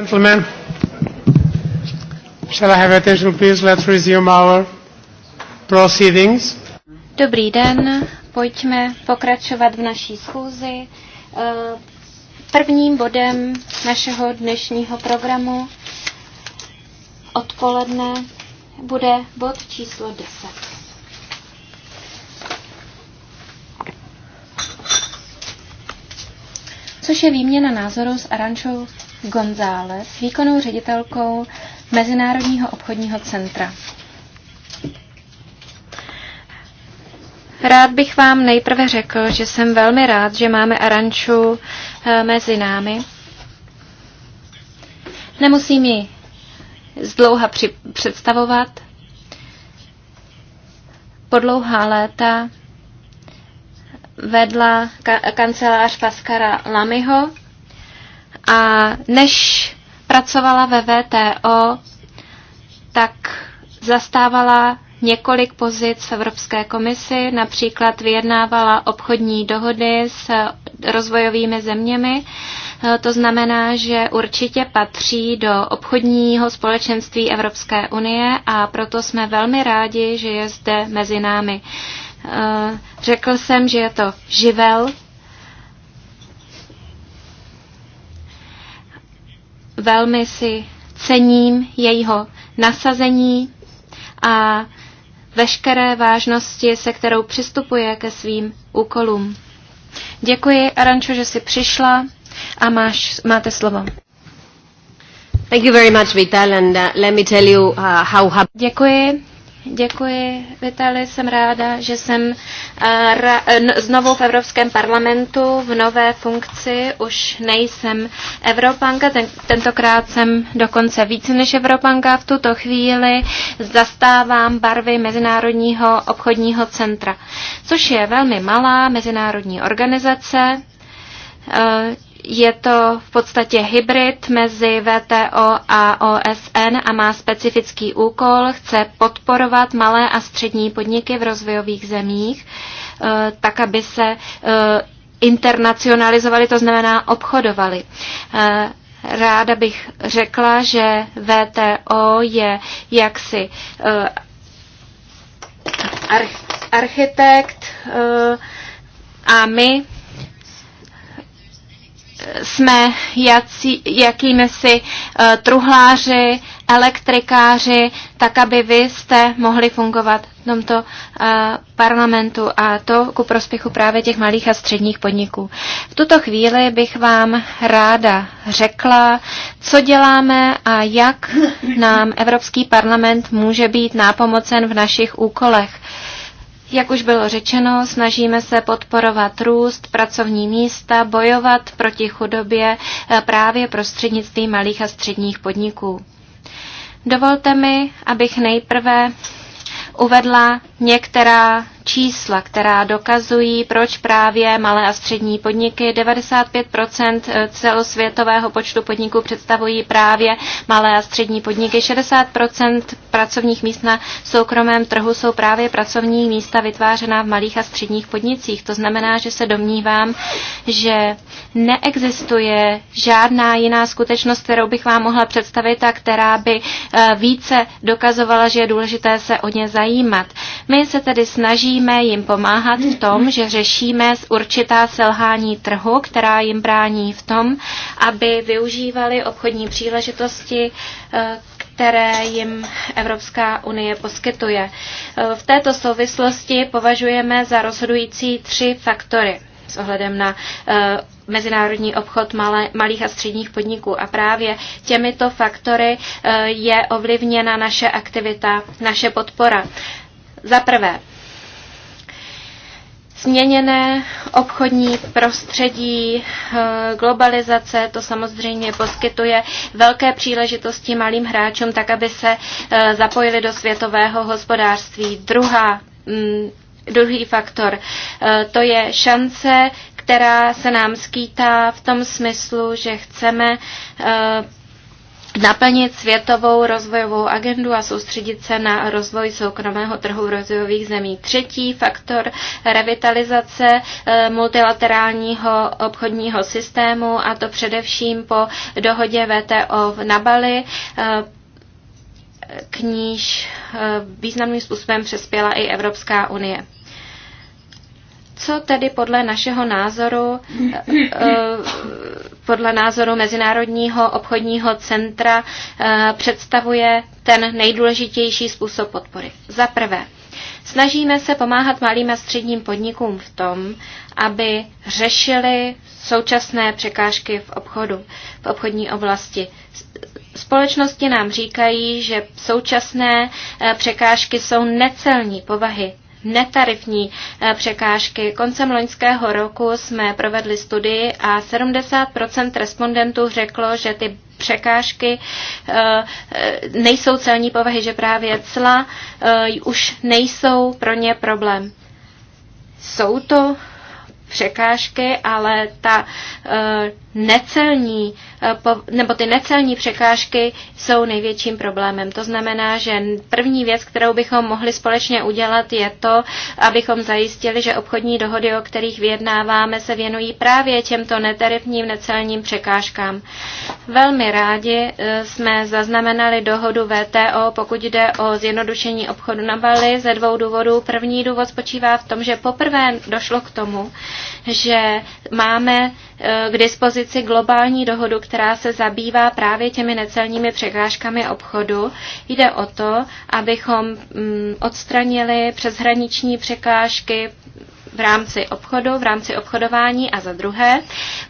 Gentlemen, shall I have attention please? Let's resume our proceedings. Dobrý den, pojďme pokračovat v naší schůzi. Eh, prvním bodem našeho dnešního programu odpoledne bude bod číslo 10. což je výměna názoru s Arančou González, výkonnou ředitelkou Mezinárodního obchodního centra. Rád bych vám nejprve řekl, že jsem velmi rád, že máme Aranču eh, mezi námi. Nemusím ji zdlouha při- představovat. Po dlouhá léta vedla ka- kancelář Paskara Lamyho, a než pracovala ve VTO, tak zastávala několik pozic v Evropské komisi, například vyjednávala obchodní dohody s rozvojovými zeměmi. To znamená, že určitě patří do obchodního společenství Evropské unie a proto jsme velmi rádi, že je zde mezi námi. Řekl jsem, že je to živel Velmi si cením jejího nasazení a veškeré vážnosti, se kterou přistupuje ke svým úkolům. Děkuji, Arančo, že jsi přišla a máš, máte slovo. Thank you very much, Vital, and uh, let me tell you uh, how happy... Děkuji. Děkuji, Vitali. Jsem ráda, že jsem eh, znovu v Evropském parlamentu v nové funkci. Už nejsem Evropanka, tentokrát jsem dokonce více než Evropanka. V tuto chvíli zastávám barvy Mezinárodního obchodního centra, což je velmi malá mezinárodní organizace eh, je to v podstatě hybrid mezi VTO a OSN a má specifický úkol. Chce podporovat malé a střední podniky v rozvojových zemích, eh, tak aby se eh, internacionalizovali, to znamená obchodovali. Eh, ráda bych řekla, že VTO je jaksi architekt a my jsme jací, jakými si eh, truhláři, elektrikáři, tak aby vy jste mohli fungovat v tomto eh, parlamentu a to ku prospěchu právě těch malých a středních podniků. V tuto chvíli bych vám ráda řekla, co děláme a jak nám Evropský parlament může být nápomocen v našich úkolech. Jak už bylo řečeno, snažíme se podporovat růst, pracovní místa, bojovat proti chudobě eh, právě prostřednictvím malých a středních podniků. Dovolte mi, abych nejprve uvedla některá čísla, která dokazují, proč právě malé a střední podniky, 95 eh, celosvětového počtu podniků představují právě malé a střední podniky, 60 pracovních míst na soukromém trhu jsou právě pracovní místa vytvářená v malých a středních podnicích. To znamená, že se domnívám, že neexistuje žádná jiná skutečnost, kterou bych vám mohla představit a která by eh, více dokazovala, že je důležité se o ně zajímat. My se tedy snažíme jim pomáhat v tom, že řešíme z určitá selhání trhu, která jim brání v tom, aby využívali obchodní příležitosti, eh, které jim Evropská unie poskytuje. Eh, v této souvislosti považujeme za rozhodující tři faktory s ohledem na eh, mezinárodní obchod malé, malých a středních podniků. A právě těmito faktory je ovlivněna naše aktivita, naše podpora. Za prvé, změněné obchodní prostředí, eh, globalizace, to samozřejmě poskytuje velké příležitosti malým hráčům, tak aby se eh, zapojili do světového hospodářství. Druhá, mm, druhý faktor, eh, to je šance, která se nám skýtá v tom smyslu, že chceme naplnit světovou rozvojovou agendu a soustředit se na rozvoj soukromého trhu v rozvojových zemí. Třetí faktor revitalizace eh, multilaterálního obchodního systému a to především po dohodě VTO v Nabali, eh, k níž eh, významným způsobem přespěla i Evropská unie. Co tedy podle našeho názoru, eh, eh, podle názoru Mezinárodního obchodního centra eh, představuje ten nejdůležitější způsob podpory? Za prvé, Snažíme se pomáhat malým a středním podnikům v tom, aby řešili současné překážky v obchodu, v obchodní oblasti. Společnosti nám říkají, že současné překážky jsou necelní povahy netarifní eh, překážky. Koncem loňského roku jsme provedli studii a 70 respondentů řeklo, že ty překážky eh, eh, nejsou celní povahy, že právě cla už nejsou pro ně problém. Jsou to překážky, ale ta necelní nebo ty necelní překážky jsou největším problémem. To znamená, že první věc, kterou bychom mohli společně udělat, je to, abychom zajistili, že obchodní dohody, o kterých vyjednáváme, se věnují právě těmto netarifním necelním překážkám. Velmi rádi e, jsme zaznamenali dohodu VTO, pokud jde o zjednodušení obchodu na Bali ze dvou důvodů. První důvod spočívá v tom, že poprvé došlo k tomu, že máme e, k dispozici globální dohodu, která se zabývá právě těmi necelními překážkami obchodu. Jde o to, abychom mm, odstranili přeshraniční překážky v rámci obchodu, v rámci obchodování a za druhé.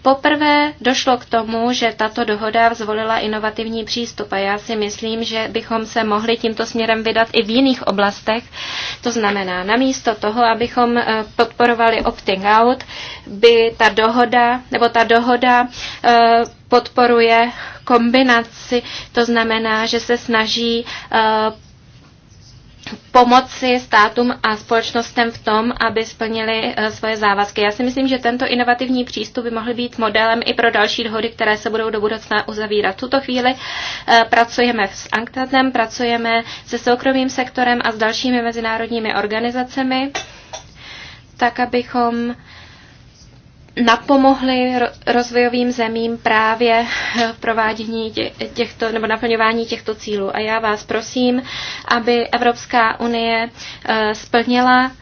Poprvé došlo k tomu, že tato dohoda zvolila inovativní přístup a já si myslím, že bychom se mohli tímto směrem vydat i v jiných oblastech. To znamená, namísto toho, abychom eh, podporovali opting out, by ta dohoda, nebo ta dohoda eh, podporuje kombinaci, to znamená, že se snaží eh, pomoci státům a společnostem v tom, aby splnili eh, svoje závazky. Já si myslím, že tento inovativní přístup by mohl být modelem i pro další dohody, které se budou do budoucna uzavírat. V tuto chvíli eh, pracujeme s Anktatem, pracujeme se soukromým sektorem a s dalšími mezinárodními organizacemi, tak abychom napomohly rozvojovým zemím právě v provádění těchto nebo naplňování těchto cílů. A já vás prosím, aby Evropská unie eh, splnila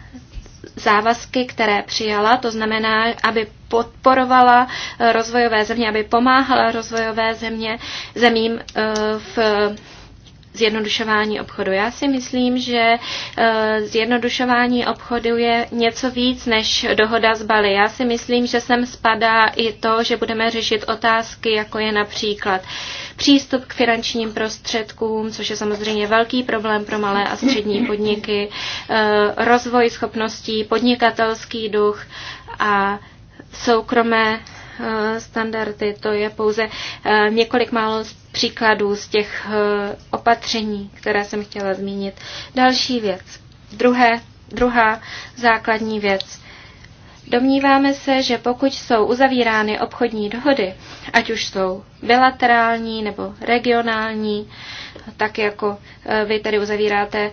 závazky, které přijala, to znamená, aby podporovala eh, rozvojové země, aby pomáhala rozvojové země, zemím eh, v zjednodušování obchodu. Já si myslím, že eh, zjednodušování obchodu je něco víc než dohoda z Bali. Já si myslím, že sem spadá i to, že budeme řešit otázky, jako je například přístup k finančním prostředkům, což je samozřejmě velký problém pro malé a střední podniky, eh, rozvoj schopností, podnikatelský duch a soukromé Eh, standardy. To je pouze eh, několik málo příkladů z těch eh, opatření, které jsem chtěla zmínit. Další věc. Druhé, druhá základní věc. Domníváme se, že pokud jsou uzavírány obchodní dohody, ať už jsou bilaterální nebo regionální, tak jako vy tady uzavíráte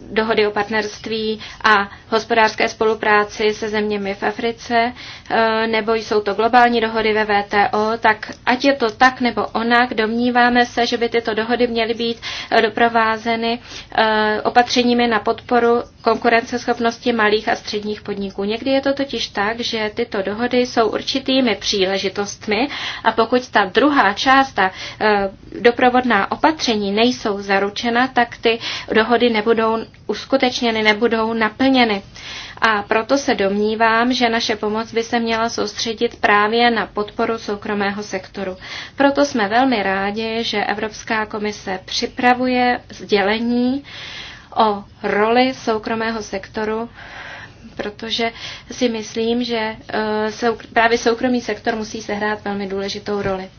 dohody o partnerství a hospodářské spolupráci se zeměmi v Africe, e, nebo jsou to globální dohody ve VTO, tak ať je to tak nebo onak, domníváme se, že by tyto dohody měly být doprovázeny e, opatřeními na podporu konkurenceschopnosti malých a středních podniků. Někdy je to totiž tak, že tyto dohody jsou určitými příležitostmi a pokud ta druhá část, ta e, doprovodná opatření nejsou zaručena, tak ty dohody nebudou uskutečněny, nebudou naplněny. A proto se domnívám, že naše pomoc by se měla soustředit právě na podporu soukromého sektoru. Proto jsme velmi rádi, že Evropská komise připravuje sdělení o roli soukromého sektoru protože si myslím, že eh, právě soukromý sektor musí sehrát velmi důležitou roli.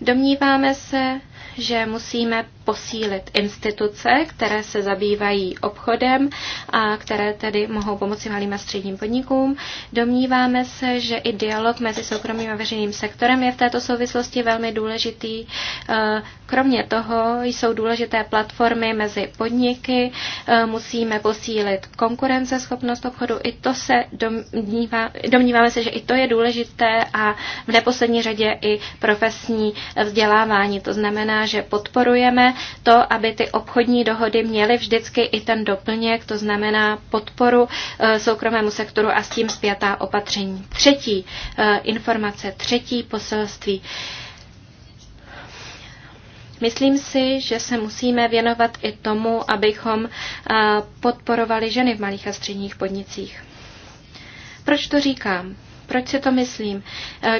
Domníváme se, že musíme posílit instituce, které se zabývají obchodem a které tedy mohou pomoci malým a středním podnikům. Domníváme se, že i dialog mezi soukromým a veřejným sektorem je v této souvislosti velmi důležitý. Eh, kromě toho jsou důležité platformy mezi podniky, eh, musíme posílit konkurenceschopnost obchodu. I to se domnívá, domníváme se, že i to je důležité a v neposlední řadě i profesní vzdělávání. To znamená, že podporujeme to, aby ty obchodní dohody měly vždycky i ten doplněk, to znamená podporu eh, soukromému sektoru a s tím zpětá opatření. Třetí eh, informace, třetí poselství. Myslím si, že se musíme věnovat i tomu, abychom eh, podporovali ženy v malých a středních podnicích. Proč to říkám? Proč si to myslím?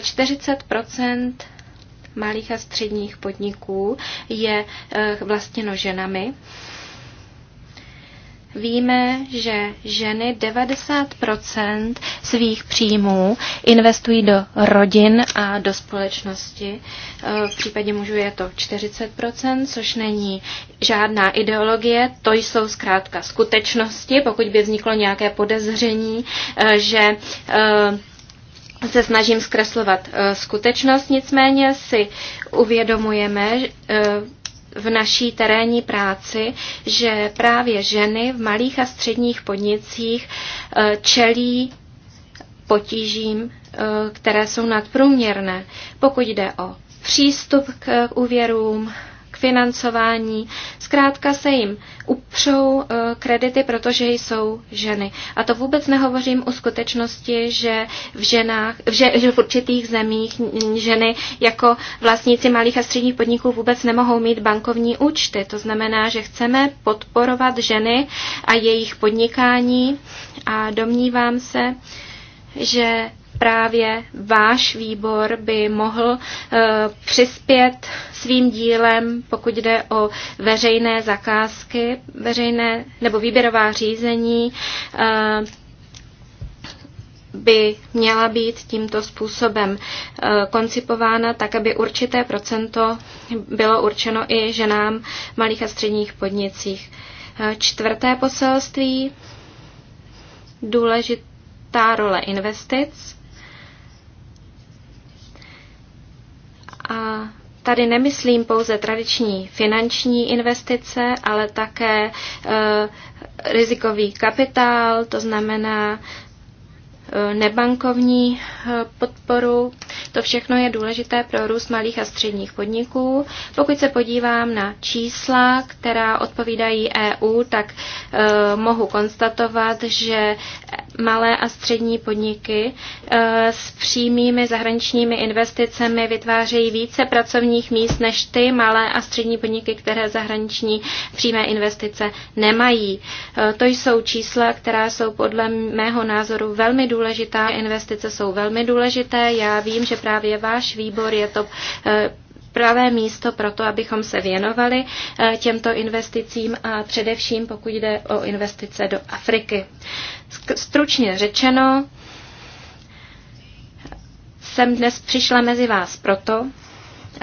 40 malých a středních podniků je eh, vlastněno ženami. Víme, že ženy 90 svých příjmů investují do rodin a do společnosti. Eh, v případě mužů je to 40 což není žádná ideologie, to jsou zkrátka skutečnosti. Pokud by vzniklo nějaké podezření, eh, že se snažím zkreslovat eh, skutečnost, nicméně si uvědomujeme eh, v naší terénní práci, že právě ženy v malých a středních podnicích eh, čelí potížím, které jsou nadprůměrné. Pokud jde o přístup k úvěrům, k financování. Zkrátka se jim upřou eh, kredity, protože jsou ženy. A to vůbec nehovořím o skutečnosti, že v, ženách, v, že, že v určitých zemích ženy jako vlastníci malých a středních podniků vůbec nemohou mít bankovní účty. To znamená, že chceme podporovat ženy a jejich podnikání a domnívám se, že právě váš výbor by mohl eh, přispět svým dílem, pokud jde o veřejné zakázky, veřejné nebo výběrová řízení eh, by měla být tímto způsobem eh, koncipována tak, aby určité procento bylo určeno i ženám v malých a středních podnicích. Čtvrté poselství, důležitá role investic. A tady nemyslím pouze tradiční finanční investice, ale také eh, rizikový kapitál, to znamená eh, nebankovní eh, podporu. To všechno je důležité pro růst malých a středních podniků. Pokud se podívám na čísla, která odpovídají EU, tak mohu konstatovat, že malé a střední podniky eh, s přímými zahraničními investicemi vytvářejí více pracovních míst než ty malé a střední podniky, které zahraniční přímé investice nemají. Eh, to jsou čísla, která jsou podle mého názoru velmi důležitá. Investice jsou velmi důležité. Já vím, že právě váš výbor je to eh, pravé místo pro to, abychom se věnovali eh, těmto investicím a především pokud jde o investice do Afriky. Stručně řečeno, jsem dnes přišla mezi vás proto,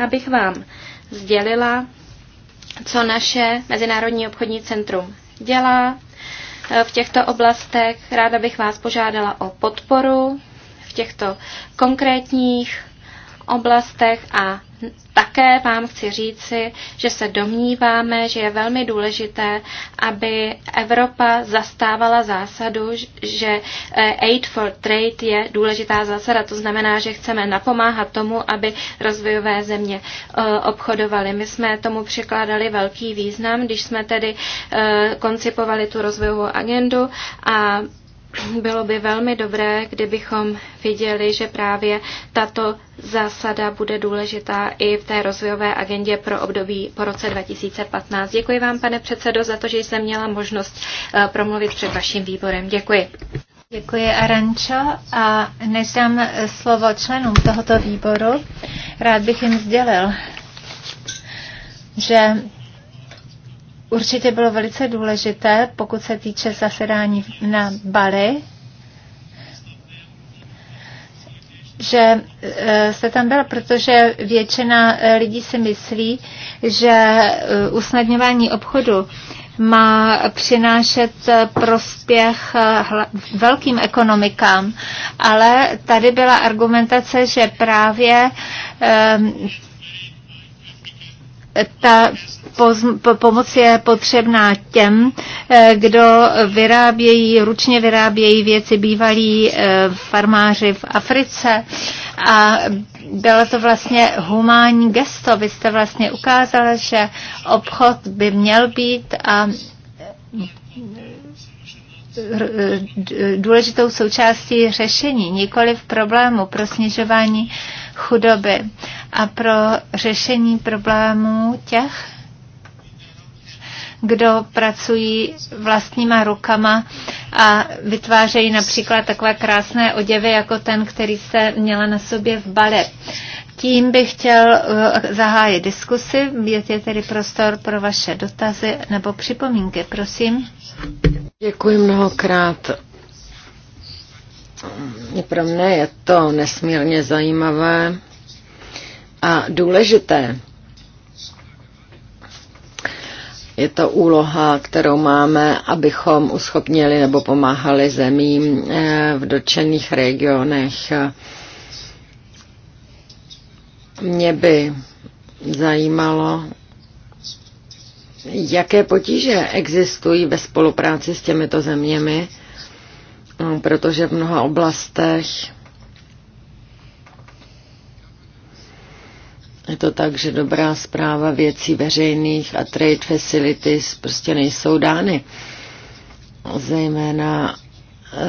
abych vám sdělila, co naše Mezinárodní obchodní centrum dělá eh, v těchto oblastech. Ráda bych vás požádala o podporu v těchto konkrétních oblastech a také vám chci říci, že se domníváme, že je velmi důležité, aby Evropa zastávala zásadu, že eh, aid for trade je důležitá zásada. To znamená, že chceme napomáhat tomu, aby rozvojové země eh, obchodovaly. My jsme tomu přikládali velký význam, když jsme tedy eh, koncipovali tu rozvojovou agendu a bylo by velmi dobré, kdybychom viděli, že právě tato zásada bude důležitá i v té rozvojové agendě pro období po roce 2015. Děkuji vám, pane předsedo, za to, že jsem měla možnost eh, promluvit před vaším výborem. Děkuji. Děkuji, Arančo. A než dám eh, slovo členům tohoto výboru, rád bych jim sdělil, že určitě bylo velice důležité, pokud se týče zasedání na Bali, že e, jste tam byla, protože většina e, lidí si myslí, že e, usnadňování obchodu má přinášet prospěch velkým ekonomikám, ale tady byla argumentace, že právě ta pomoc je potřebná těm, eh, kdo vyrábějí, ručně vyrábějí věci bývalí eh, farmáři v Africe a bylo to vlastně humánní gesto. Vy jste vlastně ukázala, že obchod by měl být a eh, důležitou součástí řešení, nikoli v problému pro snižování chudoby a pro řešení problémů těch, kdo pracují vlastníma rukama a vytvářejí například takové krásné oděvy, jako ten, který se měla na sobě v bale. Tím bych chtěl eh, zahájit diskusi. Je tě tedy prostor pro vaše dotazy nebo připomínky, prosím. Děkuji mnohokrát pro mě je to nesmírně zajímavé a důležité. Je to úloha, kterou máme, abychom uschopnili nebo pomáhali zemím eh, v dotčených regionech. Mě by zajímalo, jaké potíže existují ve spolupráci s těmito zeměmi No, protože v mnoha oblastech je to tak, že dobrá zpráva věcí veřejných a trade facilities prostě nejsou dány. Zejména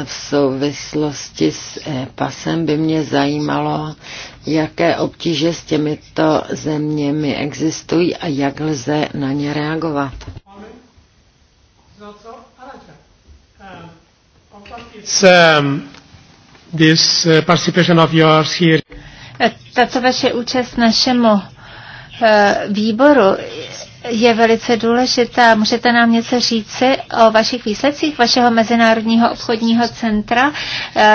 v souvislosti s e pasem by mě zajímalo, jaké obtíže s těmito zeměmi existují a jak lze na ně reagovat. Um, uh, Tato vaše účast našemu uh, výboru je velice důležitá. Můžete nám něco říci o vašich výsledcích vašeho Mezinárodního obchodního centra uh,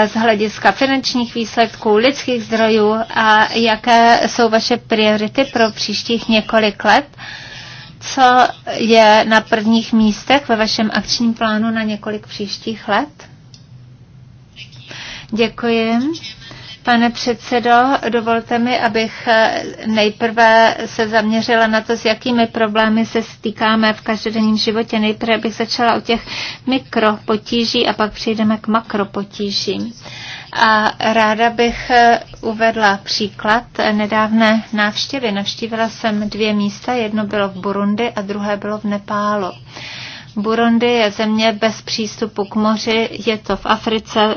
z hlediska finančních výsledků, lidských zdrojů a jaké jsou vaše priority pro příštích několik let? Co je na prvních místech ve vašem akčním plánu na několik příštích let? Děkuji. Pane předsedo, dovolte mi, abych eh, nejprve se zaměřila na to, s jakými problémy se stýkáme v každodenním životě. Nejprve bych začala u těch mikropotíží a pak přejdeme k makropotížím. A ráda bych eh, uvedla příklad nedávné návštěvy. Navštívila jsem dvě místa, jedno bylo v Burundi a druhé bylo v Nepálu. Burundi je země bez přístupu k moři, je to v Africe,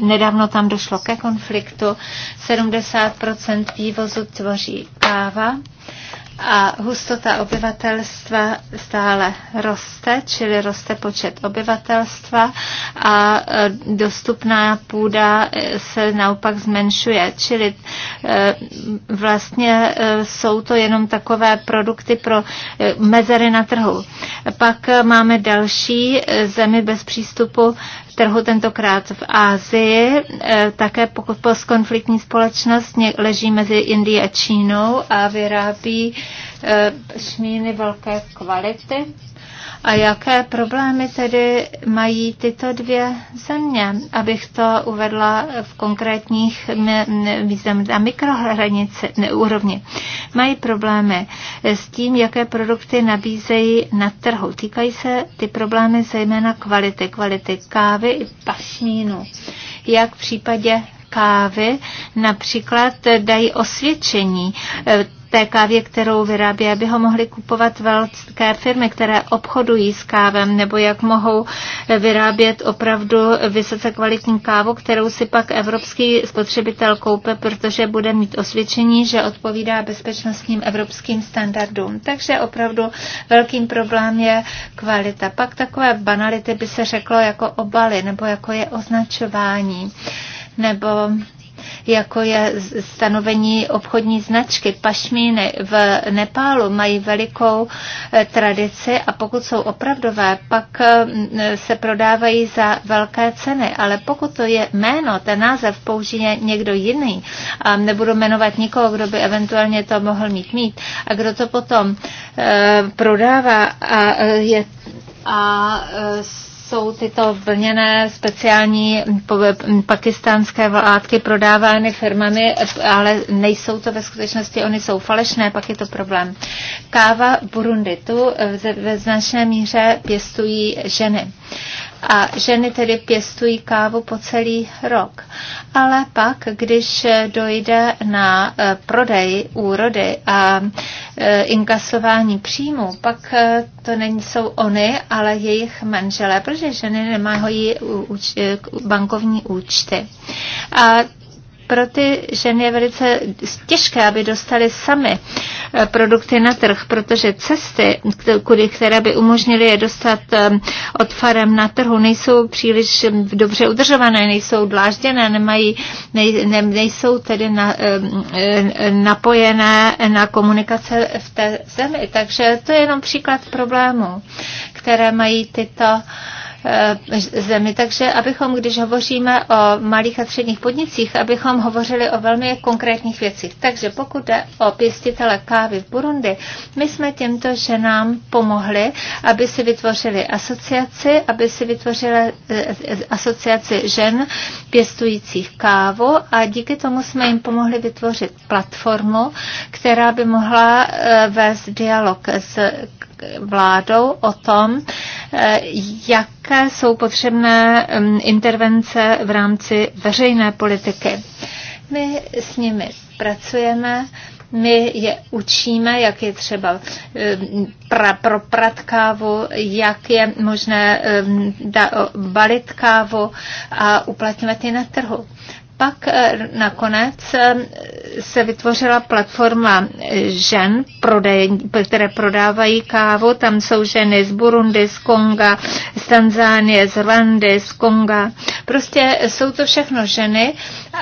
nedávno tam došlo ke konfliktu, 70% vývozu tvoří káva a hustota obyvatelstva stále roste, čili roste počet obyvatelstva a e, dostupná půda e, se naopak zmenšuje. Čili e, vlastně jsou to jenom takové produkty pro mezery na trhu. Pak máme další zemi bez přístupu trhu, tentokrát v Ázii, e, také pokud postkonfliktní společnost leží mezi Indií a Čínou a vyrábí e, šmíny velké kvality a jaké problémy tedy mají tyto dvě země, abych to uvedla v konkrétních významných na mikrohranici, úrovni. Mají problémy s tím, jaké produkty nabízejí na trhu. Týkají se ty problémy zejména kvality, kvality kávy i pašmínu. Jak v případě kávy například dají osvědčení e, té kávě, kterou vyrábí, aby ho mohly kupovat velké firmy, které obchodují s kávem, nebo jak mohou vyrábět opravdu vysoce kvalitní kávu, kterou si pak evropský spotřebitel koupe, protože bude mít osvědčení, že odpovídá bezpečnostním evropským standardům. Takže opravdu velkým problém je kvalita. Pak takové banality by se řeklo jako obaly, nebo jako je označování, nebo jako je stanovení obchodní značky. Pašmíny v Nepálu mají velikou eh, tradici a pokud jsou opravdové, pak eh, se prodávají za velké ceny, ale pokud to je jméno, ten název použije někdo jiný a nebudu jmenovat nikoho, kdo by eventuálně to mohl mít mít a kdo to potom eh, prodává a je a jsou tyto vlněné speciální pakistánské látky prodávány firmami, ale nejsou to ve skutečnosti, oni jsou falešné, pak je to problém. Káva Burundi, tu ve značné míře pěstují ženy a ženy tedy pěstují kávu po celý rok. Ale pak, když dojde na eh, prodej úrody a eh, inkasování příjmů, pak eh, to není jsou oni, ale jejich manželé, protože ženy nemají bankovní účty. A pro ty ženy je velice těžké, aby dostali sami eh, produkty na trh, protože cesty, kudy, které by umožnily je dostat eh, od farem na trhu, nejsou příliš hm, dobře udržované, nejsou dlážděné, nemají, nej, ne, nejsou tedy na, eh, napojené na komunikace v té zemi. Takže to je jenom příklad problému, které mají tyto uh, Eh, zemi. Takže abychom, když hovoříme o malých a středních podnicích, abychom hovořili o velmi konkrétních věcích. Takže pokud jde o pěstitele kávy v Burundi, my jsme těmto ženám pomohli, aby si vytvořili asociaci, aby si vytvořili eh, eh, asociaci žen pěstujících kávu a díky tomu jsme jim pomohli vytvořit platformu, která by mohla vést dialog s vládou o tom, Eh, jaké jsou potřebné mm, intervence v rámci veřejné politiky. My s nimi pracujeme, my je učíme, jak je třeba mm, pra, proprat kávu, jak je možné mm, da, balit kávu a uplatňovat ji na trhu pak eh, nakonec eh, se vytvořila platforma eh, žen, které prodávají kávu. Tam jsou ženy z Burundi, z Konga, z Tanzánie, z Rwandy, z Konga. Prostě jsou to všechno ženy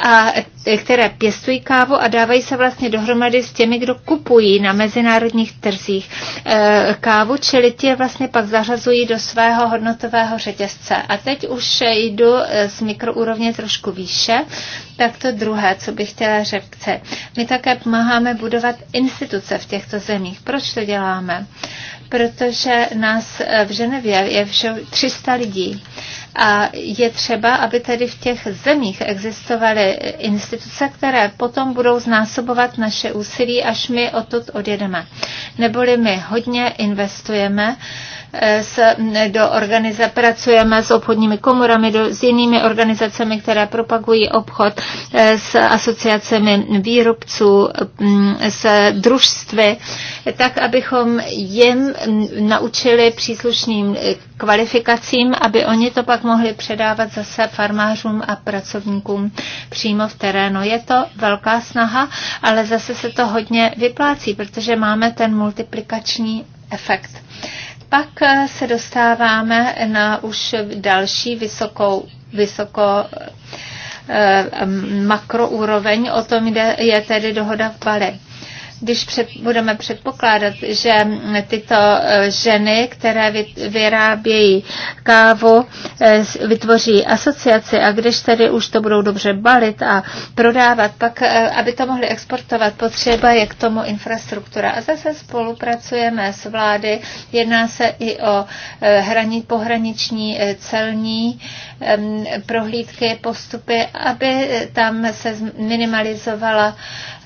a E, které pěstují kávu a dávají se vlastně dohromady s těmi, kdo kupují na mezinárodních trzích e, kávu, čili ti je vlastně pak zařazují do svého hodnotového řetězce. A teď už jdu e, z mikroúrovně trošku výše, tak to druhé, co bych chtěla říct. My také pomáháme budovat instituce v těchto zemích. Proč to děláme? Protože nás v Ženevě je všeho 300 lidí a je třeba, aby tedy v těch zemích existovaly instituce, které potom budou znásobovat naše úsilí, až my odtud odjedeme. Neboli my hodně investujeme s, do organiza, pracujeme s obchodními komorami, do, s jinými organizacemi, které propagují obchod, eh, s asociacemi výrobců, mm, s družstvy, tak, abychom jim mm, naučili příslušným eh, kvalifikacím, aby oni to pak mohli předávat zase farmářům a pracovníkům přímo v terénu. Je to velká snaha, ale zase se to hodně vyplácí, protože máme ten multiplikační efekt. Uh, pak eh, se dostáváme na už další vysokou, vysoko eh, makroúroveň. O tom jde, je tedy dohoda v Bali když před, budeme předpokládat, že tyto eh, ženy, které vyrábějí kávu, eh, vytvoří asociaci a když tedy už to budou dobře balit a prodávat, pak eh, aby to mohli exportovat, potřeba je k tomu infrastruktura. A zase spolupracujeme s vlády, jedná se i o hraní, pohraniční celní prohlídky, postupy, aby tam se minimalizovala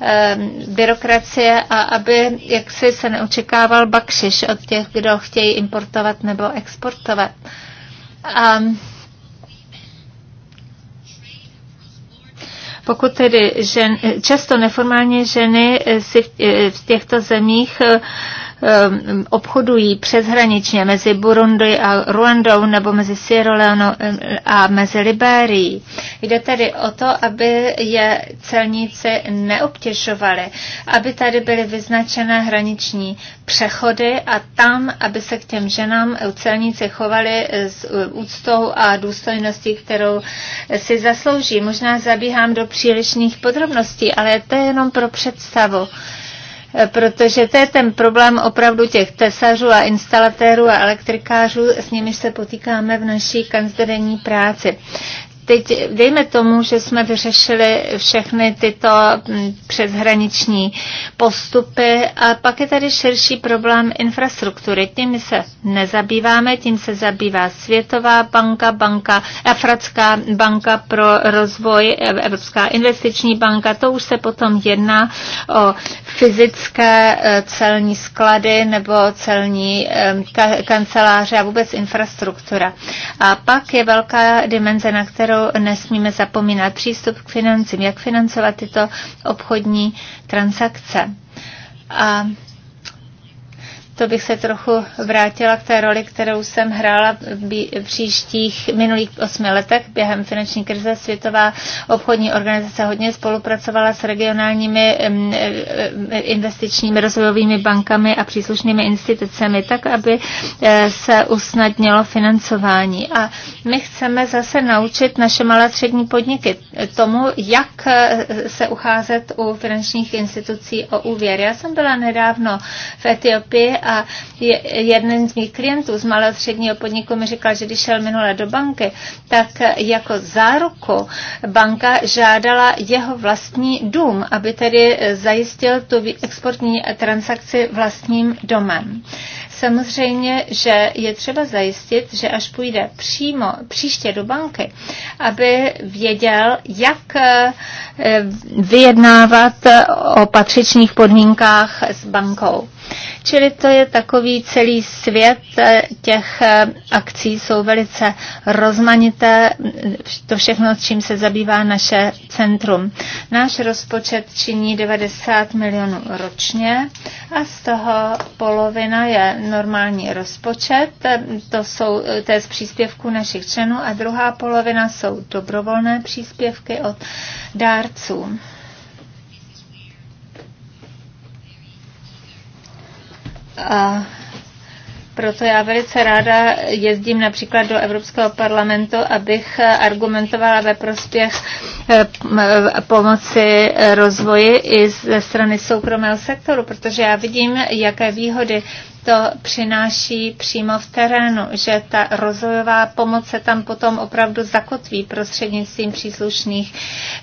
Eh, byrokracie a aby jaksi se neočekával bakšiš od těch, kdo chtějí importovat nebo exportovat. A Pokud tedy žen, často neformálně ženy si v eh, těchto zemích Um, obchodují přeshraničně mezi Burundi a Ruandou nebo mezi Sierra Leone um, a mezi Libérií. Jde tedy o to, aby je celníci neobtěžovali, aby tady byly vyznačené hraniční přechody a tam, aby se k těm ženám celníci chovali s uh, úctou a důstojností, kterou si zaslouží. Možná zabíhám do přílišných podrobností, ale to je jenom pro představu protože to je ten problém opravdu těch tesařů a instalatérů a elektrikářů, s nimiž se potýkáme v naší každodenní práci teď dejme tomu, že jsme vyřešili všechny tyto mm, přeshraniční postupy a pak je tady širší problém infrastruktury. Tím se nezabýváme, tím se zabývá Světová banka, banka, Africká banka pro rozvoj, Evropská investiční banka, to už se potom jedná o fyzické eh, celní sklady nebo celní kanceláře a vůbec infrastruktura. A pak je velká dimenze, na kterou nesmíme zapomínat přístup k financím, jak financovat tyto obchodní transakce. A to bych se trochu vrátila k té roli, kterou jsem hrála v příštích minulých osmi letech během finanční krize. Světová obchodní organizace hodně spolupracovala s regionálními investičními rozvojovými bankami a příslušnými institucemi, tak aby eh, se usnadnilo financování. A my chceme zase naučit naše malé střední podniky tomu, jak eh, se ucházet u finančních institucí o úvěr. Já jsem byla nedávno v Etiopii a jeden z mých klientů z malého středního podniku mi říkal, že když šel minule do banky, tak jako záruku banka žádala jeho vlastní dům, aby tedy zajistil tu exportní transakci vlastním domem. Samozřejmě, že je třeba zajistit, že až půjde přímo příště do banky, aby věděl, jak eh, vyjednávat o patřičných podmínkách s bankou. Čili to je takový celý svět eh, těch eh, akcí, jsou velice rozmanité, to všechno, s čím se zabývá naše centrum. Náš rozpočet činí 90 milionů ročně a z toho polovina je normální rozpočet, to, jsou, to je z příspěvků našich členů a druhá polovina jsou dobrovolné příspěvky od dárců. A proto já velice ráda jezdím například do Evropského parlamentu, abych argumentovala ve prospěch eh, eh, pomoci eh, rozvoji i ze strany soukromého sektoru, protože já vidím, jaké výhody to přináší přímo v terénu, že ta rozvojová pomoc se tam potom opravdu zakotví prostřednictvím příslušných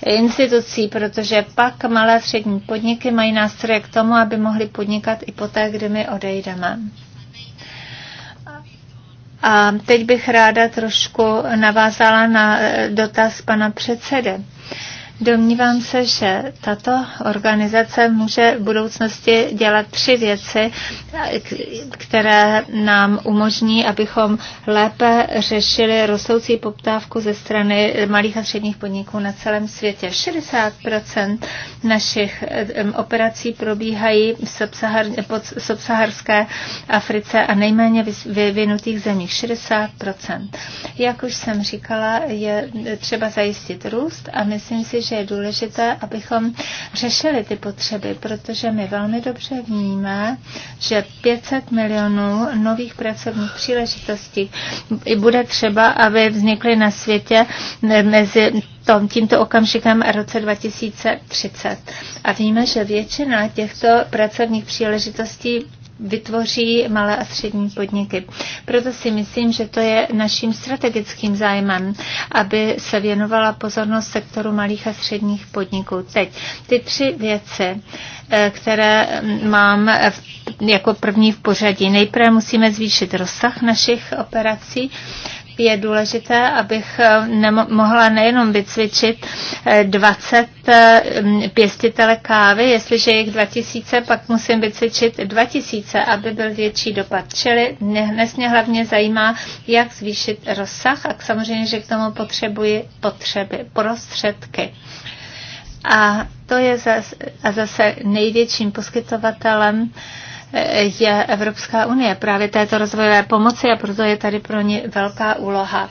institucí, protože pak malé a střední podniky mají nástroje k tomu, aby mohly podnikat i poté, kdy my odejdeme. A teď bych ráda trošku navázala na eh, dotaz pana předsedy. Domnívám se, že tato organizace může v budoucnosti dělat tři věci, které nám umožní, abychom lépe řešili rostoucí poptávku ze strany malých a středních podniků na celém světě. 60 našich operací probíhají v subsahar, pod subsaharské Africe a nejméně vyvinutých zemích. 60 Jak už jsem říkala, je třeba zajistit růst a myslím si, že že je důležité, abychom řešili ty potřeby, protože my velmi dobře víme, že 500 milionů nových pracovních příležitostí bude třeba, aby vznikly na světě mezi tom, tímto okamžikem a roce 2030. A víme, že většina těchto pracovních příležitostí vytvoří malé a střední podniky. Proto si myslím, že to je naším strategickým zájmem, aby se věnovala pozornost sektoru malých a středních podniků. Teď ty tři věci, eh, které mm, mám jako první v pořadí. Nejprve musíme zvýšit rozsah našich operací, je důležité, abych eh, mohla nejenom vycvičit 20 eh, eh, mm, pěstitele kávy, jestliže jich 2000, pak musím vycvičit 2000, aby byl větší dopad. Čili dnes mě hlavně zajímá, jak zvýšit rozsah a samozřejmě, že k tomu potřebuji potřeby, prostředky. A to je zase, a zase největším poskytovatelem uh, je Evropská unie právě této rozvojové pomoci a proto je tady pro ně velká úloha.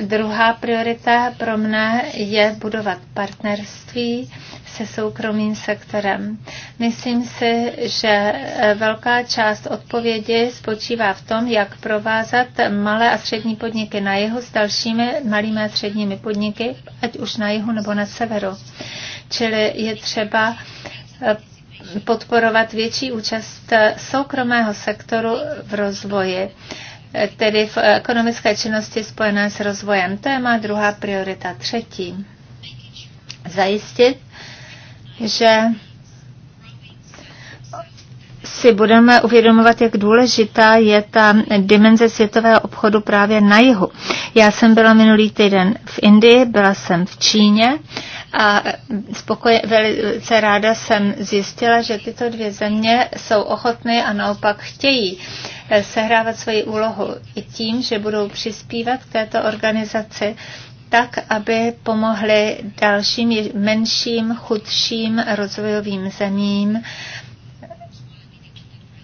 Druhá priorita pro mne je budovat partnerství se soukromým sektorem. Myslím si, že velká část odpovědi spočívá v tom, jak provázat malé a střední podniky na jihu s dalšími malými a středními podniky, ať už na jihu nebo na severu. Čili je třeba podporovat větší účast soukromého sektoru v rozvoji, tedy v ekonomické činnosti spojené s rozvojem. To je má druhá priorita. Třetí. Zajistit, že si budeme uvědomovat, jak důležitá je ta dimenze světového obchodu právě na jihu. Já jsem byla minulý týden v Indii, byla jsem v Číně a spokoje, velice ráda jsem zjistila, že tyto dvě země jsou ochotny a naopak chtějí sehrávat svoji úlohu i tím, že budou přispívat k této organizaci tak, aby pomohly dalším menším, chudším rozvojovým zemím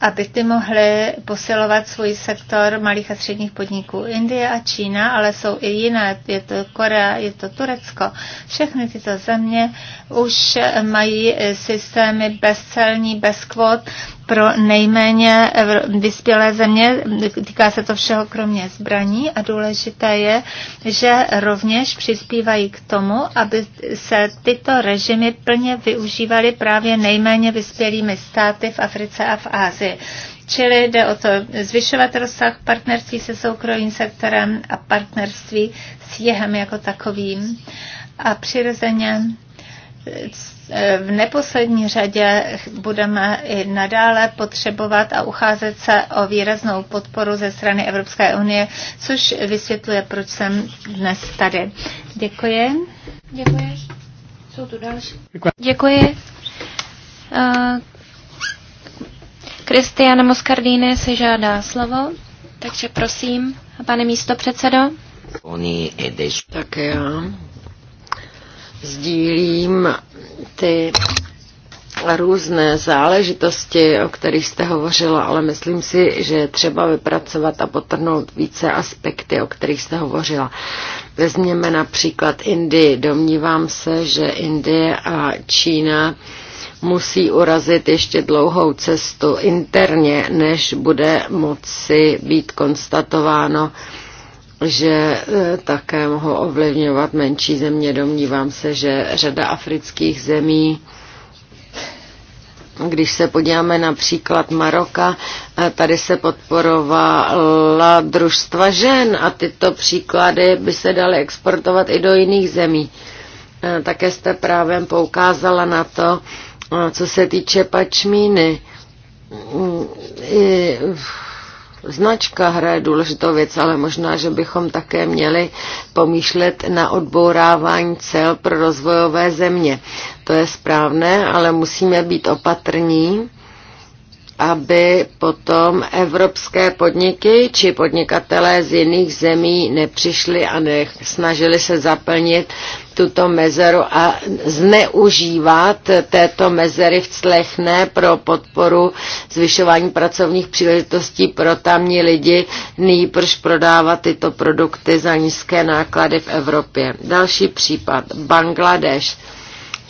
aby ty mohly posilovat svůj sektor malých a středních podniků. Indie a Čína, ale jsou i jiné, je to Korea, je to Turecko. Všechny tyto země už mají systémy bezcelní, bez kvot, pro nejméně vyspělé země. Týká se to všeho kromě zbraní a důležité je, že rovněž přispívají k tomu, aby se tyto režimy plně využívaly právě nejméně vyspělými státy v Africe a v Ázii. Čili jde o to zvyšovat rozsah partnerství se soukromým sektorem a partnerství s jehem jako takovým. A přirozeně v neposlední řadě budeme i nadále potřebovat a ucházet se o výraznou podporu ze strany Evropské unie, což vysvětluje, proč jsem dnes tady. Děkuji. Děkuji. Jsou tu další. Děkuji. Eh, Kristiana uh, Moscardini se žádá slovo, takže prosím, pane místo předsedo. Oni Také já sdílím ty různé záležitosti, o kterých jste hovořila, ale myslím si, že je třeba vypracovat a potrhnout více aspekty, o kterých jste hovořila. Vezměme například Indii. Domnívám se, že Indie a Čína musí urazit ještě dlouhou cestu interně, než bude moci být konstatováno, že e, také mohou ovlivňovat menší země. Domnívám se, že řada afrických zemí když se podíváme na příklad Maroka, e, tady se podporovala družstva žen a tyto příklady by se daly exportovat i do jiných zemí. E, také jste právě poukázala na to, co se týče pačmíny. Mm, I Značka hraje důležitou věc, ale možná, že bychom také měli pomýšlet na odbourávání cel pro rozvojové země. To je správné, ale musíme být opatrní aby potom evropské podniky či podnikatelé z jiných zemí nepřišli a snažili se zaplnit tuto mezeru a zneužívat této mezery v clech ne pro podporu zvyšování pracovních příležitostí pro tamní lidi, nejprž prodávat tyto produkty za nízké náklady v Evropě. Další případ, Bangladeš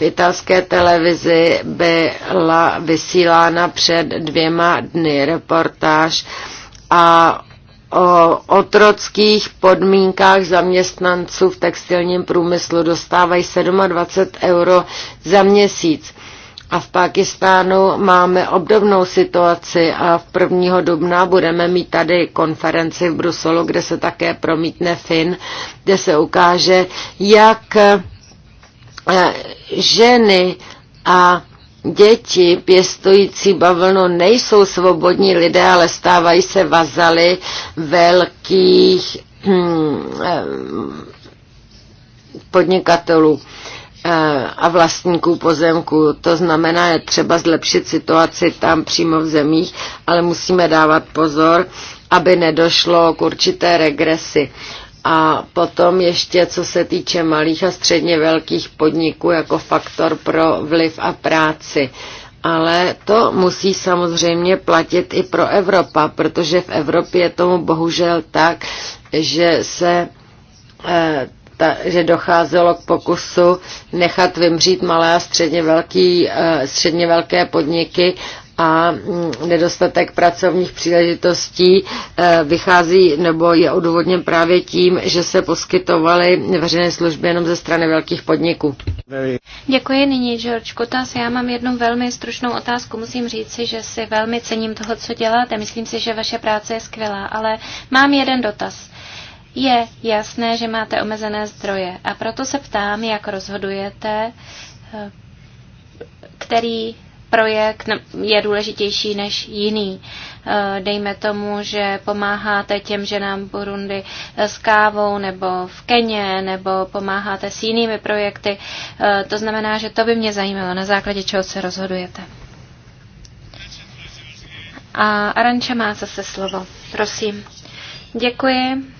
italské televizi byla vysílána před dvěma dny reportáž a o otrockých podmínkách zaměstnanců v textilním průmyslu dostávají 27 euro za měsíc. A v Pakistánu máme obdobnou situaci a v 1. dubna budeme mít tady konferenci v Bruselu, kde se také promítne FIN, kde se ukáže, jak ženy a Děti pěstující bavlnu nejsou svobodní lidé, ale stávají se vazaly velkých hm, podnikatelů eh, a vlastníků pozemků. To znamená, je třeba zlepšit situaci tam přímo v zemích, ale musíme dávat pozor, aby nedošlo k určité regresi. A potom ještě, co se týče malých a středně velkých podniků jako faktor pro vliv a práci. Ale to musí samozřejmě platit i pro Evropa, protože v Evropě je tomu bohužel tak, že se eh, ta, že docházelo k pokusu nechat vymřít malé a středně, velký, eh, středně velké podniky a nedostatek pracovních příležitostí eh, vychází nebo je odůvodněn právě tím, že se poskytovaly veřejné služby jenom ze strany velkých podniků. Děkuji nyní, George Kotas. Já mám jednu velmi stručnou otázku. Musím říci, že si velmi cením toho, co děláte. Myslím si, že vaše práce je skvělá, ale mám jeden dotaz. Je jasné, že máte omezené zdroje a proto se ptám, jak rozhodujete, eh, který projekt je důležitější než jiný. Eh, dejme tomu, že pomáháte těm ženám Burundi eh, s kávou nebo v Keně, nebo pomáháte s jinými projekty. Eh, to znamená, že to by mě zajímalo, na základě čeho se rozhodujete. A Aranča má zase slovo. Prosím. Děkuji.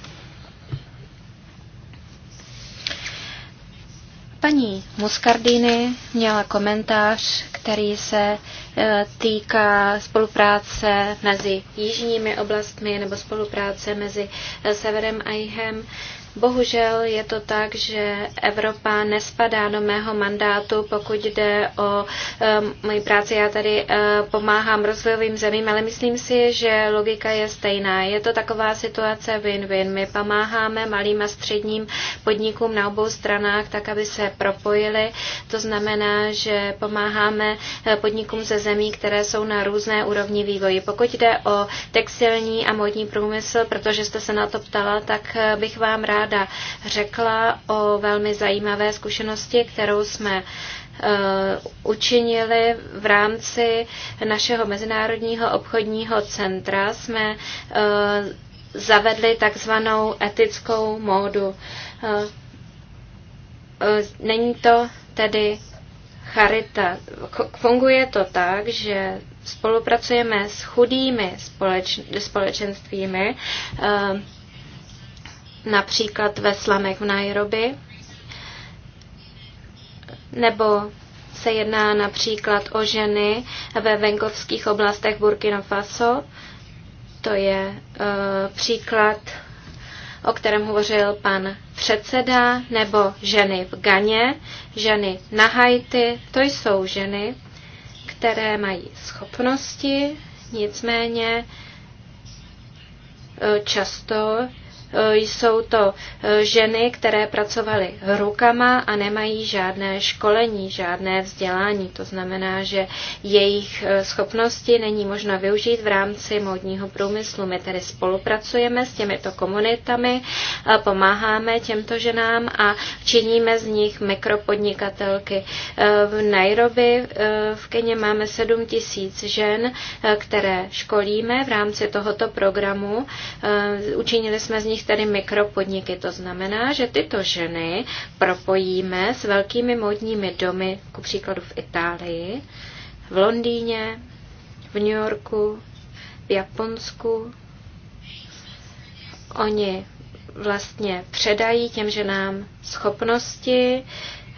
Paní Muscardini měla komentář, který se e, týká spolupráce mezi jižními oblastmi nebo spolupráce mezi e, severem a jihem. Bohužel je to tak, že Evropa nespadá do mého mandátu, pokud jde o um, moji práci. Já tady uh, pomáhám rozvojovým zemím, ale myslím si, že logika je stejná. Je to taková situace win-win. My pomáháme malým a středním podnikům na obou stranách, tak aby se propojili. To znamená, že pomáháme eh, podnikům ze zemí, které jsou na různé úrovni vývoji. Pokud jde o textilní a modní průmysl, protože jste se na to ptala, tak bych vám rád ráda řekla o velmi zajímavé zkušenosti, kterou jsme eh, učinili v rámci našeho Mezinárodního obchodního centra. Jsme eh, zavedli takzvanou etickou módu. Eh, není to tedy charita. Funguje to tak, že spolupracujeme s chudými společenstvími, například ve slamech v Nairobi, nebo se jedná například o ženy ve venkovských oblastech Burkina Faso. To je e, příklad, o kterém hovořil pan předseda, nebo ženy v Ganě, ženy na Haiti. To jsou ženy, které mají schopnosti, nicméně eh, často Eh, jsou to eh, ženy, které pracovaly rukama a nemají žádné školení, žádné vzdělání. To znamená, že jejich eh, schopnosti není možno využít v rámci módního průmyslu. My tedy spolupracujeme s těmito komunitami, pomáháme těmto ženám a činíme z nich mikropodnikatelky. V Nairobi v Keně máme 7 tisíc žen, které školíme v rámci tohoto programu. Učinili jsme z nich nich tady mikropodniky. To znamená, že tyto ženy propojíme s velkými módními domy, ku příkladu v Itálii, v Londýně, v New Yorku, v Japonsku. Oni vlastně předají těm ženám schopnosti,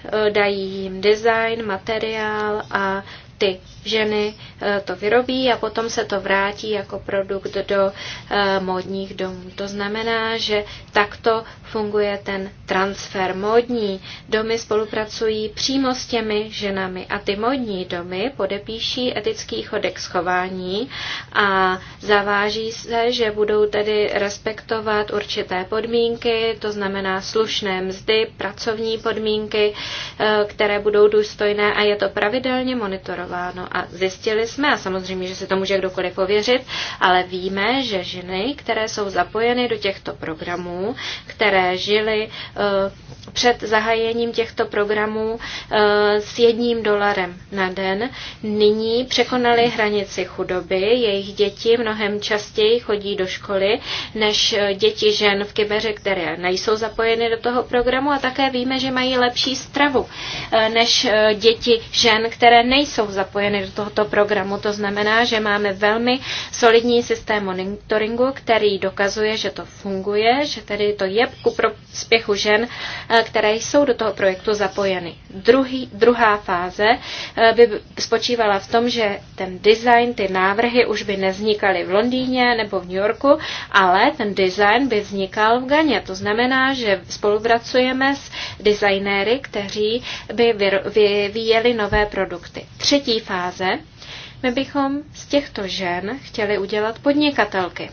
eh, dají jim design, materiál a ty ženy eh, to vyrobí a potom se to vrátí jako produkt do eh, módních domů. To znamená, že takto funguje ten transfer. Módní domy spolupracují přímo s těmi ženami a ty módní domy podepíší etický chodek schování a zaváží se, že budou tedy respektovat určité podmínky, to znamená slušné mzdy, pracovní podmínky, eh, které budou důstojné a je to pravidelně monitorováno a zjistili jsme, a samozřejmě, že se to může kdokoliv pověřit, ale víme, že ženy, které jsou zapojeny do těchto programů, které žily eh, před zahájením těchto programů eh, s jedním dolarem na den, nyní překonaly hranici chudoby, jejich děti mnohem častěji chodí do školy než eh, děti žen v kybeře, které nejsou zapojeny do toho programu a také víme, že mají lepší stravu než děti žen, které nejsou zapojeny do tohoto programu. To znamená, že máme velmi solidní systém monitoringu, který dokazuje, že to funguje, že tedy to je ku prospěchu žen, eh, které jsou do toho projektu zapojeny. Druhý, druhá fáze eh, by spočívala v tom, že ten design, ty návrhy už by nevznikaly v Londýně nebo v New Yorku, ale ten design by vznikal v Ghaně. To znamená, že spolupracujeme s designéry, kteří by vyvíjeli nové produkty. Třetí fáze Praze, my bychom z těchto žen chtěli udělat podnikatelky.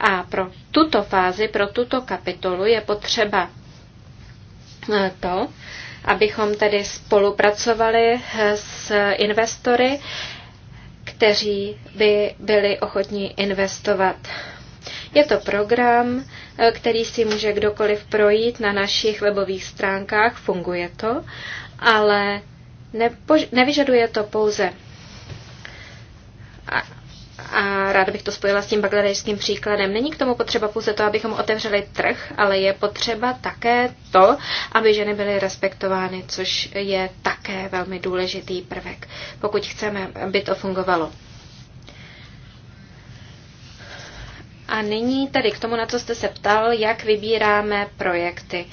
A pro tuto fázi, pro tuto kapitolu je potřeba eh, to, abychom tedy spolupracovali eh, s investory, kteří by byli ochotní investovat. Je to program, eh, který si může kdokoliv projít na našich webových stránkách, funguje to, ale Nepož- nevyžaduje to pouze. A, a ráda bych to spojila s tím bangladešským příkladem. Není k tomu potřeba pouze to, abychom otevřeli trh, ale je potřeba také to, aby ženy byly respektovány, což je také velmi důležitý prvek, pokud chceme, aby to fungovalo. A nyní tedy k tomu, na co jste se ptal, jak vybíráme projekty,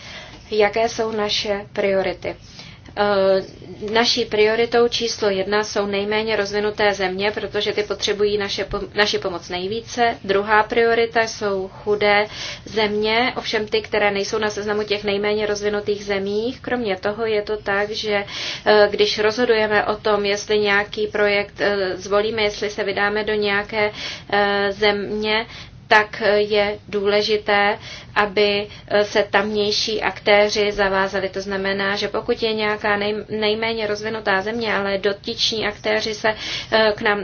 jaké jsou naše priority. Eh, naší prioritou číslo jedna jsou nejméně rozvinuté země, protože ty potřebují naše, naši pomoc nejvíce. Druhá priorita jsou chudé země, ovšem ty, které nejsou na seznamu těch nejméně rozvinutých zemích. Kromě toho je to tak, že eh, když rozhodujeme o tom, jestli nějaký projekt eh, zvolíme, jestli se vydáme do nějaké země, tak je důležité, aby se tamnější aktéři zavázali. To znamená, že pokud je nějaká nejméně rozvinutá země, ale dotyční aktéři se eh, k nám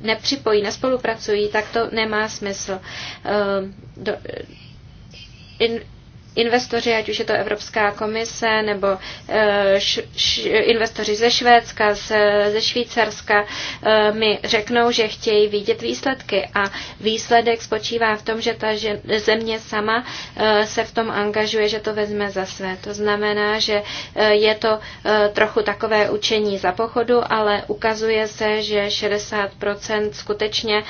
nepřipojí, nespolupracují, tak to nemá smysl. Eh, eh, investoři, ať už je to Evropská komise nebo eh, š, š, investoři ze Švédska, z, ze Švýcarska, eh, mi řeknou, že chtějí vidět výsledky. A výsledek spočívá v tom, že ta země sama eh, se v tom angažuje, že to vezme za své. To znamená, že je to trochu takové učení za pochodu, ale ukazuje se, že 60% skutečně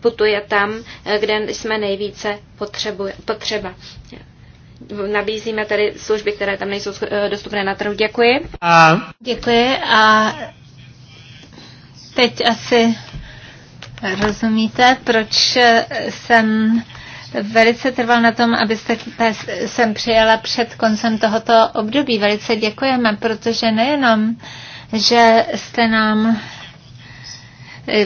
putuje tam, kde jsme nejvíce potřebu, potřeba nabízíme tady služby, které tam nejsou eh, dostupné na trhu. Děkuji. A... Děkuji a teď asi rozumíte, proč jsem velice trval na tom, abyste sem přijela před koncem tohoto období. Velice děkujeme, protože nejenom, že jste nám eh,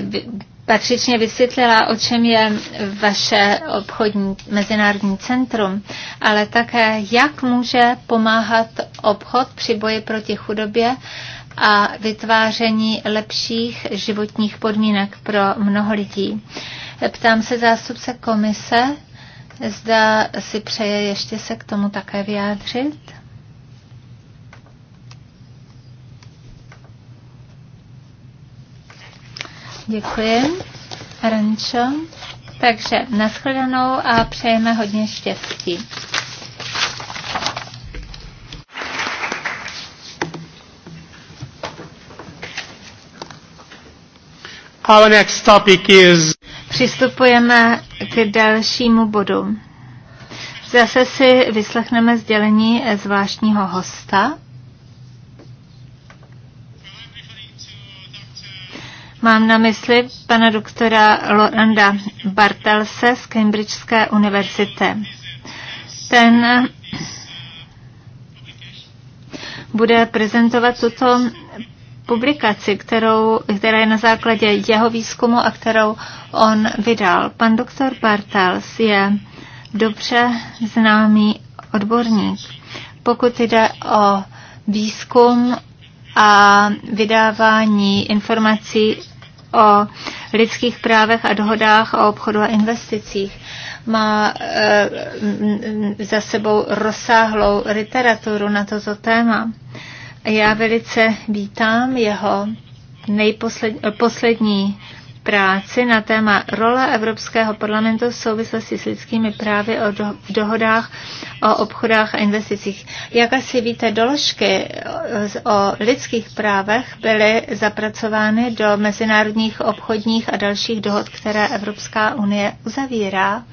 patřičně vysvětlila, o čem je vaše obchodní mezinárodní centrum, ale také jak může pomáhat obchod při boji proti chudobě a vytváření lepších životních podmínek pro mnoho lidí. Ptám se zástupce komise, zda si přeje ještě se k tomu také vyjádřit. Děkuji. Rančo. Takže nashledanou a přejeme hodně štěstí. Our next topic is... Přistupujeme k dalšímu bodu. Zase si vyslechneme sdělení zvláštního hosta. Mám na mysli pana doktora Loranda Bartelse z Cambridgeské univerzity. Ten bude prezentovat tuto publikaci, kterou, která je na základě jeho výzkumu a kterou on vydal. Pan doktor Bartels je dobře známý odborník, pokud jde o výzkum a vydávání informací o lidských právech a dohodách o obchodu a investicích. Má eh, za sebou rozsáhlou literaturu na toto téma. Já velice vítám jeho nejposlední eh, práci na téma role Evropského parlamentu v souvislosti s lidskými právy o do, dohodách o obchodách a investicích. Jak asi víte, doložky o lidských právech byly zapracovány do mezinárodních obchodních a dalších dohod, které Evropská unie uzavírá.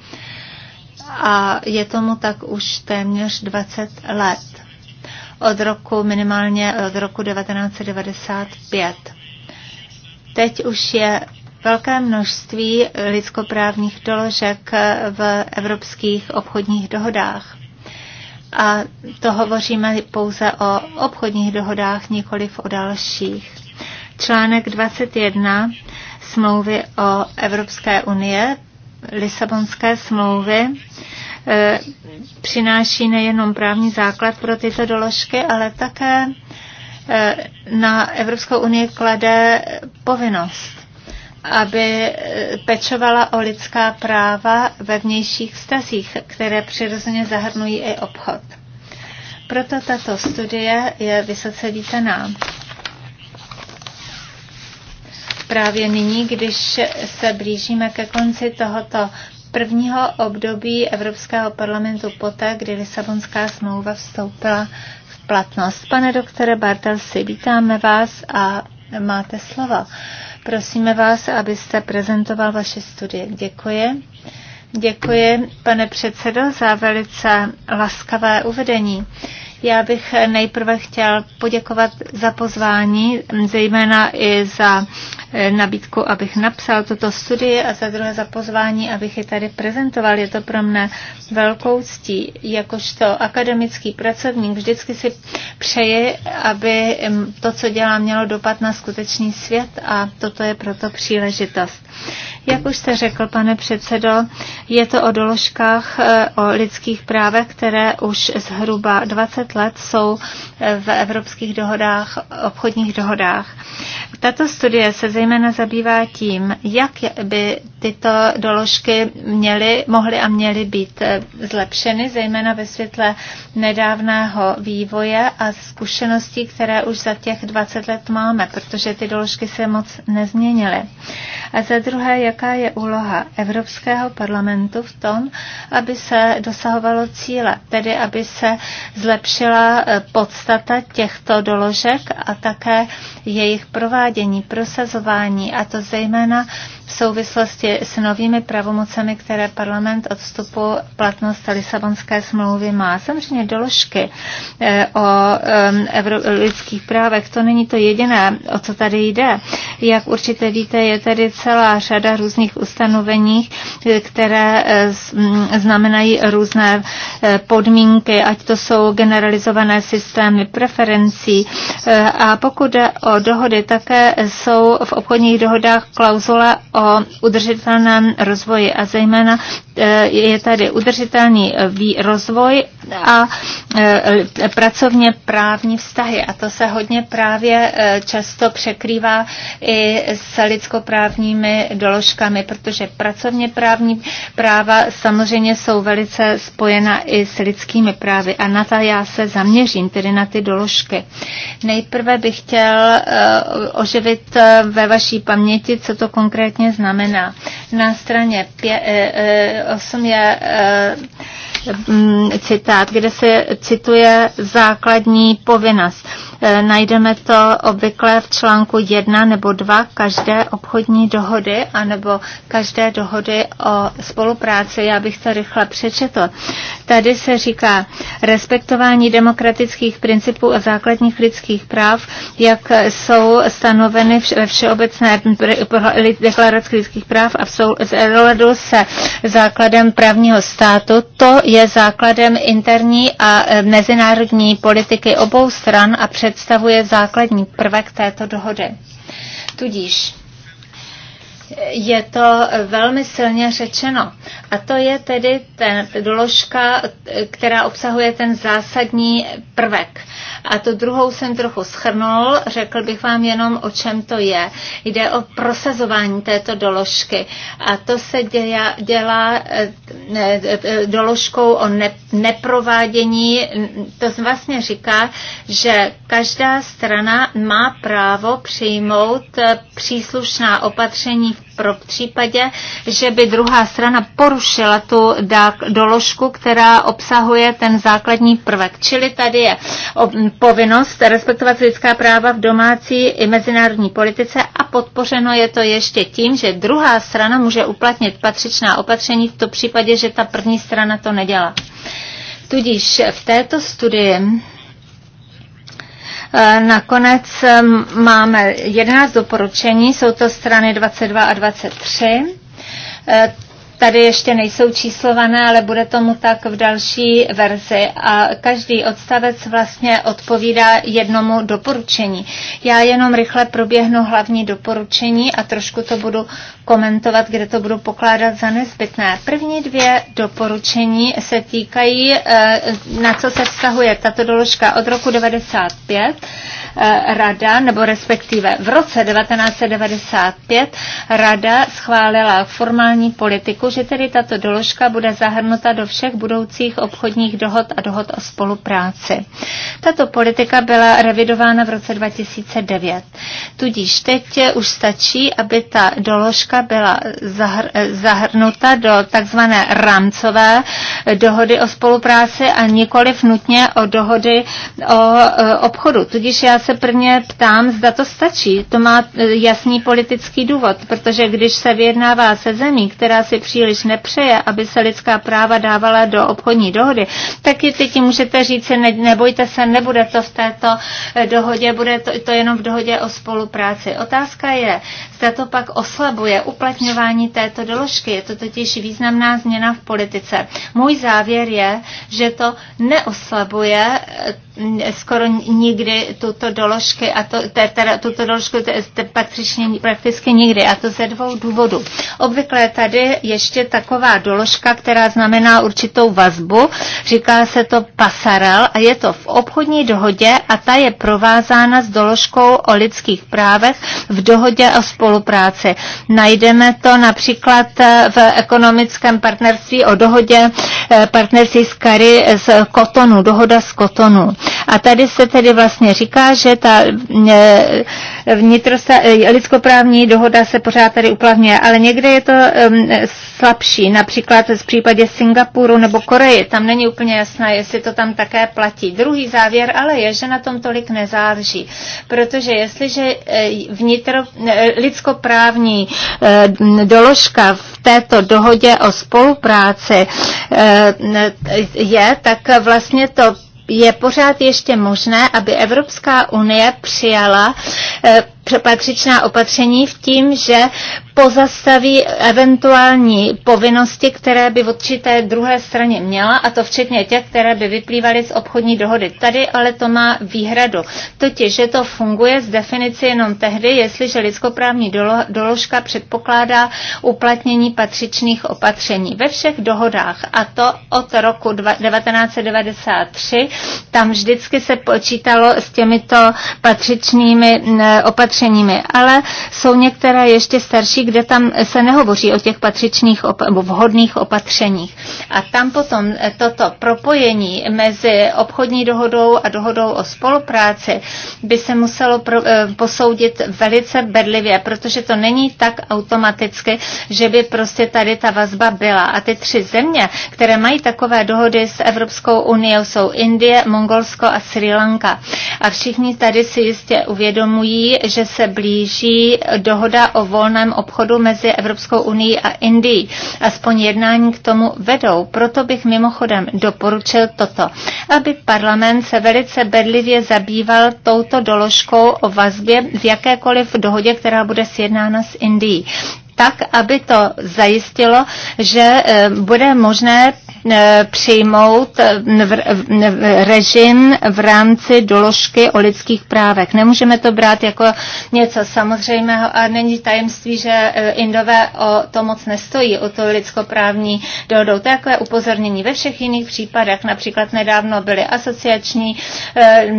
A je tomu tak už téměř 20 let. Od roku minimálně od roku 1995. Teď už je velké množství lidskoprávních doložek v evropských obchodních dohodách. A to hovoříme pouze o obchodních dohodách, nikoliv o dalších. Článek 21 smlouvy o Evropské unie, Lisabonské smlouvy, e, přináší nejenom právní základ pro tyto doložky, ale také e, na Evropskou unii klade povinnost aby eh, pečovala o lidská práva ve vnějších vztazích, které přirozeně zahrnují i obchod. Proto tato studie je vysoce vítaná. Právě nyní, když se blížíme ke konci tohoto prvního období Evropského parlamentu poté, kdy Lisabonská smlouva vstoupila v platnost. Pane doktore Bartelsi, vítáme vás a máte slovo. Prosíme vás, abyste prezentoval vaše studie. Děkuji. Děkuji, pane předsedo, za velice laskavé uvedení. Já bych nejprve chtěl poděkovat za pozvání, zejména i za eh, nabídku, abych napsal tuto studii a za druhé za pozvání, abych ji tady prezentoval. Je to pro mne velkou ctí. Jakožto akademický pracovník vždycky si přeji, aby to, co dělám, mělo dopad na skutečný svět a toto je proto příležitost. Jak už jste řekl, pane předsedo, je to o doložkách eh, o lidských právech, které už zhruba 20 let jsou eh, v evropských dohodách, obchodních dohodách. Tato studie se zejména zabývá tím, jak by tyto doložky měly, mohly a měly být eh, zlepšeny, zejména ve světle nedávného vývoje a zkušeností, které už za těch 20 let máme, protože ty doložky se moc nezměnily. A za druhé, jak jaká je úloha Evropského parlamentu v tom, aby se dosahovalo cíle, tedy aby se zlepšila eh, podstata těchto doložek a také jejich provádění, prosazování, a to zejména v souvislosti s novými pravomocemi, které parlament od vstupu platnost Lisabonské smlouvy má. Samozřejmě doložky eh, o lidských právech, to není to jediné, o co tady jde. Jak určitě víte, je tady celá řada různých ustanovení, eh, které eh, znamenají různé podmínky, ať to jsou generalizované systémy preferencí. A pokud jde o dohody, také jsou v obchodních dohodách klauzule o udržitelném rozvoji a zejména eh, je tady udržitelný eh, rozvoj a e, e, pracovně právní vztahy. A to se hodně právě e, často překrývá i s lidskoprávními doložkami, protože pracovně právní práva samozřejmě jsou velice spojena i s lidskými právy. A na ta já se zaměřím, tedy na ty doložky. Nejprve bych chtěl oživit ve vaší paměti, co to konkrétně znamená. Na straně 8 je Mm, citát, kde se cituje základní povinnost. Eh, najdeme to obvykle v článku 1 nebo 2 každé obchodní dohody anebo každé dohody o spolupráci. Já bych to rychle přečetl. Tady se říká respektování demokratických principů a základních lidských práv, jak jsou stanoveny ve všeobecné deklaraci lidských práv a v souladu se základem právního státu. To je základem interní a eh, mezinárodní politiky obou stran a před představuje základní prvek této dohody. Tudíž je to velmi silně řečeno. A to je tedy ten doložka, která obsahuje ten zásadní prvek. A tu druhou jsem trochu schrnul, řekl bych vám jenom, o čem to je. Jde o prosazování této doložky. A to se dělá, dělá eh, eh, doložkou o ne, neprovádění. To vlastně říká, že každá strana má právo přijmout eh, příslušná opatření v pro případě, že by druhá strana porušila tu doložku, která obsahuje ten základní prvek. Čili tady je povinnost respektovat lidská práva v domácí i mezinárodní politice a podpořeno je to ještě tím, že druhá strana může uplatnit patřičná opatření v tom případě, že ta první strana to nedělá. Tudíž v této studii Eh, nakonec máme 11 doporučení, jsou to strany 22 a 23. Tady ještě nejsou číslované, ale bude tomu tak v další verzi. A každý odstavec vlastně odpovídá jednomu doporučení. Já jenom rychle proběhnu hlavní doporučení a trošku to budu komentovat, kde to budu pokládat za nezbytné. První dvě doporučení se týkají, eh, na co se vztahuje tato doložka od roku 95 eh, rada, nebo respektive v roce 1995 rada schválila formální politiku že tedy tato doložka bude zahrnuta do všech budoucích obchodních dohod a dohod o spolupráci. Tato politika byla revidována v roce 2009. Tudíž teď už stačí, aby ta doložka byla zahr- zahrnuta do takzvané rámcové dohody o spolupráci a nikoliv nutně o dohody o e, obchodu. Tudíž já se prvně ptám, zda to stačí. To má e, jasný politický důvod, protože když se vyjednává se zemí, která si příliš nepřeje, aby se lidská práva dávala do obchodní dohody, tak i teď můžete říct, ne, nebojte se, nebude to v této eh, dohodě, bude to, to jenom v dohodě o spolupráci. Otázka je, zda to pak oslabuje uplatňování této doložky. Je to totiž významná změna v politice. Můj závěr je, že to neoslabuje eh, skoro nikdy tuto doložky a to, teda, tuto doložku patřičně prakticky nikdy a to ze dvou důvodů. Obvykle tady ještě taková doložka, která znamená určitou vazbu, říká se to pasarel a je to v obchodní dohodě a ta je provázána s doložkou o lidských právech v dohodě o spolupráci. Najdeme to například eh, v ekonomickém partnerství o dohodě eh, partnerství z Kary z Kotonu, dohoda z Kotonu. A tady se tedy vlastně říká, že ta e, vnitrosa, e, lidskoprávní dohoda se pořád tady uplavňuje, ale někde je to slabší, například v případě Singapuru nebo Koreji. Tam není úplně jasné, jestli to tam také platí. Druhý závěr ale je, že na tom tolik nezáleží, protože jestliže e, vnitro, lidskoprávní doložka v této dohodě o spolupráci je, tak vlastně to je pořád ještě možné, aby Evropská unie přijala eh, patřičná opatření v tím, že pozastaví eventuální povinnosti, které by v určité druhé straně měla, a to včetně těch, které by vyplývaly z obchodní dohody. Tady ale to má výhradu. Totiž, že to funguje z definici jenom tehdy, jestliže lidskoprávní doložka předpokládá uplatnění patřičných opatření ve všech dohodách. A to od roku 1993, tam vždycky se počítalo s těmito patřičnými opatřeními opatřeními, ale jsou některé ještě starší, kde tam se nehovoří o těch patřičných nebo vhodných opatřeních. A tam potom eh, toto propojení mezi obchodní dohodou a dohodou o spolupráci by se muselo pro, eh, posoudit velice bedlivě, protože to není tak automaticky, že by prostě tady ta vazba byla. A ty tři země, které mají takové dohody s Evropskou unii, jsou Indie, Mongolsko a Sri Lanka. A všichni tady si jistě uvědomují, že že se blíží dohoda o volném obchodu mezi Evropskou unii a Indií. Aspoň jednání k tomu vedou. Proto bych mimochodem doporučil toto, aby parlament se velice bedlivě zabýval touto doložkou o vazbě v jakékoliv dohodě, která bude sjednána s Indií tak, aby to zajistilo, že eh, bude možné Eh, přijmout eh, režim v rámci doložky o lidských právech. Nemůžeme to brát jako něco samozřejmého a není tajemství, že eh, Indové o to moc nestojí, o to lidskoprávní dohodou. To je jako upozornění ve všech jiných případech. Například nedávno byly asociační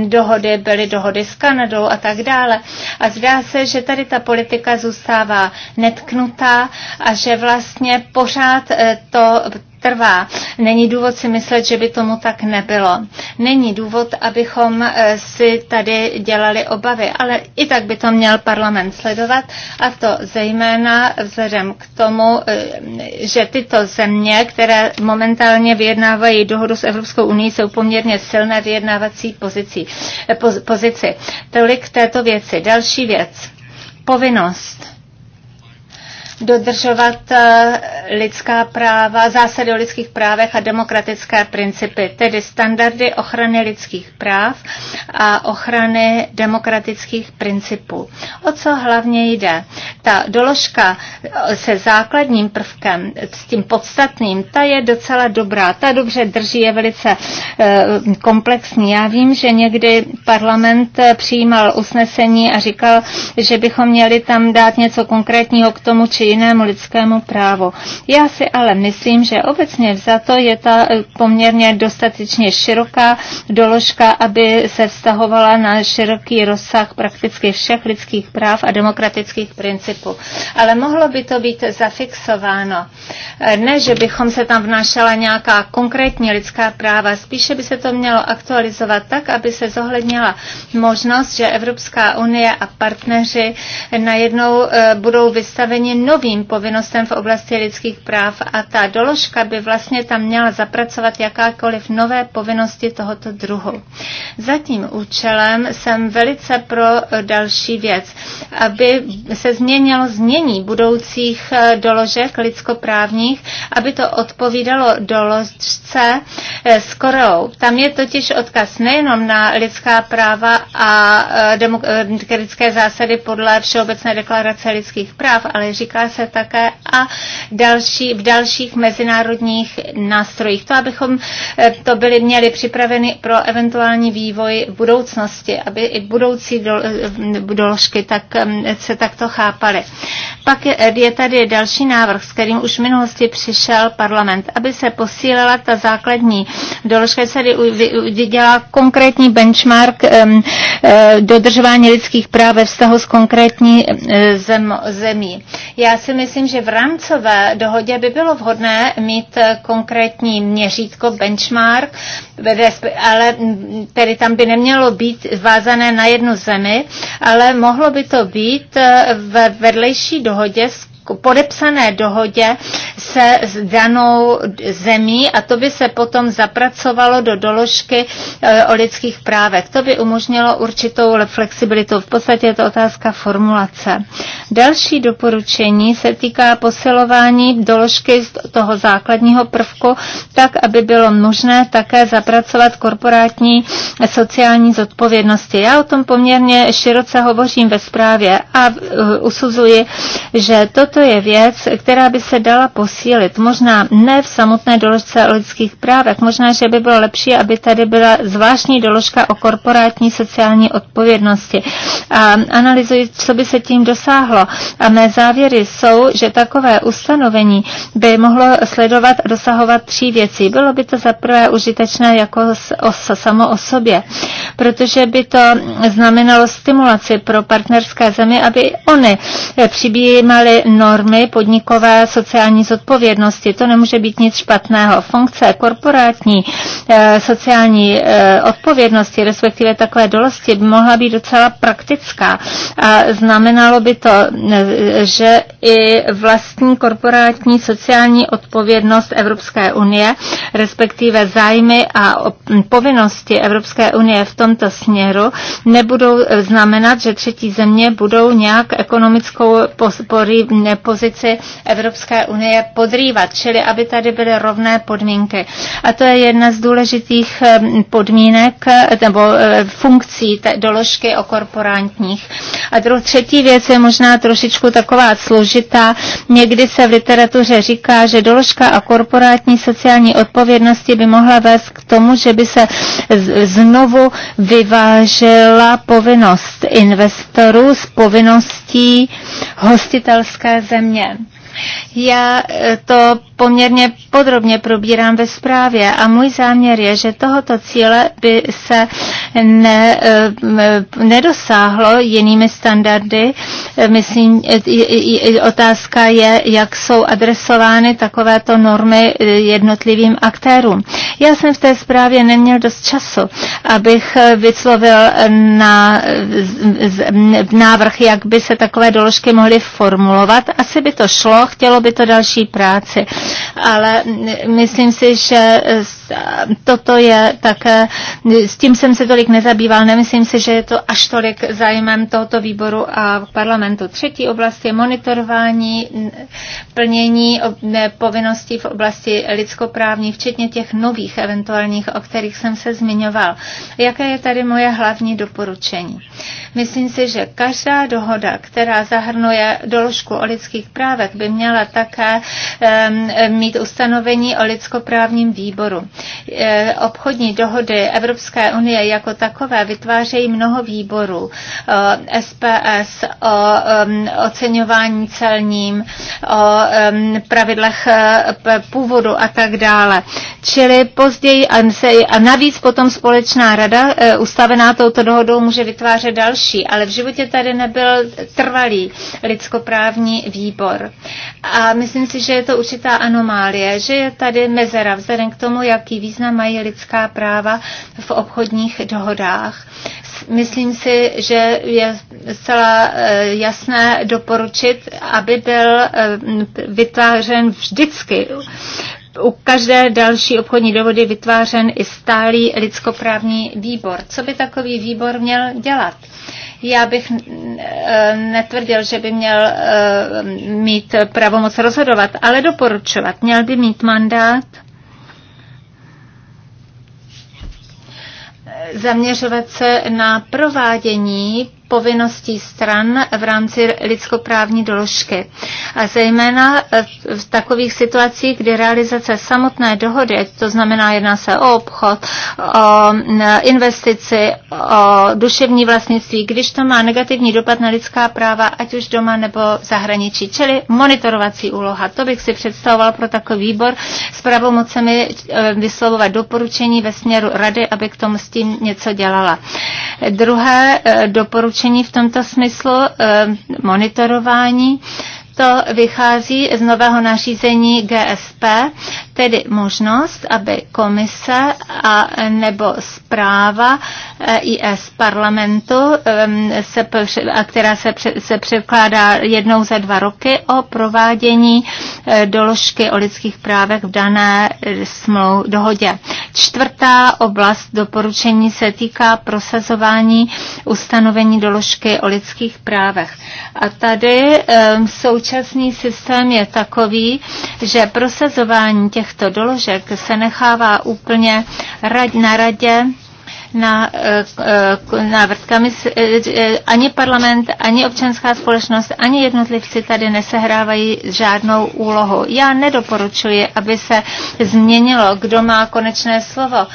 dohody, byly dohody s Kanadou a tak dále. A zdá se, že tady ta politika zůstává netknutá a že vlastně pořád to trvá. Není důvod si myslet, že by tomu tak nebylo. Není důvod, abychom eh, si tady dělali obavy, ale i tak by to měl parlament sledovat a to zejména vzhledem k tomu, eh, že tyto země, které momentálně vyjednávají dohodu s Evropskou unii, jsou poměrně silné vyjednávací pozici. Eh, pozici. Tolik této věci. Další věc. Povinnost dodržovat eh, lidská práva, zásady o lidských právech a demokratické principy, tedy standardy ochrany lidských práv a ochrany demokratických principů. O co hlavně jde? Ta doložka eh, se základním prvkem, s tím podstatným, ta je docela dobrá, ta dobře drží, je velice eh, komplexní. Já vím, že někdy parlament přijímal usnesení a říkal, že bychom měli tam dát něco konkrétního k tomu, či jinému lidskému právu. Já si ale myslím, že obecně vzato je ta eh, poměrně dostatečně široká doložka, aby se vztahovala na široký rozsah prakticky všech lidských práv a demokratických principů. Ale mohlo by to být zafixováno. Eh, ne, že bychom se tam vnášela nějaká konkrétní lidská práva, spíše by se to mělo aktualizovat tak, aby se zohlednila možnost, že Evropská unie a partneři najednou eh, budou vystaveni no novým povinnostem v oblasti lidských práv a ta doložka by vlastně tam měla zapracovat jakákoliv nové povinnosti tohoto druhu. Za tím účelem jsem velice pro další věc, aby se změnilo znění budoucích eh, doložek lidskoprávních, aby to odpovídalo doložce eh, s Koreou. Tam je totiž odkaz nejenom na lidská práva a eh, demokratické zásady podle Všeobecné deklarace lidských práv, ale říká se také a další, v dalších mezinárodních nástrojích. To, abychom eh, to byli měli připraveni pro eventuální vývoj v budoucnosti, aby i budoucí eh, doložky tak, eh, se takto chápaly. Pak je, je tady další návrh, s kterým už v minulosti přišel parlament, aby se posílila ta základní doložka, se dělá konkrétní benchmark dodržování lidských práv ve vztahu s konkrétní zem, zemí. Já já si myslím, že v rámcové dohodě by bylo vhodné mít eh, konkrétní měřítko, benchmark, ale mm, tedy tam by nemělo být vázané na jednu zemi, ale mohlo by to být eh, ve vedlejší dohodě s podepsané dohodě se s danou zemí a to by se potom zapracovalo do doložky eh, o lidských právech. To by umožnilo určitou flexibilitu. V podstatě je to otázka formulace. Další doporučení se týká posilování doložky z toho základního prvku, tak, aby bylo možné také zapracovat korporátní sociální zodpovědnosti. Já o tom poměrně široce hovořím ve zprávě a eh, usuzuji, že to to je věc, která by se dala posílit. Možná ne v samotné doložce o lidských právech. Možná, že by bylo lepší, aby tady byla zvláštní doložka o korporátní sociální odpovědnosti. A analyzuji, co by se tím dosáhlo. A mé závěry jsou, že takové ustanovení by mohlo sledovat a dosahovat tří věcí. Bylo by to za prvé užitečné jako samo o sobě, protože by to znamenalo stimulaci pro partnerské země, aby oni přibíjeli normy podnikové sociální zodpovědnosti. To nemůže být nic špatného. Funkce korporátní eh, sociální eh, odpovědnosti, respektive takové dolosti, by mohla být docela praktická. A znamenalo by to, eh, že i vlastní korporátní sociální odpovědnost Evropské unie, respektive zájmy a povinnosti Evropské unie v tomto směru nebudou znamenat, že třetí země budou nějak ekonomickou pospory Vlastně pozici Evropské unie podrývat, čili aby tady byly rovné podmínky. A to je jedna z důležitých podmínek eh, nebo eh, funkcí té doložky o korporátních. A druh, třetí věc je možná trošičku taková složitá. Někdy se v literatuře říká, že doložka a korporátní sociální odpovědnosti by mohla vést k tomu, že by se znovu vyvážela povinnost investorů s povinností třetí hostitelské země. Já eh, to poměrně podrobně probírám ve zprávě a můj záměr je, že tohoto cíle by se ne, eh, nedosáhlo jinými standardy. Eh, myslím, eh, otázka je, jak jsou adresovány takovéto normy jednotlivým aktérům. Já jsem v té zprávě neměl dost času, abych vyslovil na návrh, jak by se takové doložky mohly formulovat. Asi by to šlo, chtělo by to další práci ale myslím si, že toto je tak. s tím jsem se tolik nezabýval, nemyslím si, že je to až tolik zájmem tohoto výboru a parlamentu. Třetí oblast je monitorování plnění povinností v oblasti lidskoprávní, včetně těch nových eventuálních, o kterých jsem se zmiňoval. Jaké je tady moje hlavní doporučení? Myslím si, že každá dohoda, která zahrnuje doložku o lidských právech, by měla také um, mít ustanovení o lidskoprávním výboru. Eh, obchodní dohody Evropské unie jako takové vytvářejí mnoho výborů. SPS, eh, o oceňování celním, o pravidlech eh, původu a tak dále. Čili později a navíc potom společná rada ustavená touto dohodou může vytvářet další, ale v životě tady nebyl trvalý lidskoprávní výbor. A myslím si, že je to určitá anomálie, že je tady mezera vzhledem k tomu, jak jaký význam mají lidská práva v obchodních dohodách. Myslím si, že je zcela eh, jasné doporučit, aby byl eh, vytvářen vždycky u každé další obchodní dohody vytvářen i stálý lidskoprávní výbor. Co by takový výbor měl dělat? Já bych eh, netvrdil, že by měl mít pravomoc rozhodovat, ale doporučovat. Měl by mít mandát zaměřovat se na provádění povinností stran v rámci lidskoprávní doložky. A zejména eh, v takových situacích, kdy realizace samotné dohody, to znamená jedná se o obchod, o investici, o duševní vlastnictví, když to má negativní dopad na lidská práva, ať už doma nebo v zahraničí, čili monitorovací úloha. To bych si představoval pro takový výbor s pravomocemi eh, vyslovovat doporučení ve směru rady, aby k tomu s tím něco dělala. Druhé eh, doporučení cvičení v tomto smyslu, eh, monitorování. To vychází z nového nařízení GSP, Tedy možnost, aby komise a nebo zpráva eh, IS parlamentu, se, a která se, se překládá jednou za dva roky o provádění eh, doložky o lidských právech v dané eh, smlou dohodě. Čtvrtá oblast doporučení se týká prosazování ustanovení doložky o lidských právech. A tady současný systém je takový, že prosazování těch těchto doložek se nechává úplně na radě na eh, eh, na vrtkami. Eh, ani parlament, ani občanská společnost, ani jednotlivci tady nesehrávají žádnou úlohu. Já nedoporučuji, aby se změnilo, kdo má konečné slovo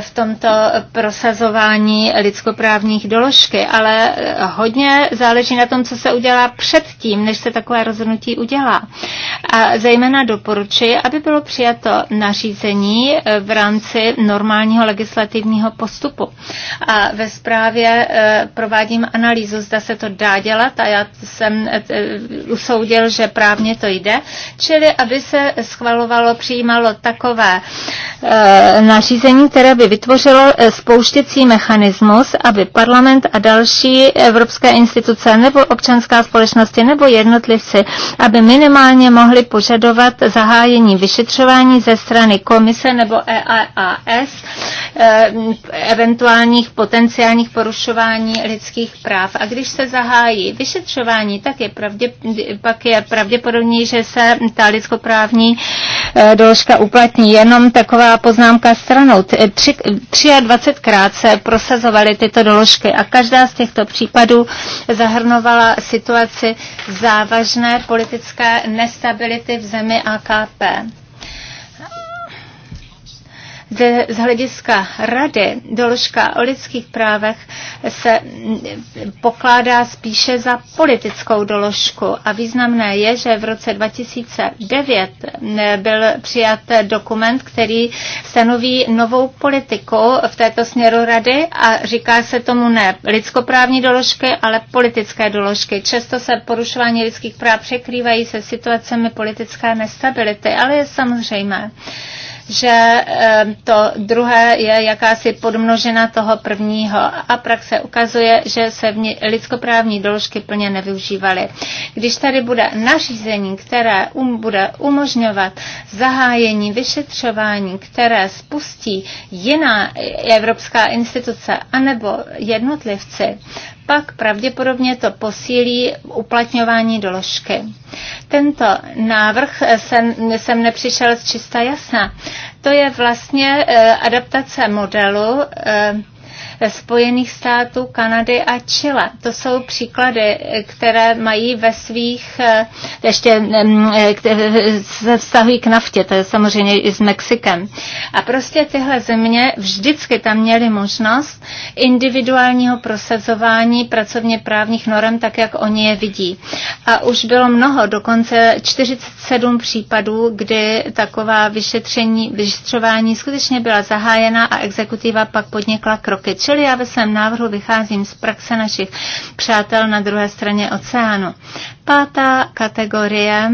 v tomto prosazování lidskoprávních doložky, ale hodně záleží na tom, co se udělá předtím, než se takové rozhodnutí udělá. A zejména doporučuji, aby bylo přijato nařízení v rámci normálního legislativního postupu postupu. A ve zprávě eh, provádím analýzu, zda se to dá dělat a já jsem eh, eh, usoudil, že právně to jde, čili aby se schvalovalo, přijímalo takové nařízení, které by vytvořilo spouštěcí mechanismus, aby parlament a další evropské instituce nebo občanská společnosti nebo jednotlivci, aby minimálně mohli požadovat zahájení vyšetřování ze strany komise nebo EAS, e, eventuálních potenciálních porušování lidských práv. A když se zahájí vyšetřování, tak je pravdě, pak je pravděpodobně, že se ta lidskoprávní eh, doložka uplatní. Jenom taková poznámka stranou. Tři, 23krát se prosazovaly tyto doložky a každá z těchto případů zahrnovala situaci závažné politické nestability v zemi AKP. Ze, z hlediska rady doložka o lidských právech se pokládá spíše za politickou doložku a významné je, že v roce 2009 byl přijat dokument, který stanoví novou politiku v této směru rady a říká se tomu ne lidskoprávní doložky, ale politické doložky. Často se porušování lidských práv překrývají se situacemi politické nestability, ale je samozřejmé, že eh, to druhé je jakási podmnožena toho prvního a praxe ukazuje, že se v ní lidskoprávní doložky plně nevyužívaly. Když tady bude nařízení, které um, bude umožňovat zahájení vyšetřování, které spustí jiná e-, evropská instituce anebo jednotlivci, pak pravděpodobně to posílí uplatňování doložky. Tento návrh jsem, jsem nepřišel z čista jasna. To je vlastně eh, adaptace modelu eh, Spojených států, Kanady a Chile. To jsou příklady, které mají ve svých, eh, ještě mm, eh, se vztahují k naftě, to je samozřejmě i s Mexikem. A prostě tyhle země vždycky tam měly možnost individuálního prosazování pracovně právních norm, tak jak oni je vidí. A už bylo mnoho, dokonce 47 případů, kdy taková vyšetření, vyšetřování skutečně byla zahájena a exekutiva pak podnikla kroky. Čili já ve svém návrhu vycházím z praxe našich přátel na druhé straně oceánu. Pátá kategorie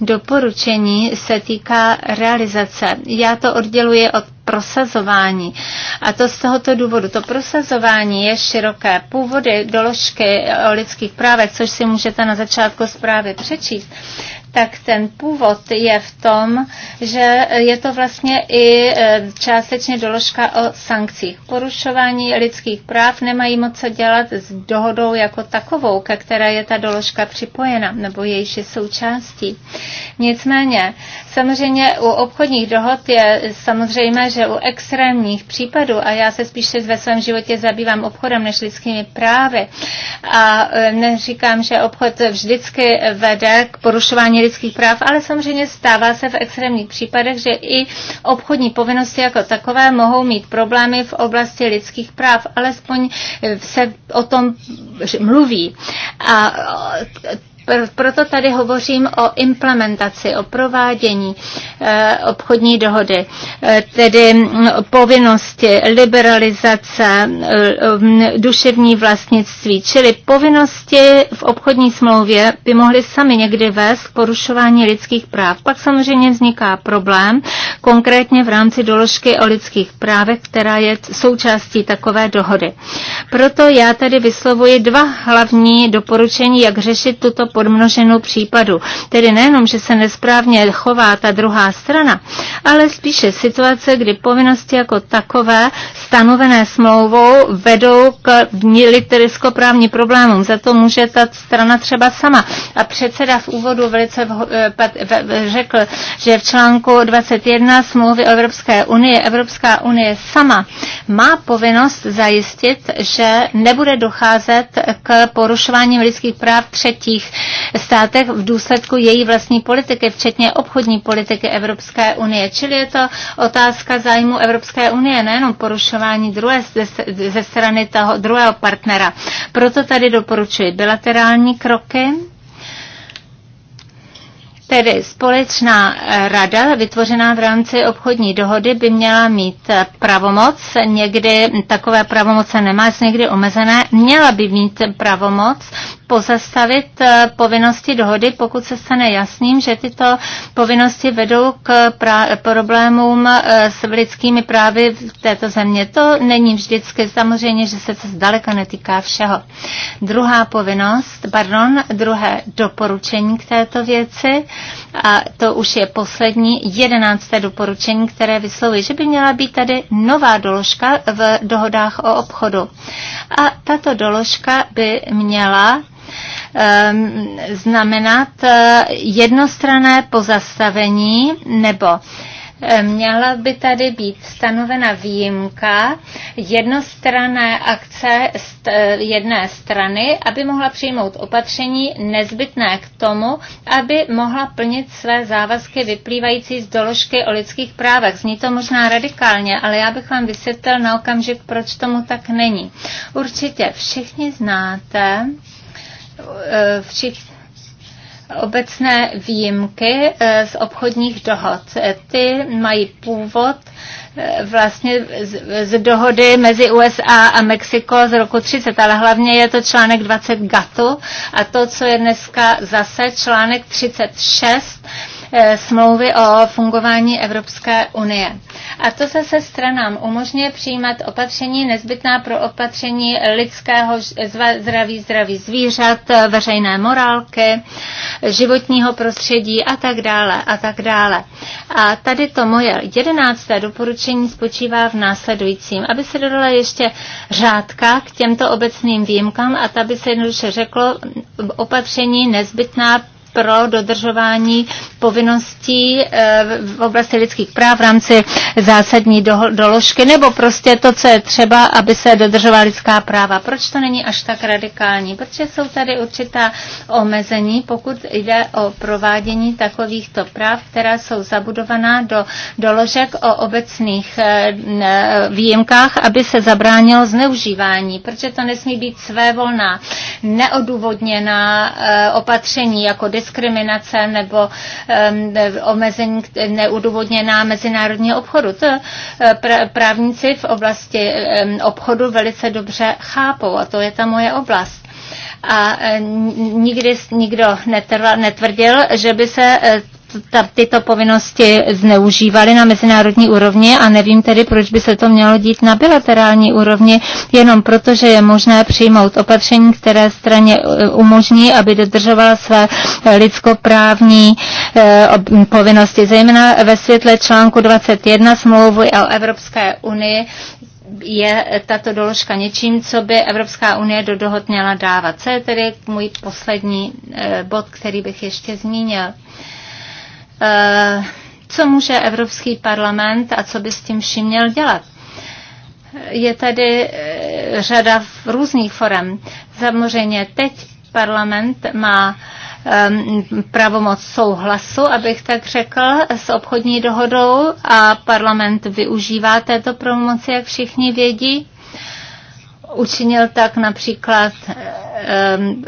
doporučení se týká realizace. Já to odděluji od prosazování. A to z tohoto důvodu. To prosazování je široké. Původy doložky o lidských právech, což si můžete na začátku zprávy přečíst, tak ten původ je v tom, že je to vlastně i eh, částečně doložka o sankcích. Porušování lidských práv nemají moc co dělat s dohodou jako takovou, ke které je ta doložka připojena nebo jejíž je součástí. Nicméně Samozřejmě u obchodních dohod je samozřejmé, že u extrémních případů, a já se spíše ve svém životě zabývám obchodem než lidskými právy, a e, neříkám, že obchod vždycky vede k porušování lidských práv, ale samozřejmě stává se v extrémních případech, že i obchodní povinnosti jako takové mohou mít problémy v oblasti lidských práv, alespoň se o tom mluví. A proto tady hovořím o implementaci, o provádění eh, obchodní dohody, eh, tedy povinnosti, liberalizace, eh, duševní vlastnictví, čili povinnosti v obchodní smlouvě by mohly sami někdy vést k porušování lidských práv. Pak samozřejmě vzniká problém, konkrétně v rámci doložky o lidských právech, která je součástí takové dohody. Proto já tady vyslovuji dva hlavní doporučení, jak řešit tuto podmnoženou případu. Tedy nejenom, že se nesprávně chová ta druhá strana, ale spíše situace, kdy povinnosti jako takové stanovené smlouvou vedou k literiskoprávní problémům. Za to může ta strana třeba sama. A předseda v úvodu velice eh, řekl, že v článku 21 smlouvy Evropské unie Evropská unie sama má povinnost zajistit, že nebude docházet k porušováním lidských práv třetích státech v důsledku její vlastní politiky, včetně obchodní politiky Evropské unie. Čili je to otázka zájmu Evropské unie, nejenom porušování druhé, ze strany toho druhého partnera. Proto tady doporučuji bilaterální kroky, Tedy společná eh, rada vytvořená v rámci obchodní dohody by měla mít eh, pravomoc, někdy takové pravomoce nemá, někdy omezené, měla by mít pravomoc pozastavit eh, povinnosti dohody, pokud se stane jasným, že tyto povinnosti vedou k problémům eh, s lidskými právy v této země. To není vždycky samozřejmě, že se to zdaleka netýká všeho. Druhá povinnost, pardon, druhé doporučení k této věci, a to už je poslední, jedenácté doporučení, které vyslovuje, že by měla být tady nová doložka v dohodách o obchodu. A tato doložka by měla Ehm, znamenat eh, jednostrané pozastavení nebo eh, měla by tady být stanovena výjimka jednostranné akce eh, jedné strany, aby mohla přijmout opatření nezbytné k tomu, aby mohla plnit své závazky vyplývající z doložky o lidských právech. Zní to možná radikálně, ale já bych vám vysvětlil na okamžik, proč tomu tak není. Určitě všichni znáte, Eh, všichni obecné výjimky eh, z obchodních dohod. Ty mají původ eh, vlastně z, dohody mezi USA a Mexiko z roku 30, ale hlavně je to článek 20 GATU a to, co je dneska zase článek 36 Eh, smlouvy o fungování Evropské unie. A to se se stranám umožňuje přijímat opatření nezbytná pro opatření lidského zdraví, zdraví zvířat, eh, veřejné morálky, životního prostředí a tak dále a tak dále. A tady to moje jedenácté doporučení spočívá v následujícím, aby se dodala ještě řádka k těmto obecným výjimkám a ta by se jednoduše řeklo opatření nezbytná pro dodržování povinností eh, v oblasti lidských práv v rámci zásadní doložky, nebo prostě to, co je třeba, aby se dodržovala lidská práva. Proč to není až tak radikální? Protože jsou tady určitá omezení, pokud jde o provádění takovýchto práv, která jsou zabudovaná do doložek o obecných eh, výjimkách, aby se zabránilo zneužívání, protože to nesmí být svévolná, neodůvodněná eh, opatření jako diskriminace nebo omezení neudůvodněná mezinárodního obchodu. To eh, právníci v oblasti obchodu velice dobře chápou a to je ta moje oblast a eh, nikdy nikdo netvrdil, že by se eh, ta, tyto povinnosti zneužívaly na mezinárodní úrovni a nevím tedy, proč by se to mělo dít na bilaterální úrovni, jenom proto, že je možné přijmout opatření, které straně e, umožní, aby dodržovala své e, lidskoprávní e, povinnosti, zejména ve světle článku 21 smlouvy o Evropské unii, je tato doložka něčím, co by Evropská unie do dohod měla dávat. Co je tedy můj poslední bod, který bych ještě zmínil. Eh, co může Evropský parlament a co by s tím vším měl dělat. Je tady eh, řada v různých forem. Samozřejmě teď parlament má ehm, pravomoc souhlasu, abych tak řekl, s obchodní dohodou a parlament využívá této pravomoci, jak všichni vědí. Učinil tak například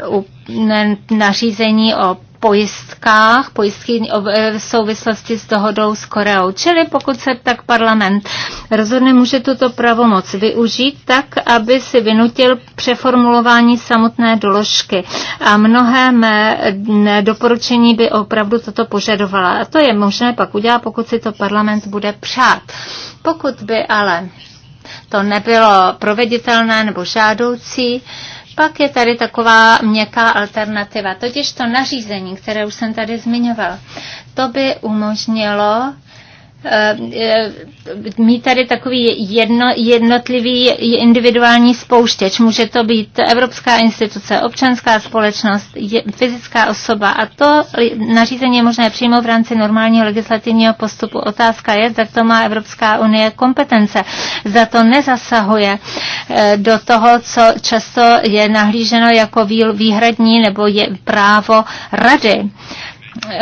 um, nařízení o pojistkách, pojistky e, v souvislosti s dohodou s Koreou. Čili pokud se tak parlament rozhodne, může tuto pravomoc využít tak, aby si vynutil přeformulování samotné doložky. A mnohé mé doporučení by opravdu toto požadovala. A to je možné pak udělat, pokud si to parlament bude přát. Pokud by ale to nebylo proveditelné nebo žádoucí, pak je tady taková měkká alternativa, totiž to nařízení, které už jsem tady zmiňoval. To by umožnilo Eh, eh, mít tady takový jedno, jednotlivý individuální spouštěč. Může to být Evropská instituce, občanská společnost, je, fyzická osoba a to nařízení je možné přijmout v rámci normálního legislativního postupu. Otázka je, zda to má Evropská unie kompetence, zda to nezasahuje eh, do toho, co často je nahlíženo jako výhradní nebo je právo rady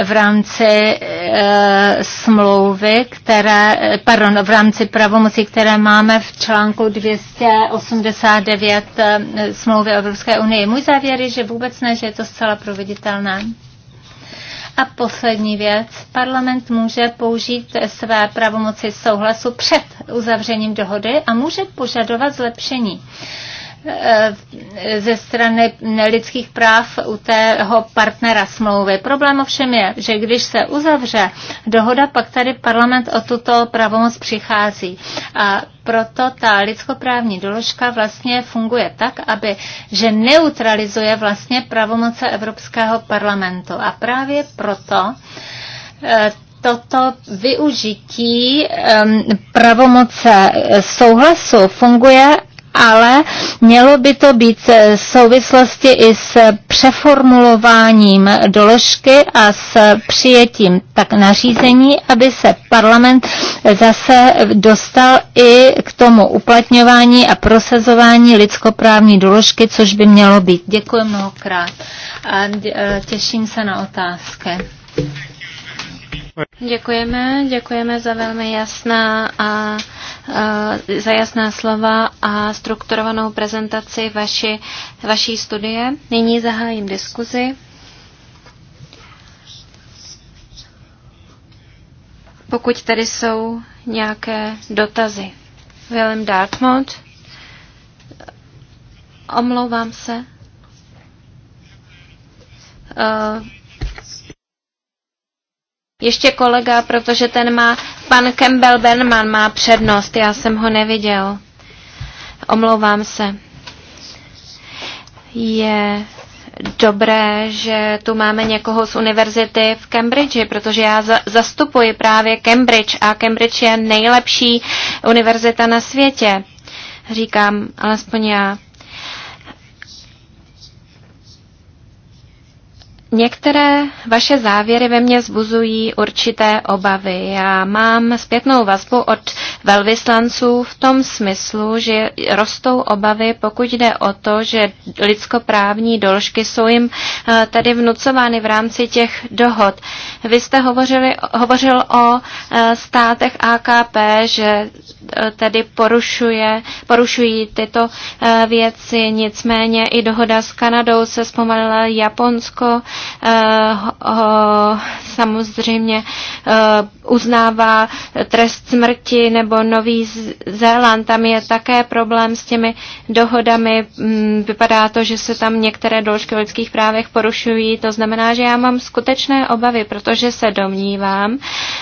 v rámci e, smlouvy, které, pardon, v rámci pravomocí, které máme v článku 289 e, eh, smlouvy Evropské unie. Můj závěr je, že vůbec ne, že je to zcela proveditelné. A poslední věc. Parlament může použít své pravomoci souhlasu před uzavřením dohody a může požadovat zlepšení. E, Eh, ze strany lidských práv u tého partnera smlouvy. Problém ovšem je, že když se uzavře dohoda, pak tady parlament o tuto pravomoc přichází. A proto ta lidskoprávní doložka vlastně funguje tak, aby, že neutralizuje vlastně pravomoce Evropského parlamentu. A právě proto eh, toto využití pravomoce souhlasu funguje ale mělo by to být v souvislosti i s přeformulováním doložky a s přijetím tak nařízení, aby se parlament zase dostal i k tomu uplatňování a prosazování lidskoprávní doložky, což by mělo být. Děkuji mnohokrát a těším se na otázky. Děkujeme, děkujeme za velmi jasná a, a za jasná slova a strukturovanou prezentaci vaši, vaší studie. Nyní zahájím diskuzi. Pokud tady jsou nějaké dotazy. Willem Dartmouth. Omlouvám se. Uh, ještě kolega, protože ten má, pan Campbell Bernman má přednost, já jsem ho neviděl. Omlouvám se. Je dobré, že tu máme někoho z univerzity v Cambridge, protože já za, zastupuji právě Cambridge a Cambridge je nejlepší univerzita na světě. Říkám, alespoň já. Některé vaše závěry ve mně zbuzují určité obavy. Já mám zpětnou vazbu od velvyslanců v tom smyslu, že rostou obavy, pokud jde o to, že lidskoprávní doložky jsou jim eh, tady vnucovány v rámci těch dohod. Vy jste hovořili, hovořil o eh, státech AKP, že eh, tady porušuje, porušují tyto věci, nicméně i dohoda s Kanadou se zpomalila Japonsko, samozřejmě uznává trest smrti nebo nebo Nový Zéland, tam je také problém s těmi dohodami. Mm, vypadá to, že se tam některé doložky o lidských právech porušují. To znamená, že já mám skutečné obavy, protože se domnívám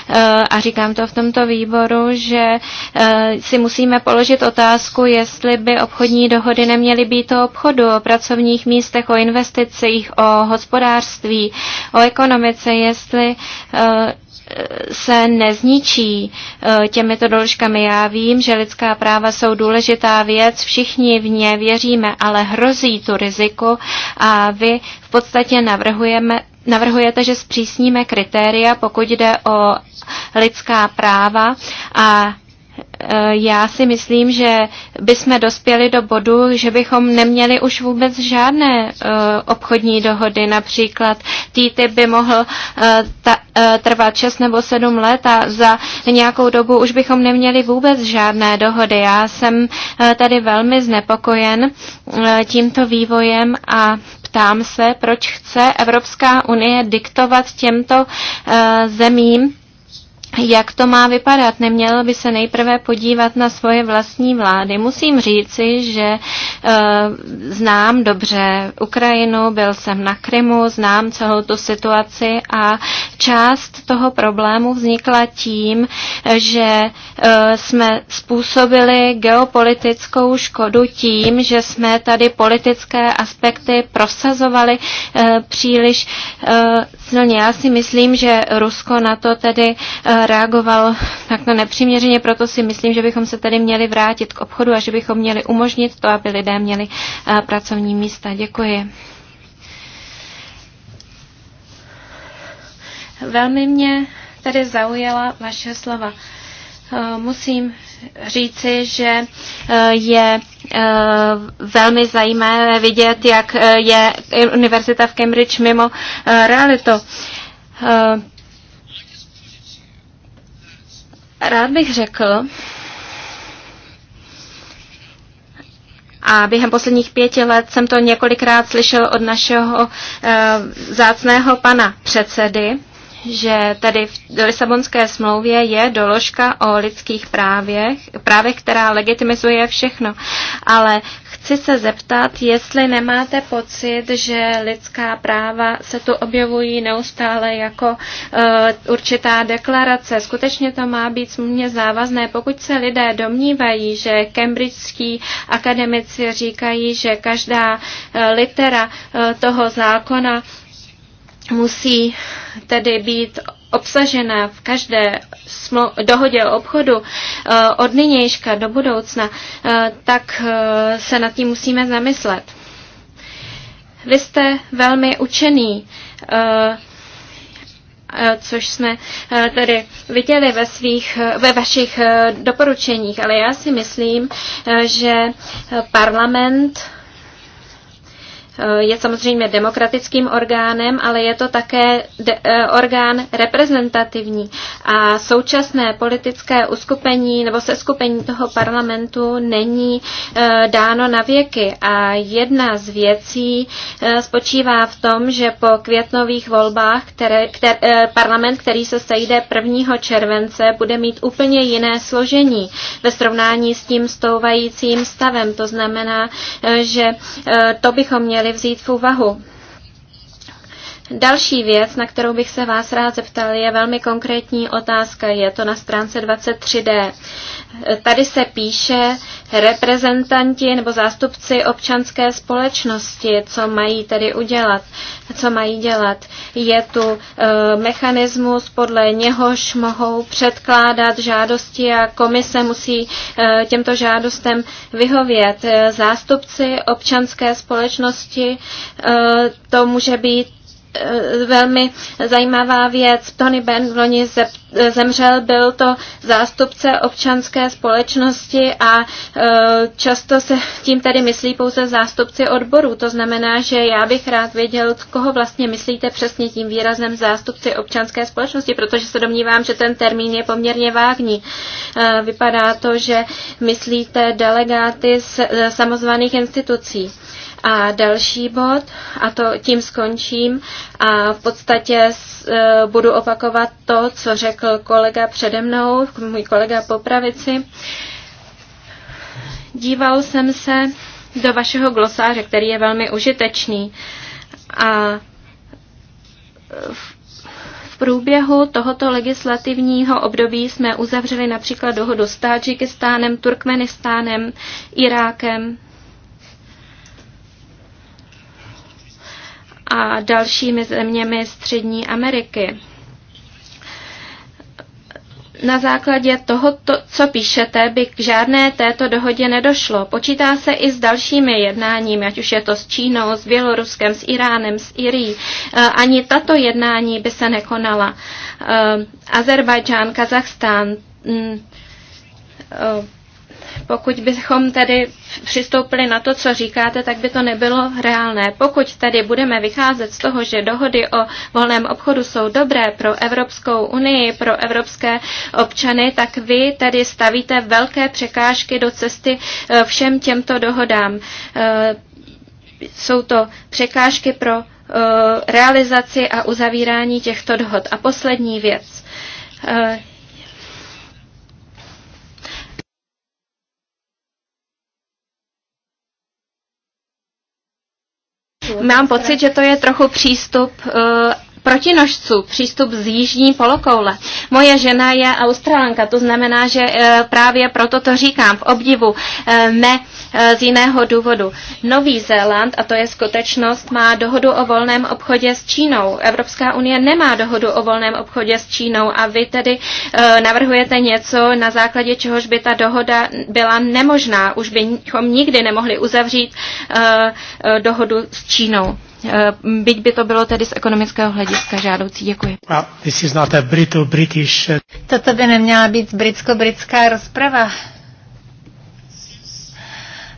eh, a říkám to v tomto výboru, že eh, si musíme položit otázku, jestli by obchodní dohody neměly být o obchodu, o pracovních místech, o investicích, o hospodářství, o ekonomice, jestli eh, se nezničí eh, těmito doložkami. Já vím, že lidská práva jsou důležitá věc, všichni v ně věříme, ale hrozí tu riziko a vy v podstatě navrhujeme, navrhujete, že zpřísníme kritéria, pokud jde o lidská práva a Eh, já si myslím, že bychom dospěli do bodu, že bychom neměli už vůbec žádné eh, obchodní dohody. Například TTIP by mohl eh, trvat 6 nebo 7 let a za nějakou dobu už bychom neměli vůbec žádné dohody. Já jsem tady velmi znepokojen tímto vývojem a ptám se, proč chce Evropská unie diktovat těmto zemím, jak to má vypadat. neměl by se nejprve podívat na svoje vlastní vlády. Musím říci, že e, znám dobře Ukrajinu, byl jsem na Krymu, znám celou tu situaci a část toho problému vznikla tím, že e, jsme způsobili geopolitickou škodu tím, že jsme tady politické aspekty prosazovali e, příliš e, silně. Já si myslím, že Rusko na to tedy e, reagoval takto nepřiměřeně, proto si myslím, že bychom se tady měli vrátit k obchodu a že bychom měli umožnit to, aby lidé měli eh, pracovní místa. Děkuji. Velmi mě tady zaujala vaše slova. Eh, musím říci, že eh, je velmi zajímavé vidět, jak je univerzita v Cambridge mimo realitu. Rád bych řekl, a během posledních pěti let jsem to několikrát slyšel od našeho uh, eh, zácného pana předsedy, že tady v Lisabonské smlouvě je doložka o lidských právech, právech, která legitimizuje všechno. Ale Chci se zeptat, jestli nemáte pocit, že lidská práva se tu objevují neustále jako uh, určitá deklarace. Skutečně to má být smluvně závazné. Pokud se lidé domnívají, že cambridgeští akademici říkají, že každá uh, litera uh, toho zákona musí tedy být obsažena v každé dohodě o obchodu eh, od nynějška do budoucna, eh, tak eh, se nad tím musíme zamyslet. Vy jste velmi učený, což jsme tedy viděli ve, svých, ve vašich doporučeních, ale já si myslím, že parlament Eh, je samozřejmě demokratickým orgánem, ale je to také de, eh, orgán reprezentativní. A současné politické uskupení nebo seskupení toho parlamentu není eh, dáno na věky. A jedna z věcí spočívá v tom, že po květnových volbách které, které, parlament, který se sejde 1. července, bude mít úplně jiné složení ve srovnání s tím stouvajícím stavem. To znamená, že to bychom měli měli vzít v úvahu. Další věc, na kterou bych se vás rád zeptal, je velmi konkrétní otázka. Je to na stránce 23D. Tady se píše reprezentanti nebo zástupci občanské společnosti, co mají tedy udělat, co mají dělat. Je tu e, mechanismus, podle něhož mohou předkládat žádosti a komise musí e, těmto žádostem vyhovět. E, zástupci občanské společnosti, e, to může být Eh, velmi zajímavá věc. Tony Benn v loni zemřel, byl to zástupce občanské společnosti a eh, často se tím tady myslí pouze zástupci odborů. To znamená, že já bych rád věděl, koho vlastně myslíte přesně tím výrazem zástupci občanské společnosti, protože se domnívám, že ten termín je poměrně vágní. Eh, vypadá to, že myslíte delegáty z samozvaných institucí. A další bod, a to tím skončím, a v podstatě s, e, budu opakovat to, co řekl kolega přede mnou, můj kolega po pravici. Díval jsem se do vašeho glosáře, který je velmi užitečný. A v v průběhu tohoto legislativního období jsme uzavřeli například dohodu s Tadžikistánem, Turkmenistánem, Irákem, a dalšími zeměmi Střední Ameriky. Na základě toho, co píšete, by k žádné této dohodě nedošlo. Počítá se i s dalšími jednáními, ať už je to s Čínou, s Běloruskem, s Iránem, s Irií. Eh, ani tato jednání by se nekonala. Eh, Azerbajdžán, Kazachstán, mm, eh, pokud bychom tedy přistoupili na to, co říkáte, tak by to nebylo reálné. Pokud tedy budeme vycházet z toho, že dohody o volném obchodu jsou dobré pro Evropskou unii, pro evropské občany, tak vy tedy stavíte velké překážky do cesty eh, všem těmto dohodám. Eh, jsou to překážky pro eh, realizaci a uzavírání těchto dohod. A poslední věc. Mám pocit, že to je trochu přístup uh, protinožců, přístup z jižní polokoule. Moje žena je australanka, to znamená, že e, právě proto to říkám v obdivu, e, ne e, z jiného důvodu. Nový Zéland, a to je skutečnost, má dohodu o volném obchodě s Čínou. Evropská unie nemá dohodu o volném obchodě s Čínou a vy tedy navrhujete něco, na základě čehož by ta dohoda byla nemožná. Už bychom nikdy nemohli uzavřít dohodu s Čínou. Eh, byť by to bylo tedy z ekonomického hlediska žádoucí. Děkuji. Well, this is not a Brito British. Toto eh, by neměla být britsko-britská rozprava.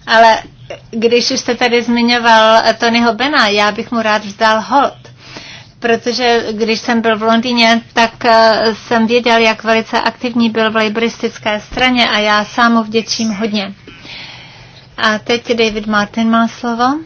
Ale když už jste tady zmiňoval eh, Tonyho Bena, já bych mu rád vzdal hold protože když jsem byl v Londýně, tak jsem věděl, jak velice aktivní byl v laboristické straně a já sám mu vděčím hodně. A teď David Martin má slovo.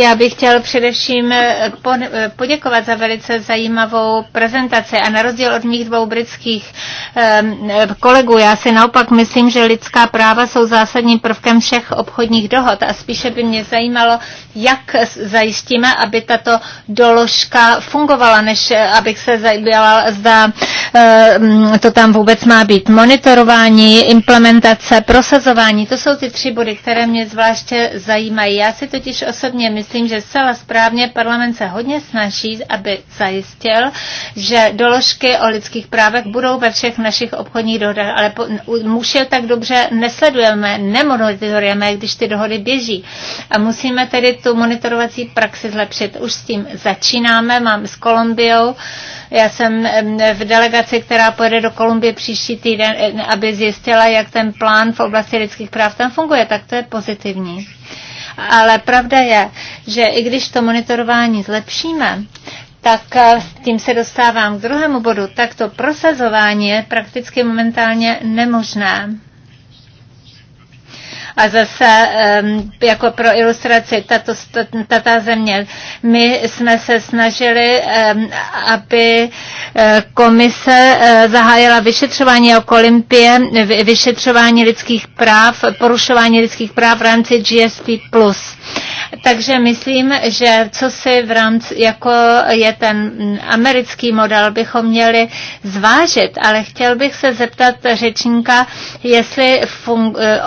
Já bych chtěl především eh, eh, poděkovat za velice zajímavou prezentaci a na rozdíl od mých dvou britských ehm, eh, kolegů, já si naopak myslím, že lidská práva jsou zásadním prvkem všech obchodních dohod a spíše by mě zajímalo, jak zajistíme, aby tato doložka fungovala, než abych se zajímala, zda ehm, to tam vůbec má být. Monitorování, implementace, prosazování, to jsou ty tři body, které mě zvláště zajímají. Já si totiž osobně myslím, myslím, že zcela správně parlament se hodně snaží, aby zajistil, že doložky o lidských právech budou ve všech našich obchodních dohodách, ale muž je tak dobře nesledujeme, nemonitorujeme, když ty dohody běží. A musíme tedy tu monitorovací praxi zlepšit. Už s tím začínáme, mám s Kolumbiou, já jsem v delegaci, která pojede do Kolumbie příští týden, aby zjistila, jak ten plán v oblasti lidských práv tam funguje, tak to je pozitivní. Ale pravda je, že i když to monitorování zlepšíme, tak eh, tím se dostávám k druhému bodu, tak to prosazování je prakticky momentálně nemožné. A zase jako pro ilustraci tato, tato země. My jsme se snažili, aby e, komise e, zahájila vyšetřování o Olympie, vyšetřování lidských práv, porušování lidských práv v rámci GSP+. Takže myslím, že co si v rámci, jako je ten americký model, bychom měli zvážit, ale chtěl bych se zeptat řečníka, jestli fun, eh,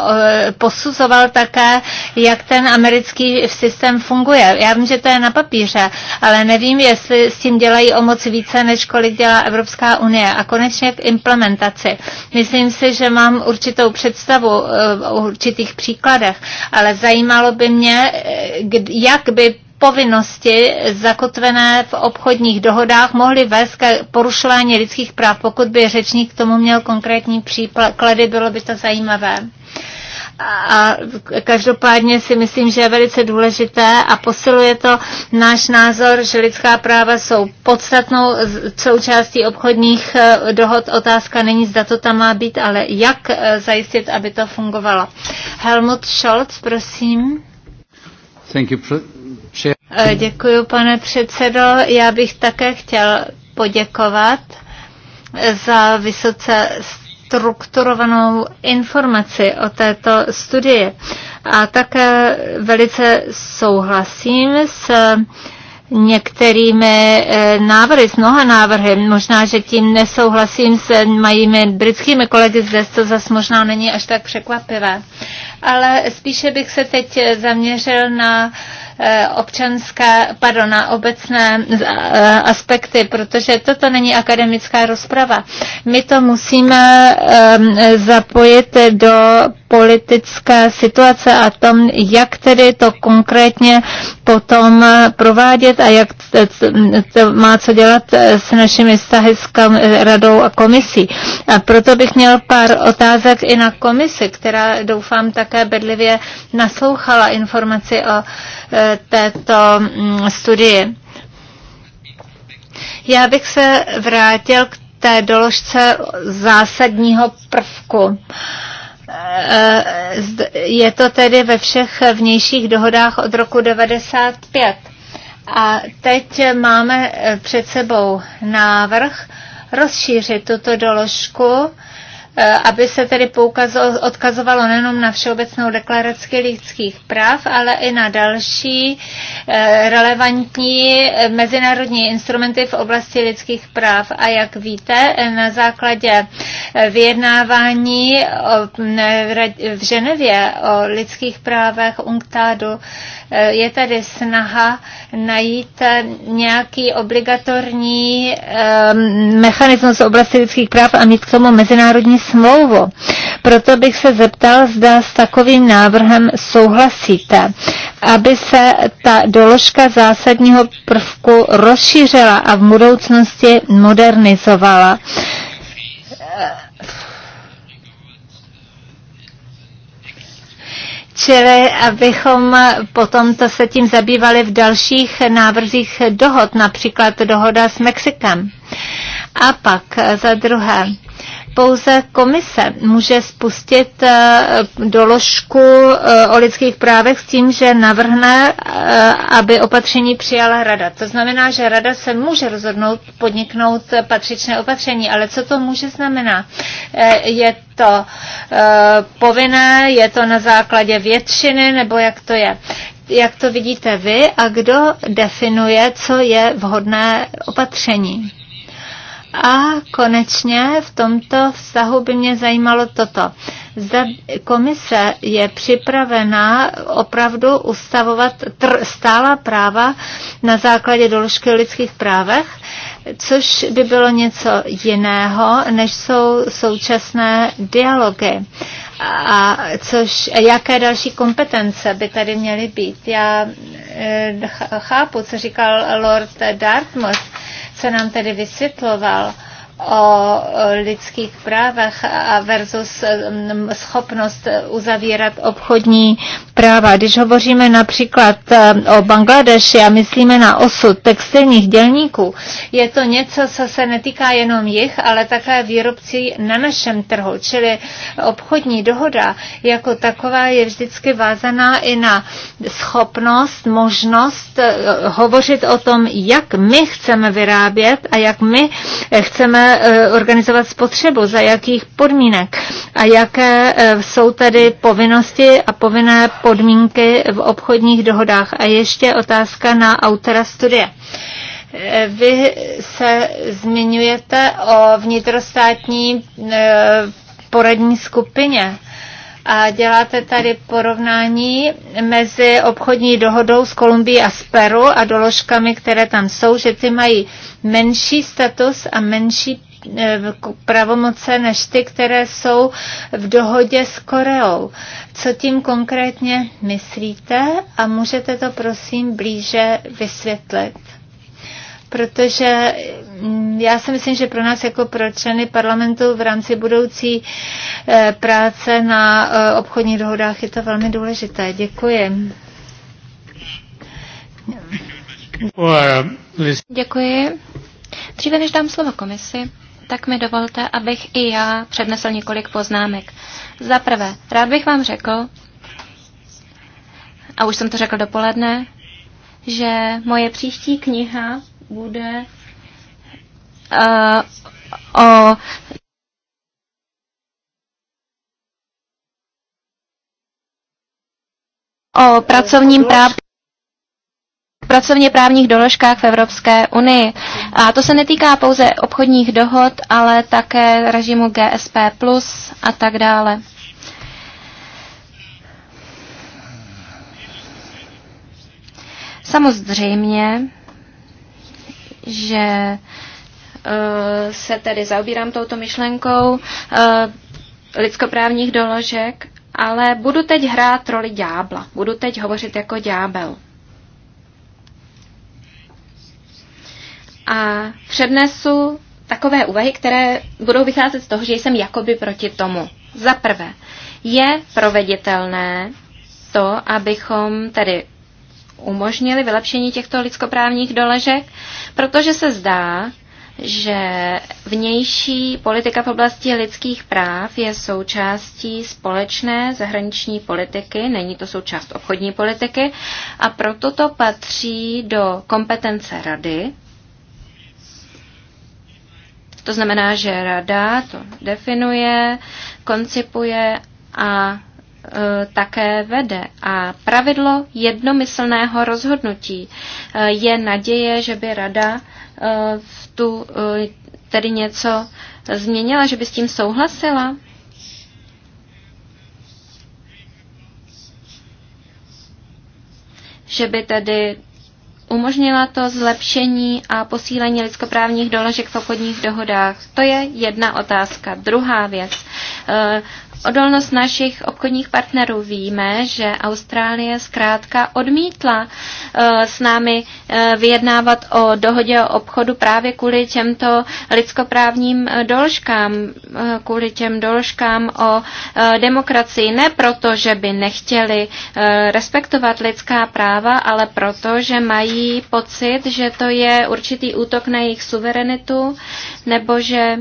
eh, posuzoval také, jak ten americký systém funguje. Já vím, že to je na papíře, ale nevím, jestli s tím dělají o moc více, než kolik dělá Evropská unie. A konečně k implementaci. Myslím si, že mám určitou představu eh, o určitých příkladech, ale zajímalo by mě, jak by povinnosti zakotvené v obchodních dohodách mohly vést k porušování lidských práv. Pokud by řečník k tomu měl konkrétní příklady, bylo by to zajímavé. A každopádně si myslím, že je velice důležité a posiluje to náš názor, že lidská práva jsou podstatnou součástí obchodních e, dohod. Otázka není, zda to tam má být, ale jak e, zajistit, aby to fungovalo. Helmut Scholz, prosím. Eh, Děkuji, pane předsedo. Já bych také chtěl poděkovat za vysoce strukturovanou informaci o této studii. A také velice souhlasím s některými eh, návrhy, s mnoha návrhy. Možná, že tím nesouhlasím s mojimi britskými kolegy zde, co zase možná není až tak překvapivé. Ale spíše bych se teď zaměřil na Eh, občanské, pardon, na obecné eh, aspekty, protože toto není akademická rozprava. My to musíme zapojit do politické situace a tom, jak tedy to konkrétně potom eh, provádět a jak to má co dělat s našimi vztahy s radou a komisí. A proto bych měl pár otázek i na komisi, která doufám také bedlivě naslouchala informaci o této mm, studii. Já bych se vrátil k té doložce zásadního prvku. Eh, je to tedy ve všech vnějších dohodách od roku 95. A teď máme eh, před sebou návrh rozšířit tuto doložku Eh, aby se tedy poukazo, odkazovalo nejenom na Všeobecnou deklaraci lidských práv, ale i na další eh, relevantní eh, mezinárodní instrumenty v oblasti lidských práv. A jak víte, na základě vyjednávání v Ženevě o lidských právech UNCTADu Eh, je tady snaha najít eh, nějaký obligatorní ehm, mechanismus oblasti lidských práv a mít k tomu mezinárodní smlouvu. Proto bych se zeptal, zda s takovým návrhem souhlasíte, aby se ta doložka zásadního prvku rozšířila a v budoucnosti modernizovala eh, čili abychom potom to se tím zabývali v dalších návrzích dohod, například dohoda s Mexikem. A pak za druhé, pouze komise může spustit eh, doložku eh, o lidských právech s tím, že navrhne, eh, aby opatření přijala rada. To znamená, že rada se může rozhodnout podniknout patřičné opatření, ale co to může znamenat? Je to povinné, je to na základě většiny, nebo jak to je? Jak to vidíte vy a kdo definuje, co je vhodné opatření? A konečně v tomto vztahu by mě zajímalo toto. Zda komise je připravená opravdu ustavovat tr- stála práva na základě doložky o lidských právech, což by bylo něco jiného, než jsou současné dialogy. A což, jaké další kompetence by tady měly být? Já eh, chápu, co říkal Lord Dartmouth, co nám tedy vysvětloval o lidských právech a versus mm, schopnost uzavírat obchodní práva. Když hovoříme například e, o Bangladeši a myslíme na osud textilních dělníků, je to něco, co se netýká jenom jich, ale také výrobcí na našem trhu. Čili obchodní dohoda jako taková je vždycky vázaná i na schopnost, možnost e, hovořit o tom, jak my chceme vyrábět a jak my chceme Eh, organizovat spotřebu, za jakých podmínek a jaké eh, jsou tady povinnosti a povinné podmínky v obchodních dohodách. A ještě otázka na autora studie. Eh, vy se zmiňujete o vnitrostátní poradní skupině a děláte tady porovnání mezi obchodní dohodou s Kolumbií a s Peru a doložkami, které tam jsou, že ty mají menší status a menší e, pravomoce než ty, které jsou v dohodě s Koreou. Co tím konkrétně myslíte a můžete to prosím blíže vysvětlit? protože mm, já si myslím, že pro nás jako pro členy parlamentu v rámci budoucí eh, práce na eh, obchodních dohodách je to velmi důležité. Děkuji. Děkuji. Dříve než dám slovo komisi, tak mi dovolte, abych i já přednesl několik poznámek. Za prvé, rád bych vám řekl, a už jsem to řekl dopoledne, že moje příští kniha bude uh, o o pracovním práv pracovně právních doložkách v Evropské unii. A to se netýká pouze obchodních dohod, ale také režimu GSP+, plus a tak dále. Samozřejmě, že eh, se tedy zaobírám touto myšlenkou eh, lidskoprávních doložek, ale budu teď hrát roli ďábla. Budu teď hovořit jako ďábel. A přednesu takové úvahy, které budou vycházet z toho, že jsem jakoby proti tomu. Za prvé, je proveditelné to, abychom tedy umožnili vylepšení těchto lidskoprávních doležek, protože se zdá, že vnější politika v oblasti lidských práv je součástí společné zahraniční politiky, není to součást obchodní politiky, a proto to patří do kompetence rady. To znamená, že rada to definuje, koncipuje a Eh, také vede. A pravidlo jednomyslného rozhodnutí eh, je naděje, že by rada eh, v tu tedy něco změnila, že by s tím souhlasila. Že by tedy umožnila to zlepšení a posílení lidskoprávních doložek v obchodních dohodách? To je jedna otázka. Druhá věc odolnost našich obchodních partnerů. Víme, že Austrálie zkrátka odmítla eh, s námi eh, vyjednávat o dohodě o obchodu právě kvůli těmto lidskoprávním eh, doložkám, kvůli těm doložkám o demokracii. Ne proto, že by nechtěli respektovat lidská práva, ale proto, že mají pocit, že to je určitý útok na jejich suverenitu nebo že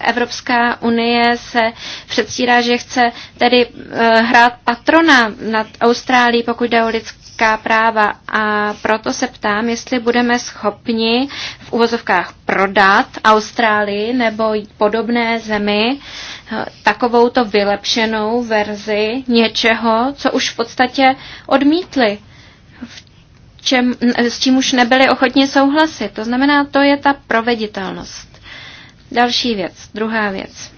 Evropská unie se předstírá, že chce tedy eh, hrát patrona nad Austrálií, pokud jde o lidská práva. A proto se ptám, jestli budeme schopni v uvozovkách prodat Austrálii nebo podobné zemi eh, takovouto vylepšenou verzi něčeho, co už v podstatě odmítli. V čem, s čím už nebyli ochotni souhlasit. To znamená, to je ta proveditelnost. Další věc, druhá věc.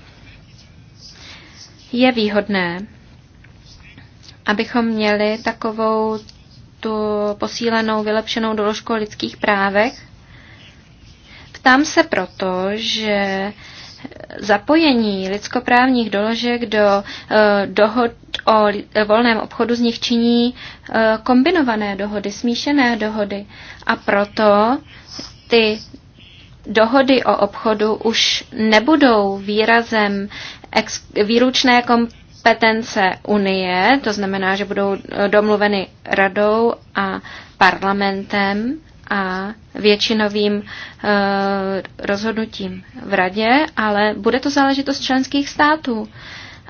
Je výhodné, abychom měli takovou tu posílenou, vylepšenou doložku o lidských právech. Ptám se proto, že zapojení lidskoprávních doložek do eh, dohod o volném obchodu z nich činí eh, kombinované dohody, smíšené dohody. A proto ty dohody o obchodu už nebudou výrazem ex, výručné kompetence Unie, to znamená, že budou eh, domluveny radou a parlamentem a většinovým e, rozhodnutím v radě, ale bude to záležitost členských států.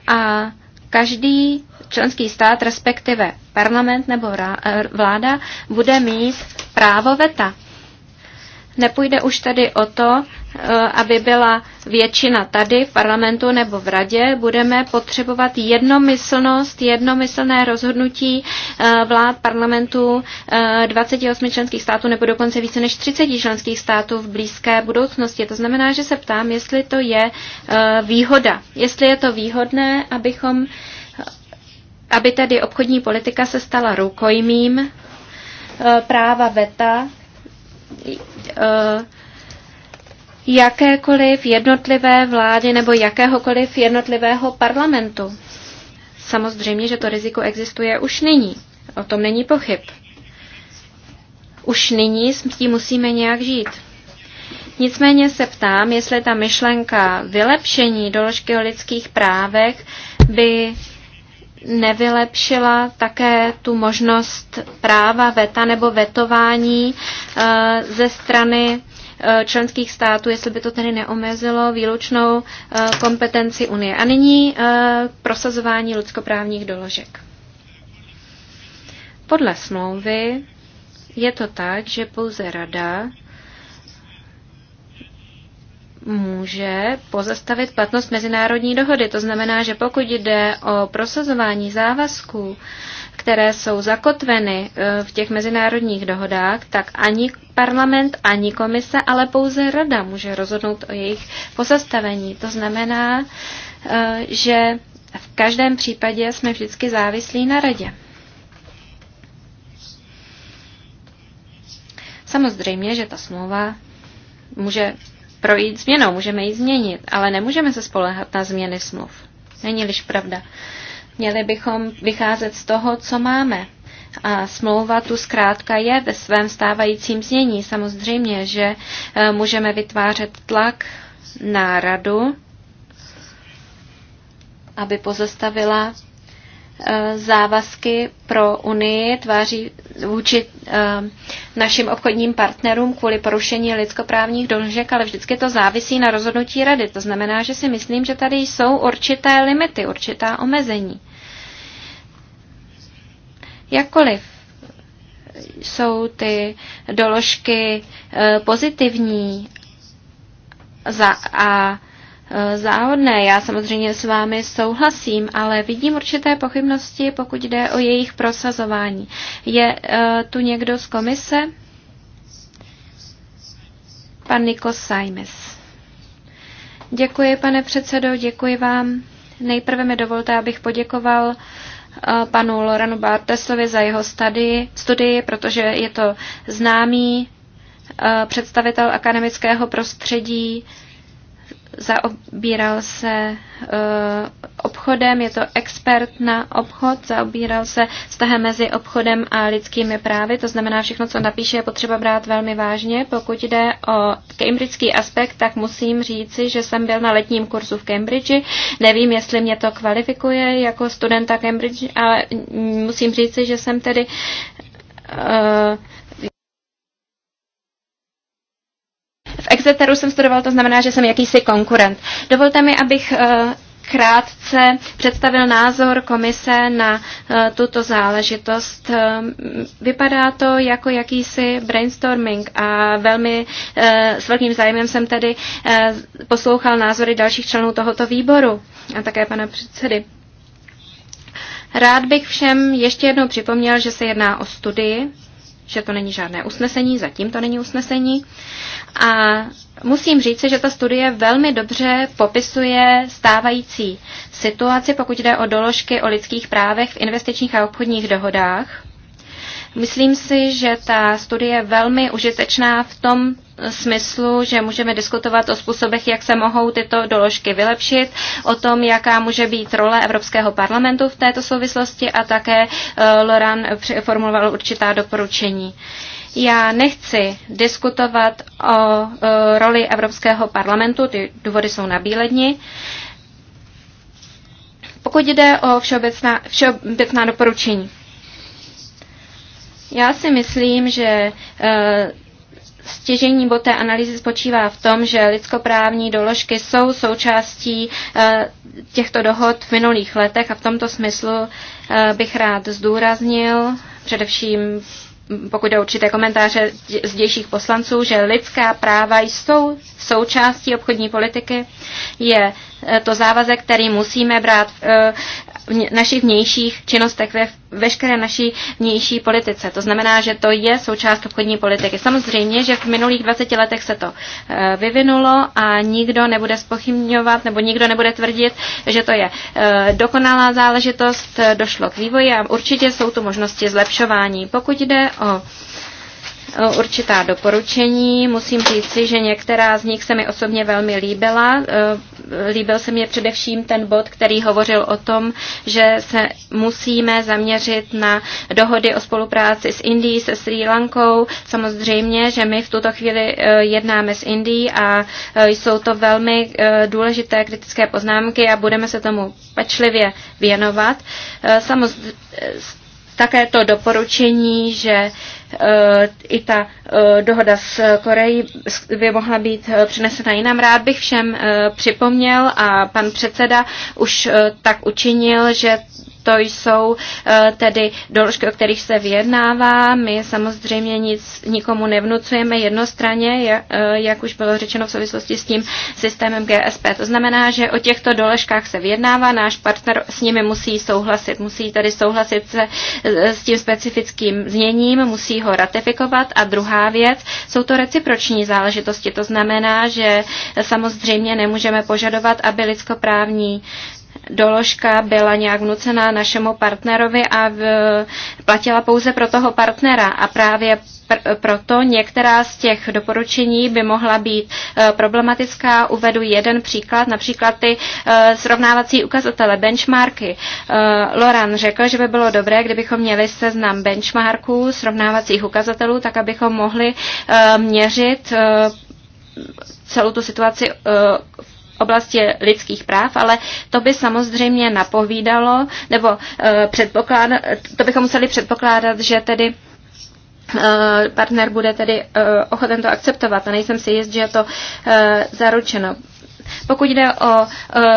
A každý členský stát, respektive parlament nebo eh, vláda, bude mít právo veta. Nepůjde už tedy o to, eh, aby byla většina tady v parlamentu nebo v radě. Budeme potřebovat jednomyslnost, jednomyslné rozhodnutí eh, vlád Parlamentu 28 eh, členských států nebo dokonce více než 30 členských států v blízké budoucnosti. To znamená, že se ptám, jestli to je výhoda. Jestli je to výhodné, abychom aby tedy obchodní politika se stala rukojmím práva VETA Eh, jakékoliv jednotlivé vlády nebo jakéhokoliv jednotlivého parlamentu. Samozřejmě, že to riziko existuje už nyní. O tom není pochyb. Už nyní s tím musíme nějak žít. Nicméně se ptám, jestli ta myšlenka vylepšení doložky o lidských právech by nevylepšila také tu možnost práva veta nebo vetování eh, ze strany eh, členských států, jestli by to tedy neomezilo výlučnou eh, kompetenci Unie. A nyní prosazování lidskoprávních doložek. Podle smlouvy je to tak, že pouze Rada může pozastavit platnost mezinárodní dohody. To znamená, že pokud jde o prosazování závazků, které jsou zakotveny e, v těch mezinárodních dohodách, tak ani parlament, ani komise, ale pouze rada může rozhodnout o jejich pozastavení. To znamená, e, že v každém případě jsme vždycky závislí na radě. Samozřejmě, že ta smlouva může projít změnou, můžeme ji změnit, ale nemůžeme se spolehat na změny smluv. Není-liž pravda. Měli bychom vycházet z toho, co máme. A smlouva tu zkrátka je ve svém stávajícím znění. Samozřejmě, že e, můžeme vytvářet tlak na radu, aby pozastavila e, závazky pro Unii tváří vůči eh, našim obchodním partnerům kvůli porušení lidskoprávních doložek, ale vždycky to závisí na rozhodnutí rady. To znamená, že si myslím, že tady jsou určité limity, určitá omezení. Jakkoliv jsou ty doložky eh, pozitivní za, a Eh, záhodné. Já samozřejmě s vámi souhlasím, ale vidím určité pochybnosti, pokud jde o jejich prosazování. Je eh, tu někdo z komise? Pan Nikos Saimes. Děkuji, pane předsedo, děkuji vám. Nejprve mi dovolte, abych poděkoval eh, panu Loranu Bartesovi za jeho studii, studii protože je to známý představitel akademického prostředí, zaobíral se eh, obchodem, je to expert na obchod, zaobíral se vztahem mezi obchodem a lidskými právy, to znamená všechno, co napíše, je potřeba brát velmi vážně. Pokud jde o cambridgeský aspekt, tak musím říci, že jsem byl na letním kurzu v Cambridge. Nevím, jestli mě to kvalifikuje jako studenta Cambridge, ale musím říci, že jsem tedy uh, v Exeteru jsem studoval, to znamená, že jsem jakýsi konkurent. Dovolte mi, abych eh, krátce představil názor komise na eh, tuto záležitost. Eh, vypadá to jako jakýsi brainstorming a velmi s velkým zájmem jsem tedy poslouchal názory dalších členů tohoto výboru a také pana předsedy. Rád bych všem ještě jednou připomněl, že se jedná o studii, že to není žádné usnesení, zatím to není usnesení. A musím říct, že ta studie velmi dobře popisuje stávající situaci, pokud jde o doložky o lidských právech v investičních a obchodních dohodách. Myslím si, že ta studie je velmi užitečná v tom smyslu, že můžeme diskutovat o způsobech, jak se mohou tyto doložky vylepšit, o tom, jaká může být role Evropského parlamentu v této souvislosti a také eh, Loran formuloval určitá doporučení. Já nechci diskutovat o eh, roli Evropského parlamentu, ty důvody jsou na bíledni. Pokud jde o všeobecná, všeobecná doporučení, já si myslím, že eh, Stěžení bod té analýzy spočívá v tom, že lidskoprávní doložky jsou součástí eh, těchto dohod v minulých letech a v tomto smyslu eh, bych rád zdůraznil především pokud jde určité komentáře zdějších poslanců, že lidská práva jsou součástí obchodní politiky, je Eh, to závazek, který musíme brát v eh, našich vnějších činnostech, ve veškeré naší vnější politice. To znamená, že to je součást obchodní politiky. Samozřejmě, že v minulých 20 letech se to eh, vyvinulo a nikdo nebude spochybňovat nebo nikdo nebude tvrdit, že to je dokonalá záležitost, došlo k vývoji a určitě jsou tu možnosti zlepšování. Pokud jde o určitá doporučení. Musím říci, že některá z nich se mi osobně velmi líbila. Eh, líbil se mi především ten bod, který hovořil o tom, že se musíme zaměřit na dohody o spolupráci s Indií, se Sri Lankou. Samozřejmě, že my v tuto chvíli eh, jednáme s Indií a eh, jsou to velmi důležité kritické poznámky a budeme se tomu pečlivě věnovat. Samozřejmě, také to doporučení, že e, i ta e, dohoda s Koreji by mohla být e, přinesena jinam. Rád bych všem připomněl a pan předseda už tak učinil, že to jsou eh, tedy doložky, o kterých se vyjednává. My samozřejmě nic nikomu nevnucujeme jednostranně, eh, jak už bylo řečeno v souvislosti s tím systémem GSP. To znamená, že o těchto doložkách se vyjednává, náš partner s nimi musí souhlasit, musí tady souhlasit se eh, s tím specifickým zněním, musí ho ratifikovat. A druhá věc, jsou to reciproční záležitosti. To znamená, že samozřejmě nemůžeme požadovat, aby lidskoprávní doložka byla nějak vnucená našemu partnerovi a v, platila pouze pro toho partnera a právě pr- proto některá z těch doporučení by mohla být e, problematická. Uvedu jeden příklad, například ty e, srovnávací ukazatele, benchmarky. E, Loran řekl, že by bylo dobré, kdybychom měli seznam benchmarků, srovnávacích ukazatelů, tak abychom mohli e, měřit e, celou tu situaci e, oblasti lidských práv, ale to by samozřejmě napovídalo, nebo eh, předpokládat, to bychom museli předpokládat, že tedy eh, partner bude tedy eh, ochoten to akceptovat a nejsem si jist, že je to zaručeno. Pokud jde o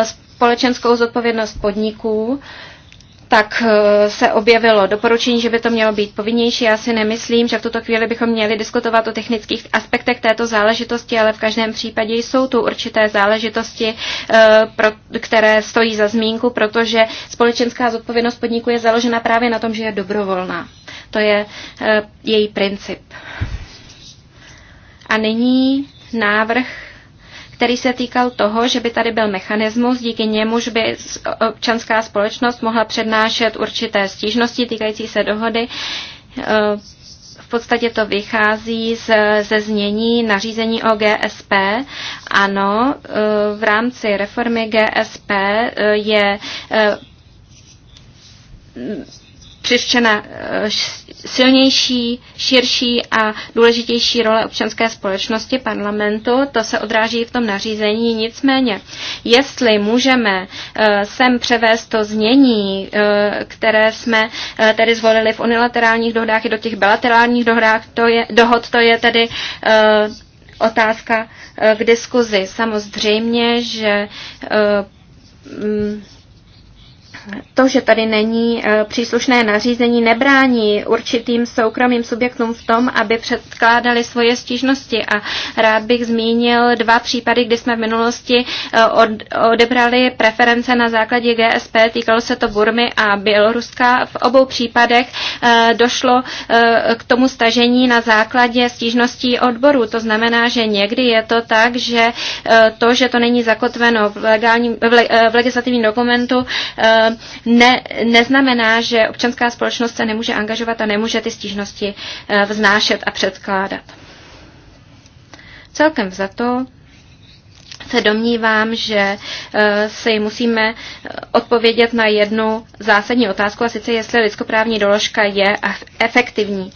společenskou zodpovědnost podniků, tak eh, se objevilo doporučení, že by to mělo být povinnější. Já si nemyslím, že v tuto chvíli bychom měli diskutovat o technických aspektech této záležitosti, ale v každém případě jsou tu určité záležitosti, eh, které stojí za zmínku, protože společenská zodpovědnost podniku je založena právě na tom, že je dobrovolná. To je eh, její princip. A nyní návrh který se týkal toho, že by tady byl mechanismus, díky němuž by občanská společnost mohla přednášet určité stížnosti týkající se dohody. Eh, v podstatě to vychází ze znění nařízení o GSP. Ano, eh, v rámci reformy GSP eh, je přiřčena eh, silnější, širší a důležitější role občanské společnosti parlamentu. To se odráží v tom nařízení. Nicméně, jestli můžeme eh, sem převést to znění, eh, které jsme tedy zvolili v unilaterálních dohodách i do těch bilaterálních dohodách, to je, dohod, to je tedy otázka k diskuzi. Samozřejmě, že to, že tady není eh, příslušné nařízení, nebrání určitým soukromým subjektům v tom, aby předkládali svoje stížnosti. A rád bych zmínil dva případy, kdy jsme v minulosti eh, odebrali preference na základě GSP. Týkalo se to Burmy a Běloruska. V obou případech eh, došlo k tomu stažení na základě stížností odborů. To znamená, že někdy je to tak, že to, že to není zakotveno v, legálním, v legislativním dokumentu, ne, neznamená, že občanská společnost se nemůže angažovat a nemůže ty stížnosti eh, vznášet a předkládat. Celkem za to se domnívám, že eh, se musíme eh, odpovědět na jednu zásadní otázku, a sice jestli lidskoprávní doložka je efektivní.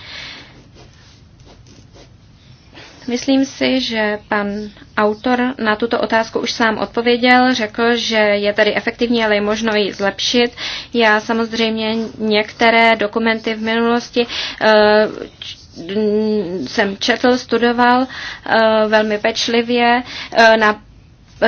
Myslím si, že pan autor na tuto otázku už sám odpověděl, řekl, že je tady efektivní, ale je možno ji zlepšit. Já samozřejmě některé dokumenty v minulosti eh, jsem četl, studoval eh, velmi pečlivě. Eh, na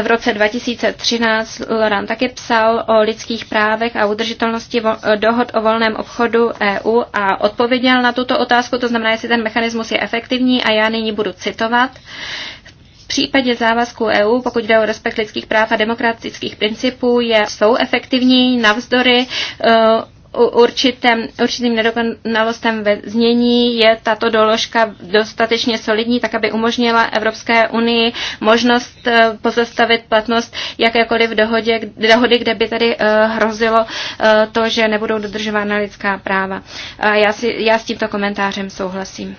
v roce 2013 Loran také psal o lidských právech a udržitelnosti dohod o volném obchodu EU a odpověděl na tuto otázku, to znamená, jestli ten mechanismus je efektivní a já nyní budu citovat. V případě závazků EU, pokud jde o respekt lidských práv a demokratických principů, je, jsou efektivní navzdory uh, určitém, určitým nedokonalostem ve znění je tato doložka dostatečně solidní, tak aby umožnila Evropské unii možnost eh, pozastavit platnost jakékoliv dohodě, dohody, kde by tady eh, hrozilo eh, to, že nebudou dodržována lidská práva. Já, si, já s tímto komentářem souhlasím.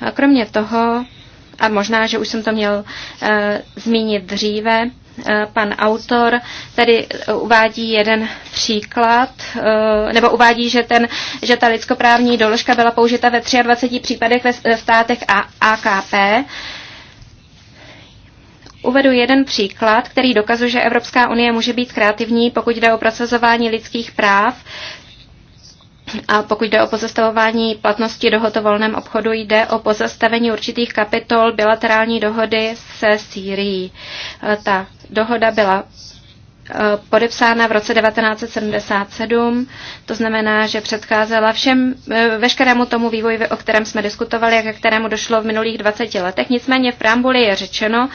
A kromě toho, a možná, že už jsem to měl uh, zmínit dříve, Eh, pan autor tady eh, uvádí jeden příklad, eh, nebo uvádí, že, ten, že ta lidskoprávní doložka byla použita ve 23 případech ve státech a AKP. Uvedu jeden příklad, který dokazuje, že Evropská unie může být kreativní, pokud jde o procesování lidských práv. A pokud jde o pozastavování platnosti dohod o volném obchodu, jde o pozastavení určitých kapitol bilaterální dohody se Sýrií. E, ta dohoda byla e, podepsána v roce 1977, to znamená, že předcházela všem, e, veškerému tomu vývoji, o kterém jsme diskutovali a ke kterému došlo v minulých 20 letech. Nicméně v preambuli je řečeno,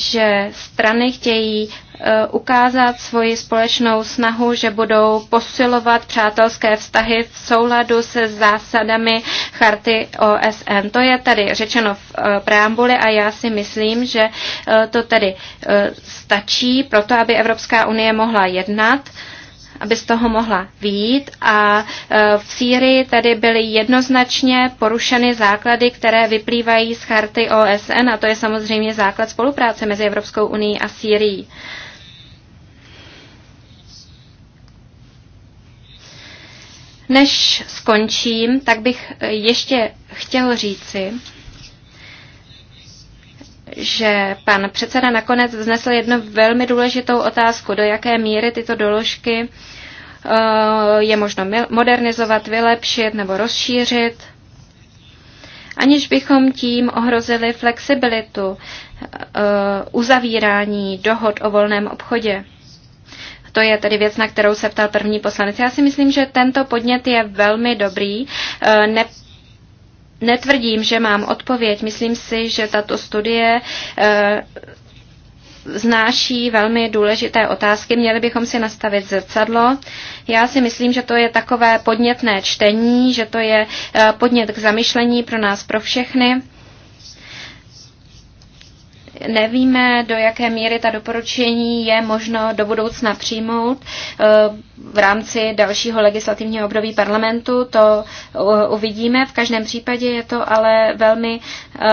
že strany chtějí eh, ukázat svoji společnou snahu, že budou posilovat přátelské vztahy v souladu se zásadami charty OSN. To je tady řečeno v eh, preambuli a já si myslím, že eh, to tedy stačí pro to, aby Evropská unie mohla jednat aby z toho mohla výjít a e, v Sýrii tedy byly jednoznačně porušeny základy, které vyplývají z charty OSN a to je samozřejmě základ spolupráce mezi Evropskou unii a Sýrií. Než skončím, tak bych ještě chtěl říci, že pan předseda nakonec vznesl jednu velmi důležitou otázku, do jaké míry tyto doložky eh, je možno modernizovat, vylepšit nebo rozšířit, aniž bychom tím ohrozili flexibilitu eh, uzavírání dohod o volném obchodě. To je tedy věc, na kterou se ptal první poslanec. Já si myslím, že tento podnět je velmi dobrý. Eh, ne, netvrdím, že mám odpověď. Myslím si, že tato studie eh, znáší velmi důležité otázky. Měli bychom si nastavit zrcadlo. Já si myslím, že to je takové podnětné čtení, že to je eh, podnět k zamyšlení pro nás, pro všechny. Nevíme, do jaké míry ta doporučení je možno do budoucna přijmout eh, v rámci dalšího legislativního období parlamentu. To uvidíme. V každém případě je to ale velmi eh,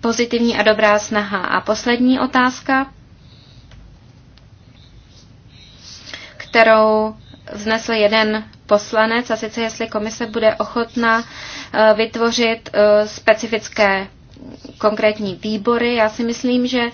pozitivní a dobrá snaha. A poslední otázka, kterou vznesl jeden poslanec, a sice jestli komise bude ochotna eh, vytvořit specifické konkrétní výbory. Já si myslím, že e,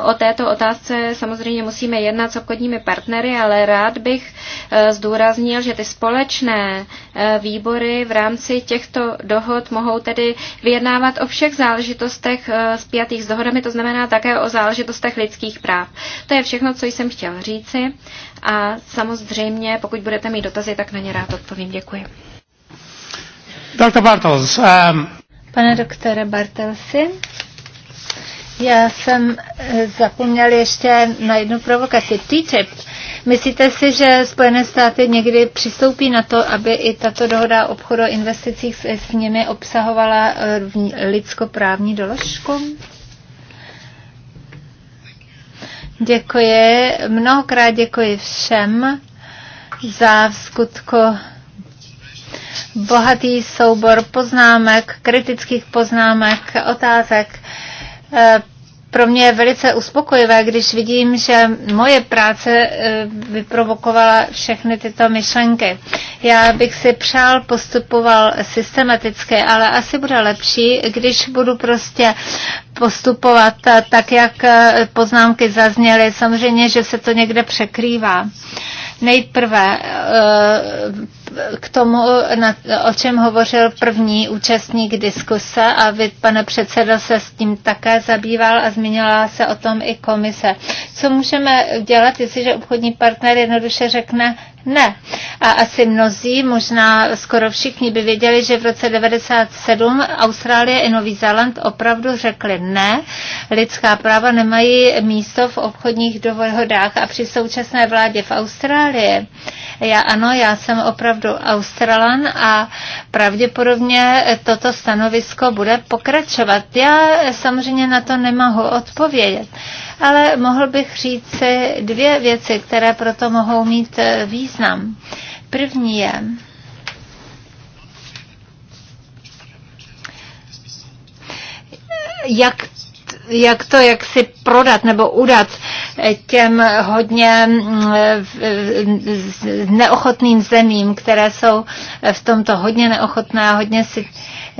o této otázce samozřejmě musíme jednat s obchodními partnery, ale rád bych e, zdůraznil, že ty společné e, výbory v rámci těchto dohod mohou tedy vyjednávat o všech záležitostech spjatých s dohodami, to znamená také o záležitostech lidských práv. To je všechno, co jsem chtěl říci a samozřejmě, pokud budete mít dotazy, tak na ně rád odpovím. Děkuji. Dr. Bartels, um... Pane doktore Bartelsi, já jsem eh, zapomněl ještě na jednu provokaci. TTIP. Myslíte si, že Spojené státy někdy přistoupí na to, aby i tato dohoda o obchodu o investicích s, s nimi obsahovala eh, lidskoprávní doložku? Děkuji, mnohokrát děkuji všem za v bohatý soubor poznámek, kritických poznámek, otázek. Eh, pro mě je velice uspokojivé, když vidím, že moje práce eh, vyprovokovala všechny tyto myšlenky. Já bych si přál postupoval systematicky, ale asi bude lepší, když budu prostě postupovat eh, tak, jak poznámky zazněly. Samozřejmě, že se to někde překrývá. Nejprve k tomu, na, o čem hovořil první účastník diskuse a vy, pane předsedo, se s tím také zabýval a zmínila se o tom i komise. Co můžeme dělat, jestliže obchodní partner jednoduše řekne ne. A asi mnozí, možná skoro všichni by věděli, že v roce 1997 Austrálie i Nový Zéland opravdu řekli ne, lidská práva nemají místo v obchodních dohodách a při současné vládě v Austrálii. Já ano, já jsem opravdu Lordu Australan a pravděpodobně toto stanovisko bude pokračovat. Já samozřejmě na to nemohu odpovědět, ale mohl bych říct si dvě věci, které proto mohou mít eh, význam. První je, jak jak to, jak si prodat nebo udat těm hodně eh, eh, neochotným zemím, které jsou v tomto hodně neochotné a hodně si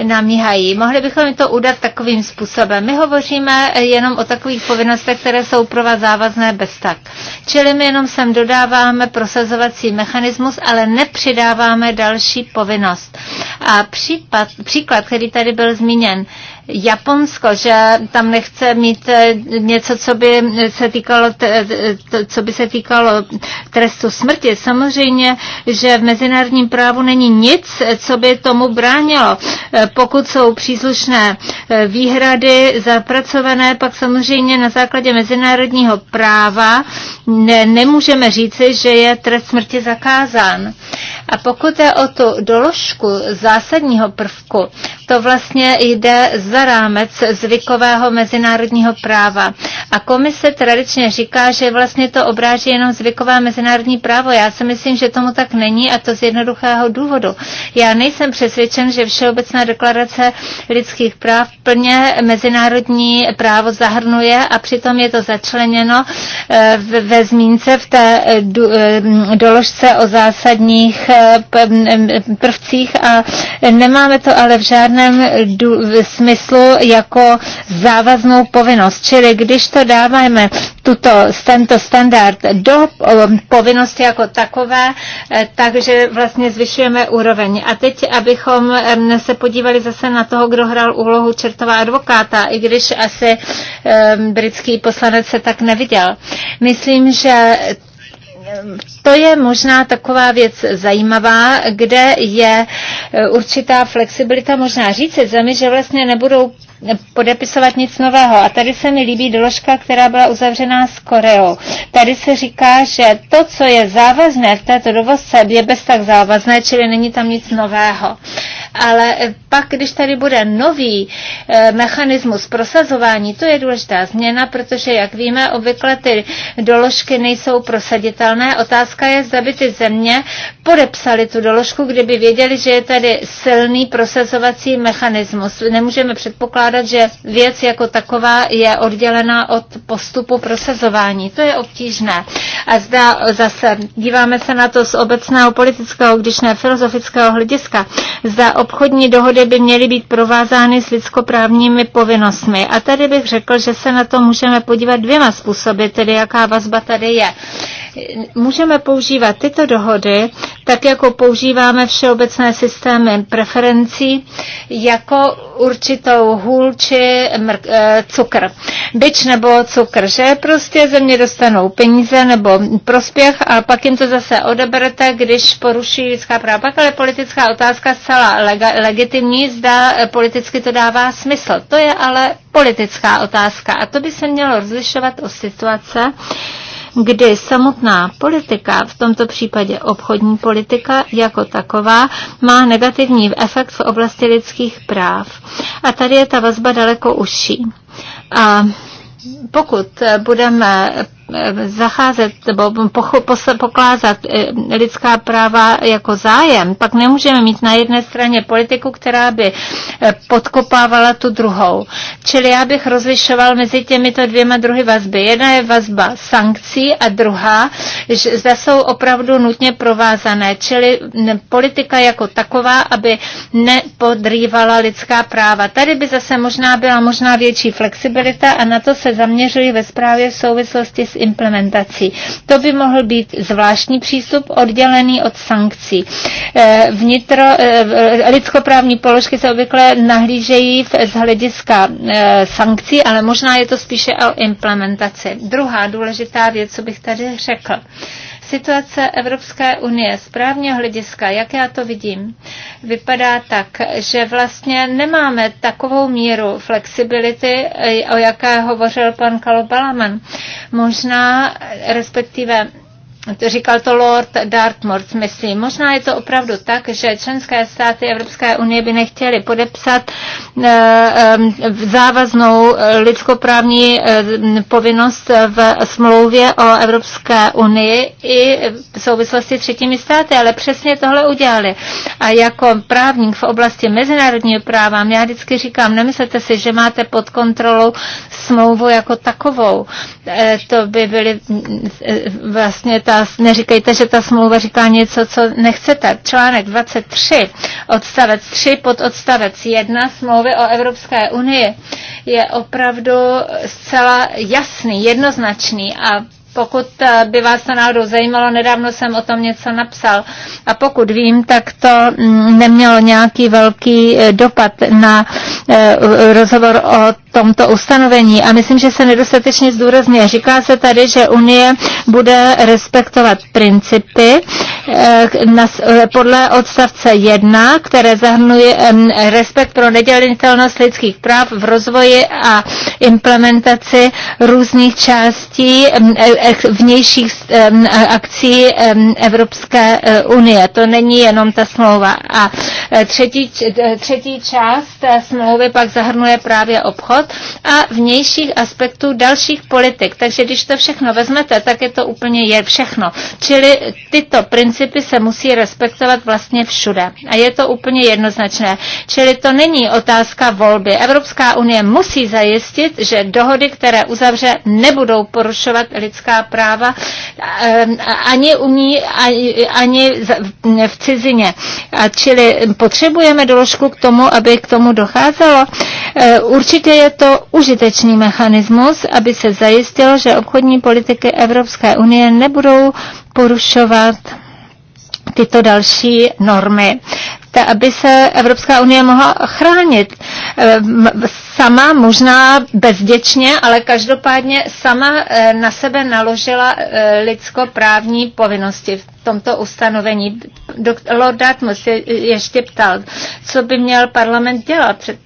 namíhají. Mohli bychom to udat takovým způsobem. My hovoříme jenom o takových povinnostech, které jsou pro vás závazné bez tak. Čili my jenom sem dodáváme prosazovací mechanismus, ale nepřidáváme další povinnost. A případ, příklad, který tady byl zmíněn, Japonsko, že tam nechce mít eh, něco, co by se týkalo, co by se týkalo trestu smrti. Samozřejmě, že v mezinárodním právu není nic, co by tomu bránilo. Eh, pokud jsou příslušné eh, výhrady zapracované, pak samozřejmě na základě mezinárodního práva ne, nemůžeme říci, že je trest smrti zakázán. A pokud je o tu doložku zásadního prvku, to vlastně jde za rámec zvykového mezinárodního práva. A komise tradičně říká, že vlastně to obráží jenom zvykové mezinárodní právo. Já si myslím, že tomu tak není a to z jednoduchého důvodu. Já nejsem přesvědčen, že Všeobecná deklarace lidských práv plně mezinárodní právo zahrnuje a přitom je to začleněno eh, ve zmínce v té eh, eh, doložce o zásadních prvcích a nemáme to ale v žádném smyslu jako závaznou povinnost. Čili když to dáváme tuto, tento standard do povinnosti jako takové, eh, takže vlastně zvyšujeme úroveň. A teď, abychom se podívali zase na toho, kdo hrál úlohu čertová advokáta, i když asi britský poslanec se tak neviděl. Myslím, že to je možná taková věc zajímavá, kde je e, určitá flexibilita možná říct zemi, že vlastně nebudou podepisovat nic nového. A tady se mi líbí doložka, která byla uzavřená s Koreou. Tady se říká, že to, co je závazné v této dovozce, je bez tak závazné, čili není tam nic nového. Ale pak, když tady bude nový e, mechanismus prosazování, to je důležitá změna, protože, jak víme, obvykle ty doložky nejsou prosaditelné občané. Otázka je, zda by ty země podepsali tu doložku, kdyby věděli, že je tady silný prosazovací mechanismus. Nemůžeme předpokládat, že věc jako taková je oddělená od postupu prosazování. To je obtížné. A zda zase díváme se na to z obecného politického, když ne filozofického hlediska. Zda obchodní dohody by měly být provázány s lidskoprávními povinnostmi. A tady bych řekl, že se na to můžeme podívat dvěma způsoby, tedy jaká vazba tady je. Můžeme používat tyto dohody, tak jako používáme všeobecné systémy preferencí, jako určitou hůl či eh, cukr. Byč nebo cukr, že prostě země dostanou peníze nebo prospěch a pak jim to zase odeberete, když poruší lidská práva. Pak ale politická otázka zcela lega- legitimní, zda eh, politicky to dává smysl. To je ale politická otázka a to by se mělo rozlišovat o situace, kdy samotná politika, v tomto případě obchodní politika jako taková, má negativní efekt v oblasti lidských práv. A tady je ta vazba daleko užší. A pokud budeme Eh, zacházet nebo pokládat eh, lidská práva jako zájem, pak nemůžeme mít na jedné straně politiku, která by eh, podkopávala tu druhou. Čili já bych rozlišoval mezi těmito dvěma druhy vazby. Jedna je vazba sankcí a druhá, že zda jsou opravdu nutně provázané, čili politika jako taková, aby nepodrývala lidská práva. Tady by zase možná byla možná větší flexibilita a na to se zaměřují ve zprávě v souvislosti s implementací. To by mohl být zvláštní přístup oddělený od sankcí. Eh, vnitro, eh, lidskoprávní položky se obvykle nahlížejí z hlediska eh, sankcí, ale možná je to spíše o implementaci. Druhá důležitá věc, co bych tady řekl. Situace Evropské unie z právního hlediska, jak já to vidím, vypadá tak, že vlastně nemáme takovou míru flexibility, eh, o jaké hovořil pan Balaman. Možná, respektive říkal to Lord Dartmouth, myslím. Možná je to opravdu tak, že členské státy Evropské unie by nechtěly podepsat eh, eh, závaznou lidskoprávní eh, povinnost v smlouvě o Evropské unii i v souvislosti s třetími státy, ale přesně tohle udělali. A jako právník v oblasti mezinárodního práva, já vždycky říkám, nemyslete si, že máte pod kontrolou smlouvu jako takovou. To by byly vlastně ta ta, neříkejte, že ta smlouva říká něco, co nechcete. Článek 23, odstavec 3 pod odstavec 1 smlouvy o Evropské unii je opravdu zcela jasný, jednoznačný a pokud eh, by vás to náhodou zajímalo, nedávno jsem o tom něco napsal. A pokud vím, tak to mm, nemělo nějaký velký eh, dopad na eh, rozhovor o tomto ustanovení. A myslím, že se nedostatečně zdůrazňuje. Říká se tady, že Unie bude respektovat principy Eh, eh, podle odstavce 1, které zahrnuje respekt pro nedělitelnost lidských práv v rozvoji a implementaci různých částí e, vnějších akcí Evropské eh, unie. To není jenom ta smlouva. A třetí, třetí část smlouvy pak zahrnuje právě obchod a vnějších aspektů dalších politik. Takže když to všechno vezmete, tak je to úplně je všechno. Čili tyto principy principy se musí respektovat vlastně všude. A je to úplně jednoznačné. Čili to není otázka volby. Evropská unie musí zajistit, že dohody, které uzavře, nebudou porušovat lidská práva ehm, ani u ní, ani v cizině. A čili potřebujeme doložku k tomu, aby k tomu docházelo. Eh, určitě je to užitečný mechanismus, aby se zajistilo, že obchodní politiky Evropské unie nebudou porušovat tyto další normy aby se Evropská unie mohla chránit. Ehm, sama možná bezděčně, ale každopádně sama eh, na sebe naložila eh, lidskoprávní povinnosti v tomto ustanovení. Lord Dartmouth se ještě ptal, co by měl parlament dělat. Před,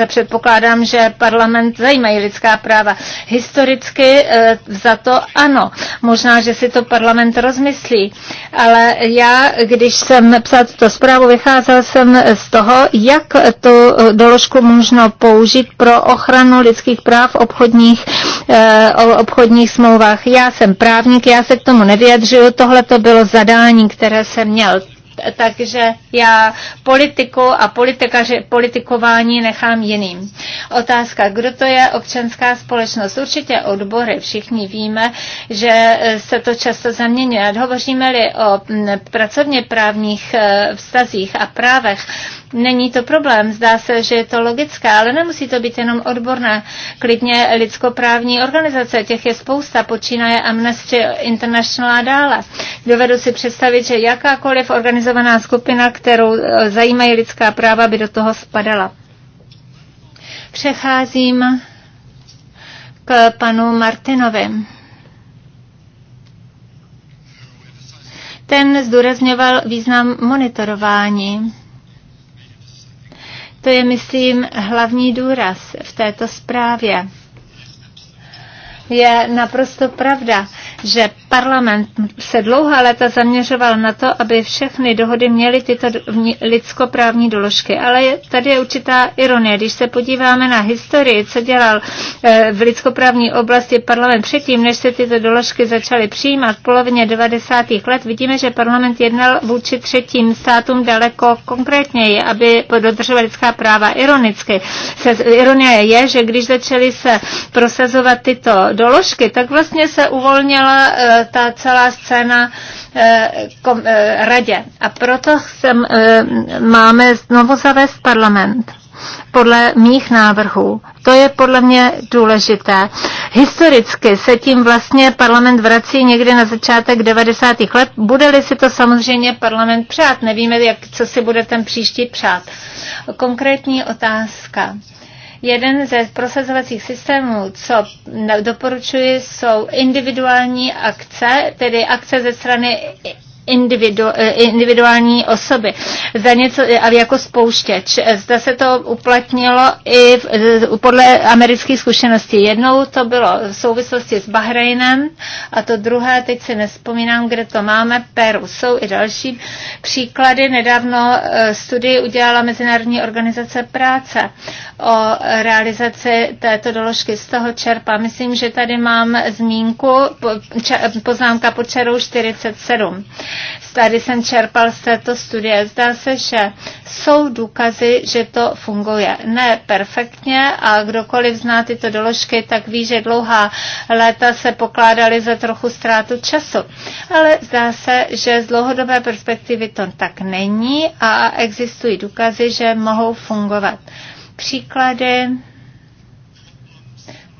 eh, předpokládám, že parlament zajímají lidská práva. Historicky za to ano. Možná, že si to parlament rozmyslí, ale já, když jsem psal to zprávu, vycházel jsem z toho, jak tu doložku možno použít pro ochranu lidských práv v obchodních, eh, obchodních smlouvách. Já jsem právník, já se k tomu nevyjadřuju, tohle to bylo zadání, které jsem měl takže já politiku a politikaři, politikování nechám jiným. Otázka, kdo to je občanská společnost? Určitě odbory, všichni víme, že eh, se to často zaměňuje. Hovoříme-li o mm, pracovně právních eh, vztazích a právech, Není to problém, zdá se, že je to logické, ale nemusí to být jenom odborné. Klidně lidskoprávní organizace, těch je spousta, počínaje Amnesty International a dále. Dovedu si představit, že jakákoliv organizovaná skupina, kterou eh, zajímají lidská práva, by do toho spadala. Přecházím k panu Martinovi. Ten zdůrazňoval význam monitorování to je, myslím, hlavní důraz v této zprávě. Je naprosto pravda, že Parlament se dlouhá léta zaměřoval na to, aby všechny dohody měly tyto lidskoprávní doložky. Ale tady je určitá ironie. Když se podíváme na historii, co dělal eh, v lidskoprávní oblasti parlament předtím, než se tyto doložky začaly přijímat v polovině 90. let, vidíme, že parlament jednal vůči třetím státům daleko konkrétněji, aby dodržoval lidská práva ironicky. Se, ironie je, že když začaly se prosazovat tyto doložky, tak vlastně se uvolnila eh, ta celá scéna eh, kom, eh, radě. A proto chcem, eh, máme znovu zavést parlament podle mých návrhů. To je podle mě důležité. Historicky se tím vlastně parlament vrací někdy na začátek 90. let. Bude-li si to samozřejmě parlament přát? Nevíme, jak, co si bude ten příští přát. Konkrétní otázka. Jeden ze prosazovacích systémů, co doporučuji, jsou individuální akce, tedy akce ze strany individu, eh, individuální osoby za něco, eh, ale jako spouštěč. Zda se to uplatnilo i v, eh, podle amerických zkušeností. Jednou to bylo v souvislosti s Bahrajnem a to druhé, teď si nespomínám, kde to máme, Peru. Jsou i další příklady. Nedávno studii udělala Mezinárodní organizace práce o realizaci této doložky. Z toho čerpa. Myslím, že tady mám zmínku, poznámka pod čarou 47. Tady jsem čerpal z této studie. Zdá se, že jsou důkazy, že to funguje. Ne perfektně a kdokoliv zná tyto doložky, tak ví, že dlouhá léta se pokládaly za trochu ztrátu času. Ale zdá se, že z dlouhodobé perspektivy to tak není a existují důkazy, že mohou fungovat. Příklady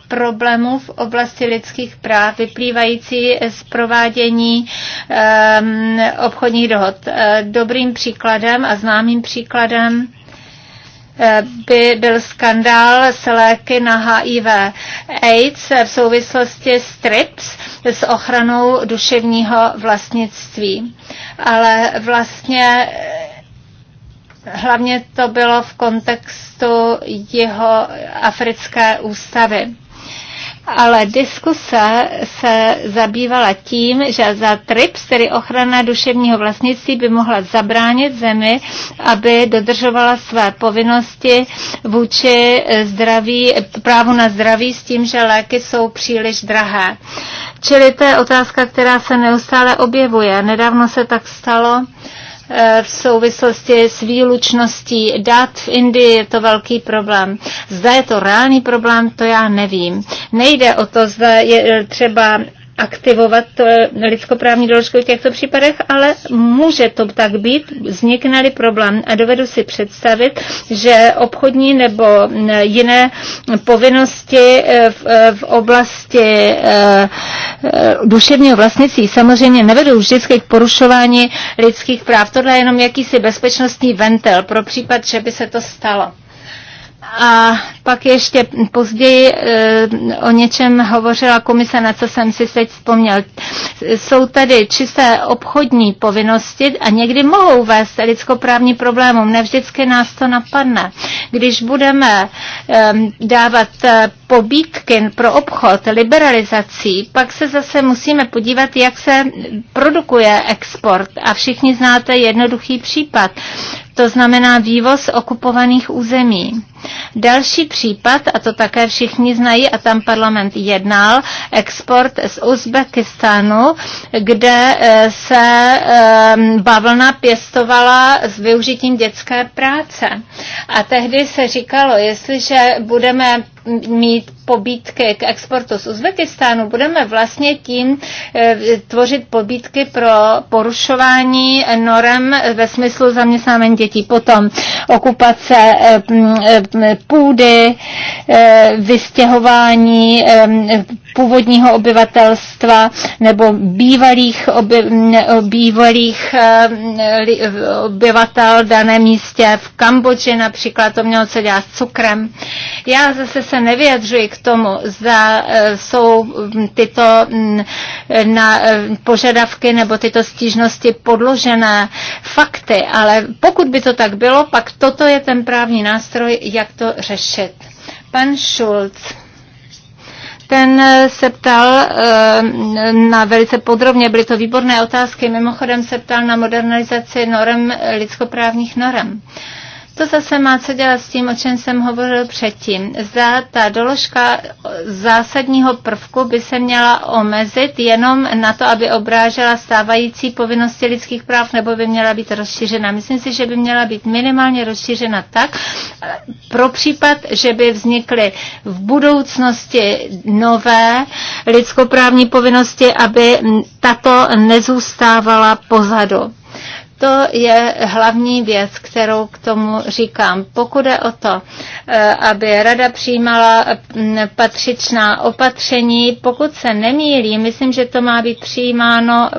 problémů v oblasti lidských práv vyplývající z provádění um, obchodních dohod. Eh, dobrým příkladem a známým příkladem eh, by byl skandál s léky na HIV AIDS v souvislosti s TRIPS s ochranou duševního vlastnictví. Ale vlastně eh, hlavně to bylo v kontextu jeho africké ústavy ale diskuse se zabývala tím, že za TRIPS, tedy ochrana duševního vlastnictví, by mohla zabránit zemi, aby dodržovala své povinnosti vůči zdraví, právu na zdraví s tím, že léky jsou příliš drahé. Čili to je otázka, která se neustále objevuje. Nedávno se tak stalo Eh, v souvislosti s výlučností dat v Indii je to velký problém. Zda je to reálný problém, to já nevím. Nejde o to, zda je eh, třeba aktivovat lidskoprávní doložku v těchto případech, ale může to tak být, vznikne problém. A dovedu si představit, že obchodní nebo jiné povinnosti eh, v, eh, v oblasti eh, duševního vlastnictví samozřejmě nevedou vždycky k porušování lidských práv. Tohle je jenom jakýsi bezpečnostní ventil pro případ, že by se to stalo. A pak ještě později eh, o něčem hovořila komise, na co jsem si teď vzpomněl. Jsou tady čisté obchodní povinnosti a někdy mohou vést lidskoprávní problémům. Nevždycky nás to napadne. Když budeme ehm, dávat eh, pobítky pro obchod, liberalizací, pak se zase musíme podívat, jak se produkuje export. A všichni znáte jednoduchý případ. To znamená vývoz okupovaných území Další případ, a to také všichni znají, a tam parlament jednal, export z Uzbekistánu, kde eh, se eh, bavlna pěstovala s využitím dětské práce. A tehdy se říkalo, jestliže budeme mít pobítky k exportu z Uzbekistánu, budeme vlastně tím eh, tvořit pobítky pro porušování norem ve smyslu zaměstnávání dětí. Potom okupace Eh, půdy, eh, vystěhování eh, původního obyvatelstva nebo bývalých, oby, mm, bývalých obyvatel v daném místě. V Kambodži například to mělo co dělat s cukrem. Já zase se nevyjadřuji k tomu, zda jsou mm, tyto mm, na požadavky nebo tyto stížnosti podložené fakty, ale pokud by to tak bylo, pak toto je ten právní nástroj, jak jak to řešit. Pan Schulz ten se ptal eh, na velice podrobně, byly to výborné otázky, mimochodem se ptal na modernizaci norem, lidskoprávních norem. Uh, to zase má co dělat s tím, o čem jsem hovořil předtím. Zda ta doložka zásadního prvku by se měla omezit jenom na to, aby obrážela stávající povinnosti lidských práv, nebo by měla být rozšířena. Myslím si, že by měla být minimálně rozšířena tak, pro případ, že by vznikly v budoucnosti nové lidskoprávní povinnosti, aby tato nezůstávala pozadu to je hlavní věc, kterou k tomu říkám. Pokud je o to, eh, aby rada přijímala mm, patřičná opatření, pokud se nemýlí, myslím, že to má být přijímáno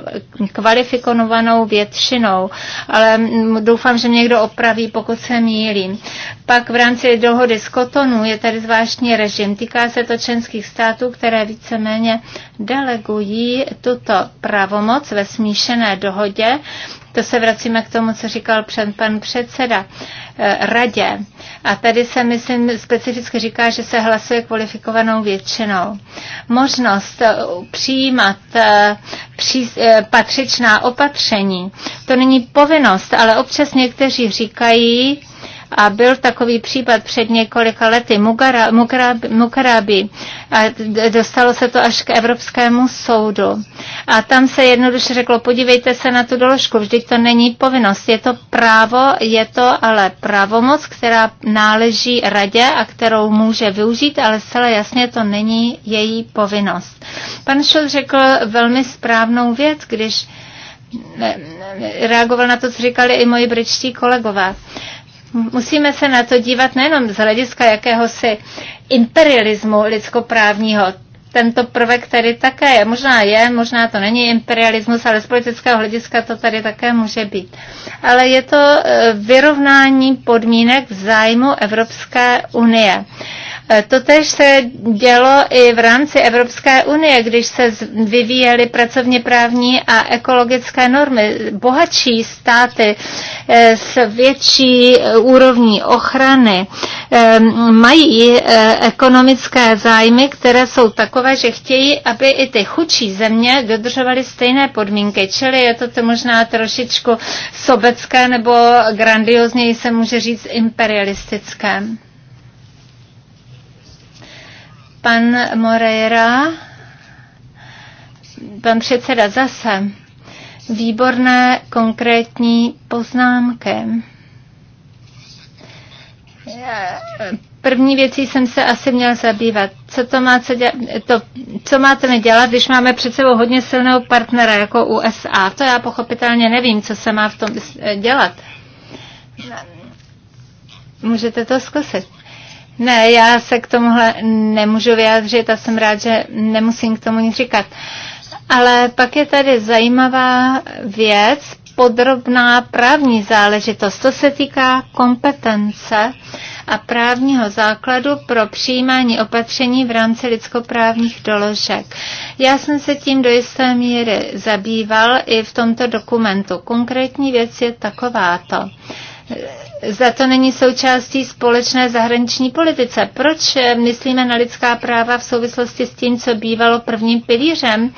kvalifikovanou většinou, ale mm, doufám, že někdo opraví, pokud se mýlím. Pak v rámci dohody z Kotonu je tady zvláštní režim. Týká se to členských států, které víceméně delegují tuto pravomoc ve smíšené dohodě to se vracíme k tomu, co říkal před pan předseda eh, radě. A tady se, myslím, specificky říká, že se hlasuje kvalifikovanou většinou. Možnost eh, přijímat eh, patřičná opatření, to není povinnost, ale občas někteří říkají, a byl takový případ před několika lety Mukarábi a dostalo se to až k Evropskému soudu. A tam se jednoduše řeklo, podívejte se na tu doložku, vždyť to není povinnost, je to právo, je to ale pravomoc, která náleží radě a kterou může využít, ale zcela jasně to není její povinnost. Pan Šul řekl velmi správnou věc, když eh, reagoval na to, co říkali i moji britští kolegové. Musíme se na to dívat nejenom z hlediska jakéhosi imperialismu lidskoprávního, tento prvek tady také je. Možná je, možná to není imperialismus, ale z politického hlediska to tady také může být. Ale je to eh, vyrovnání podmínek v zájmu Evropské unie. Eh, Totež se dělo i v rámci Evropské unie, když se vyvíjely pracovně právní a ekologické normy. Bohatší státy eh, s větší eh, úrovní ochrany mají ekonomické zájmy, které jsou takové, že chtějí, aby i ty chudší země dodržovaly stejné podmínky. Čili je to, možná trošičku sobecké nebo grandiozněji se může říct imperialistické. Pan Moreira, pan předseda zase, výborné konkrétní poznámky. První věcí jsem se asi měl zabývat. Co, to má, co, děla, to, co máte mi dělat, když máme před sebou hodně silného partnera jako USA? To já pochopitelně nevím, co se má v tom dělat. Můžete to zkusit. Ne, já se k tomuhle nemůžu vyjádřit a jsem rád, že nemusím k tomu nic říkat. Ale pak je tady zajímavá věc, podrobná právní záležitost. To se týká kompetence a právního základu pro přijímání opatření v rámci lidskoprávních doložek. Já jsem se tím do jisté míry zabýval i v tomto dokumentu. Konkrétní věc je takováto za to není součástí společné zahraniční politice. Proč eh, myslíme na lidská práva v souvislosti s tím, co bývalo prvním pilířem?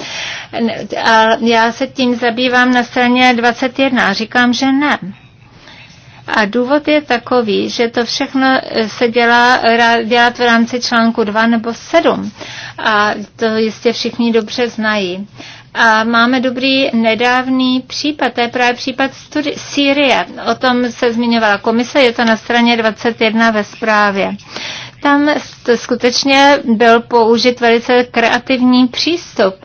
A já se tím zabývám na straně 21 a říkám, že ne. A důvod je takový, že to všechno eh, se dělá dělat v rámci článku 2 nebo 7. A to jistě všichni dobře znají. A máme dobrý nedávný případ, to je právě případ Sýrie. O tom se zmiňovala komise, je to na straně 21 ve zprávě. Tam skutečně byl použit velice kreativní přístup.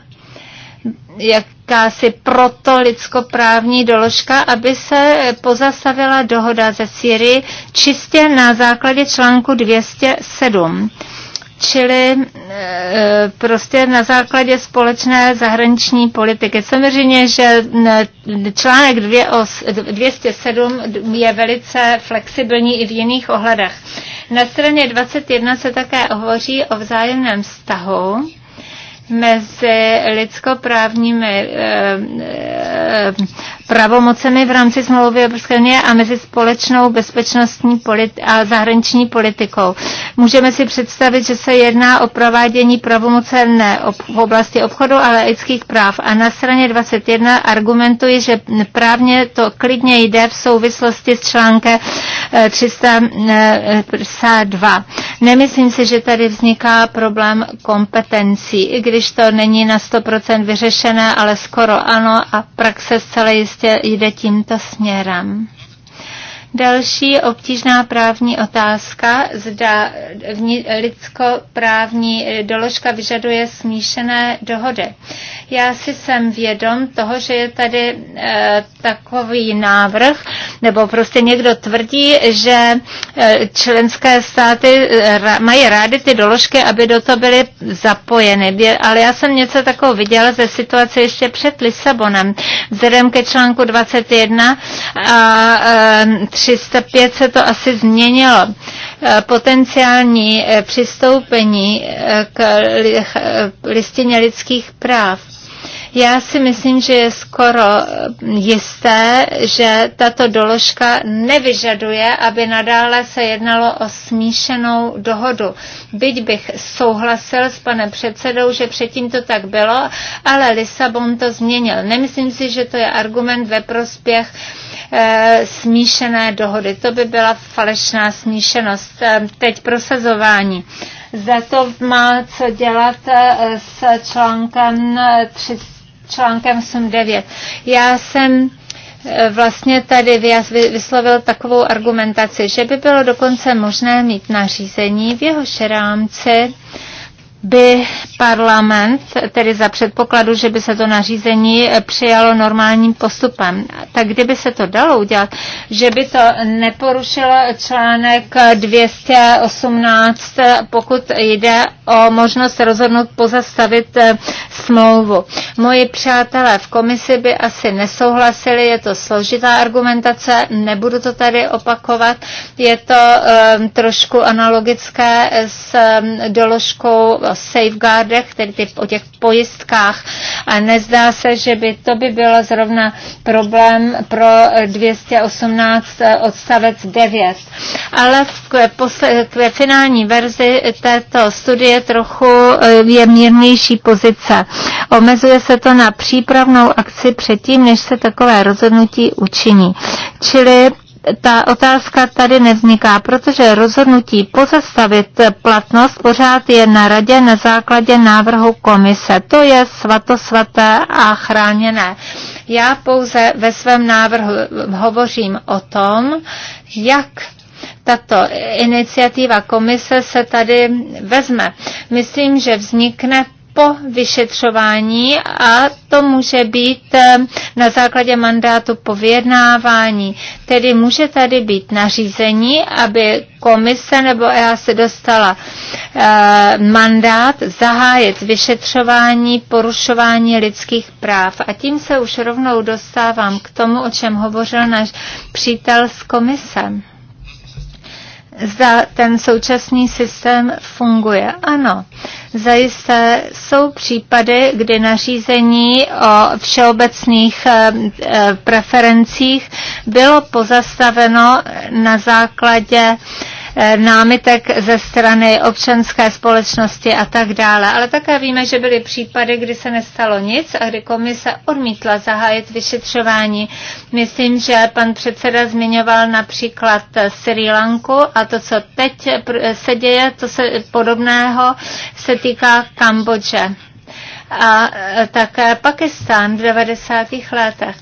jakási proto lidskoprávní doložka, aby se pozastavila dohoda ze Syrii čistě na základě článku 207 čili eh, prostě na základě společné zahraniční politiky. Samozřejmě, že eh, článek 207 je velice flexibilní i v jiných ohledech. Na straně 21 se také hovoří o vzájemném vztahu mezi lidskoprávními eh, pravomocemi v rámci smlouvy Evropské unie a mezi společnou bezpečnostní politi- a zahraniční politikou. Můžeme si představit, že se jedná o provádění pravomocené ob- v oblasti obchodu, ale lidských práv. A na straně 21 argumentuji, že právně to klidně jde v souvislosti s článkem 302. Eh, eh, Nemyslím si, že tady vzniká problém kompetencí, i když to není na 100% vyřešené, ale skoro ano a praxe zcela jistě Prostě jde tímto směrem. Další obtížná právní otázka, zda lidskoprávní doložka vyžaduje smíšené dohody. Já si jsem vědom toho, že je tady e, takový návrh, nebo prostě někdo tvrdí, že e, členské státy e, mají rády ty doložky, aby do toho byly zapojeny. Ale já jsem něco takového viděla ze situace ještě před Lisabonem, vzhledem ke článku 21 a e, 305 se to asi změnilo. E, potenciální e, přistoupení e, k listině lidských práv. Já si myslím, že je skoro jisté, že tato doložka nevyžaduje, aby nadále se jednalo o smíšenou dohodu. Byť bych souhlasil s panem předsedou, že předtím to tak bylo, ale Lisabon to změnil. Nemyslím si, že to je argument ve prospěch uh, Eh, smíšené dohody. To by byla falešná smíšenost. Eh, teď prosazování. Za to má co dělat eh, s článkem tři, článkem 9. Já jsem vlastně tady vyslovil takovou argumentaci, že by bylo dokonce možné mít nařízení v jeho rámci, by parlament, tedy za předpokladu, že by se to nařízení eh, přijalo normálním postupem. Tak kdyby se to dalo udělat, že by to neporušilo článek 218, pokud jde o možnost rozhodnout pozastavit eh, smlouvu. Moji přátelé v komisi by asi nesouhlasili, je to složitá argumentace, nebudu to tady opakovat, je to um, trošku analogické s um, doložkou o safeguardech, tedy typ o těch pojistkách. A nezdá se, že by to by bylo zrovna problém pro 218 eh, odstavec 9. Ale k posle, finální verzi této studie trochu eh, je mírnější pozice. Omezuje se to na přípravnou akci předtím, než se takové rozhodnutí učiní. Čili ta otázka tady nevzniká, protože rozhodnutí pozastavit platnost pořád je na radě na základě návrhu komise. To je svatosvaté a chráněné. Já pouze ve svém návrhu hovořím o tom, jak tato iniciativa komise se tady vezme. Myslím, že vznikne po vyšetřování a to může být eh, na základě mandátu po vyjednávání. Tedy může tady být nařízení, aby komise nebo já e se dostala eh, mandát zahájit vyšetřování porušování lidských práv. A tím se už rovnou dostávám k tomu, o čem hovořil náš přítel s komisem zda ten současný systém funguje. Ano, zajisté jsou případy, kdy nařízení o všeobecných eh, eh, preferencích bylo pozastaveno na základě Eh, námitek ze strany občanské společnosti a tak dále. Ale také víme, že byly případy, kdy se nestalo nic a kdy komise odmítla zahájit vyšetřování. Myslím, že pan předseda zmiňoval například Sri Lanku a to, co teď se děje, to se podobného se týká Kambodže a e, také Pakistán v 90. letech.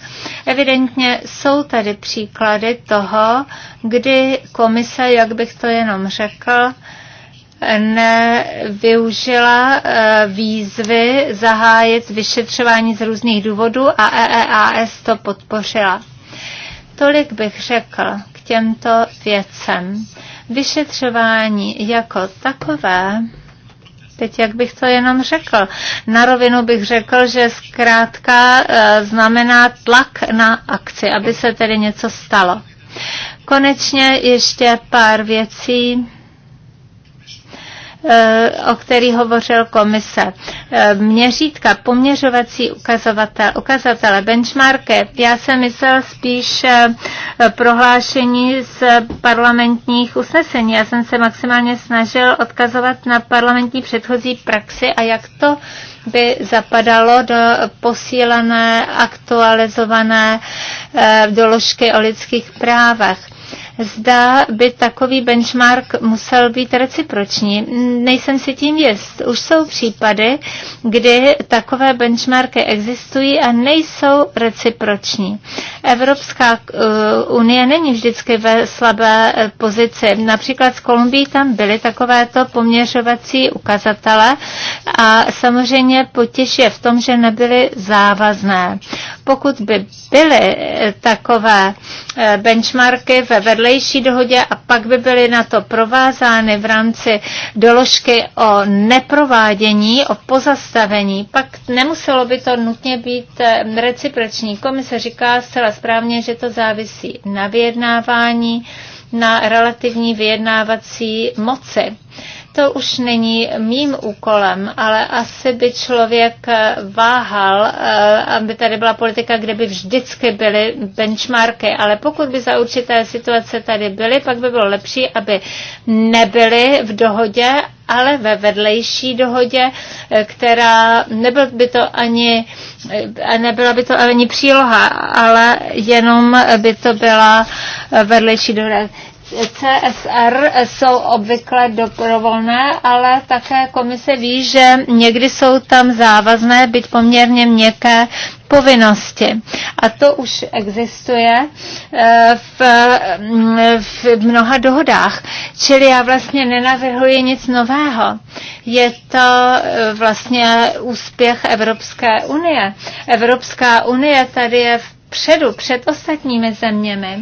Evidentně jsou tady příklady toho, kdy komise, jak bych to jenom řekl, nevyužila e, výzvy zahájit vyšetřování z různých důvodů a EEAS to podpořila. Tolik bych řekl k těmto věcem. Vyšetřování jako takové Teď jak bych to jenom řekl? Na rovinu bych řekl, že zkrátka eh, znamená tlak na akci, aby se tedy něco stalo. Konečně ještě pár věcí Eh, o který hovořil komise. Eh, měřítka, poměřovací ukazovatel, ukazatele, benchmarky, já jsem myslel spíš eh, prohlášení z parlamentních usnesení. Já jsem se maximálně snažil odkazovat na parlamentní předchozí praxi a jak to by zapadalo do posílené, aktualizované doložky o lidských právech zda by takový benchmark musel být reciproční. Nejsem si tím jist. Už jsou případy, kdy takové benchmarky existují a nejsou reciproční. Evropská eh, unie není vždycky ve slabé eh, pozici. Například z Kolumbii tam byly takovéto poměřovací ukazatele a samozřejmě potěž je v tom, že nebyly závazné. Pokud by byly eh, takové benchmarky ve vedle vedlejší dohodě a pak by byly na to provázány v rámci doložky o neprovádění, o pozastavení, pak nemuselo by to nutně být eh, reciproční. Komise říká zcela správně, že to závisí na vyjednávání, na relativní vyjednávací moci. To už není mým úkolem, ale asi by člověk eh, váhal, eh, aby tady byla politika, kde by vždycky byly benchmarky, ale pokud by za určité situace tady byly, pak by bylo lepší, aby nebyly v dohodě, ale ve vedlejší dohodě, eh, která nebyl by to ani, nebyla by to ani příloha, ale jenom by to byla vedlejší dohoda. CSR jsou obvykle dobrovolné, ale také komise ví, že někdy jsou tam závazné, byť poměrně měkké povinnosti. A to už existuje eh, v, mm, v mnoha dohodách. Čili já vlastně nenavrhuji nic nového. Je to eh, vlastně úspěch Evropské unie. Evropská unie tady je vpředu, před ostatními zeměmi.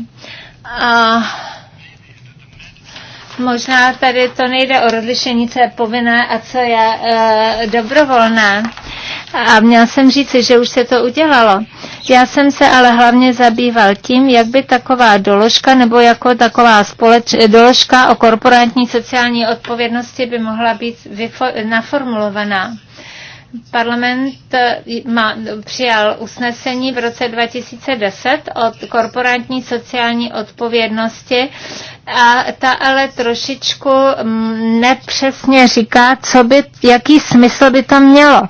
A Možná tady to nejde o rozlišení, co je povinné a co je e, dobrovolné. A měl jsem říci, že už se to udělalo. Já jsem se ale hlavně zabýval tím, jak by taková doložka nebo jako taková společ, doložka o korporátní sociální odpovědnosti by mohla být naformulovaná. Parlament e, má, přijal usnesení v roce 2010 od korporátní sociální odpovědnosti a ta ale trošičku mm, nepřesně říká, co by, jaký smysl by to mělo.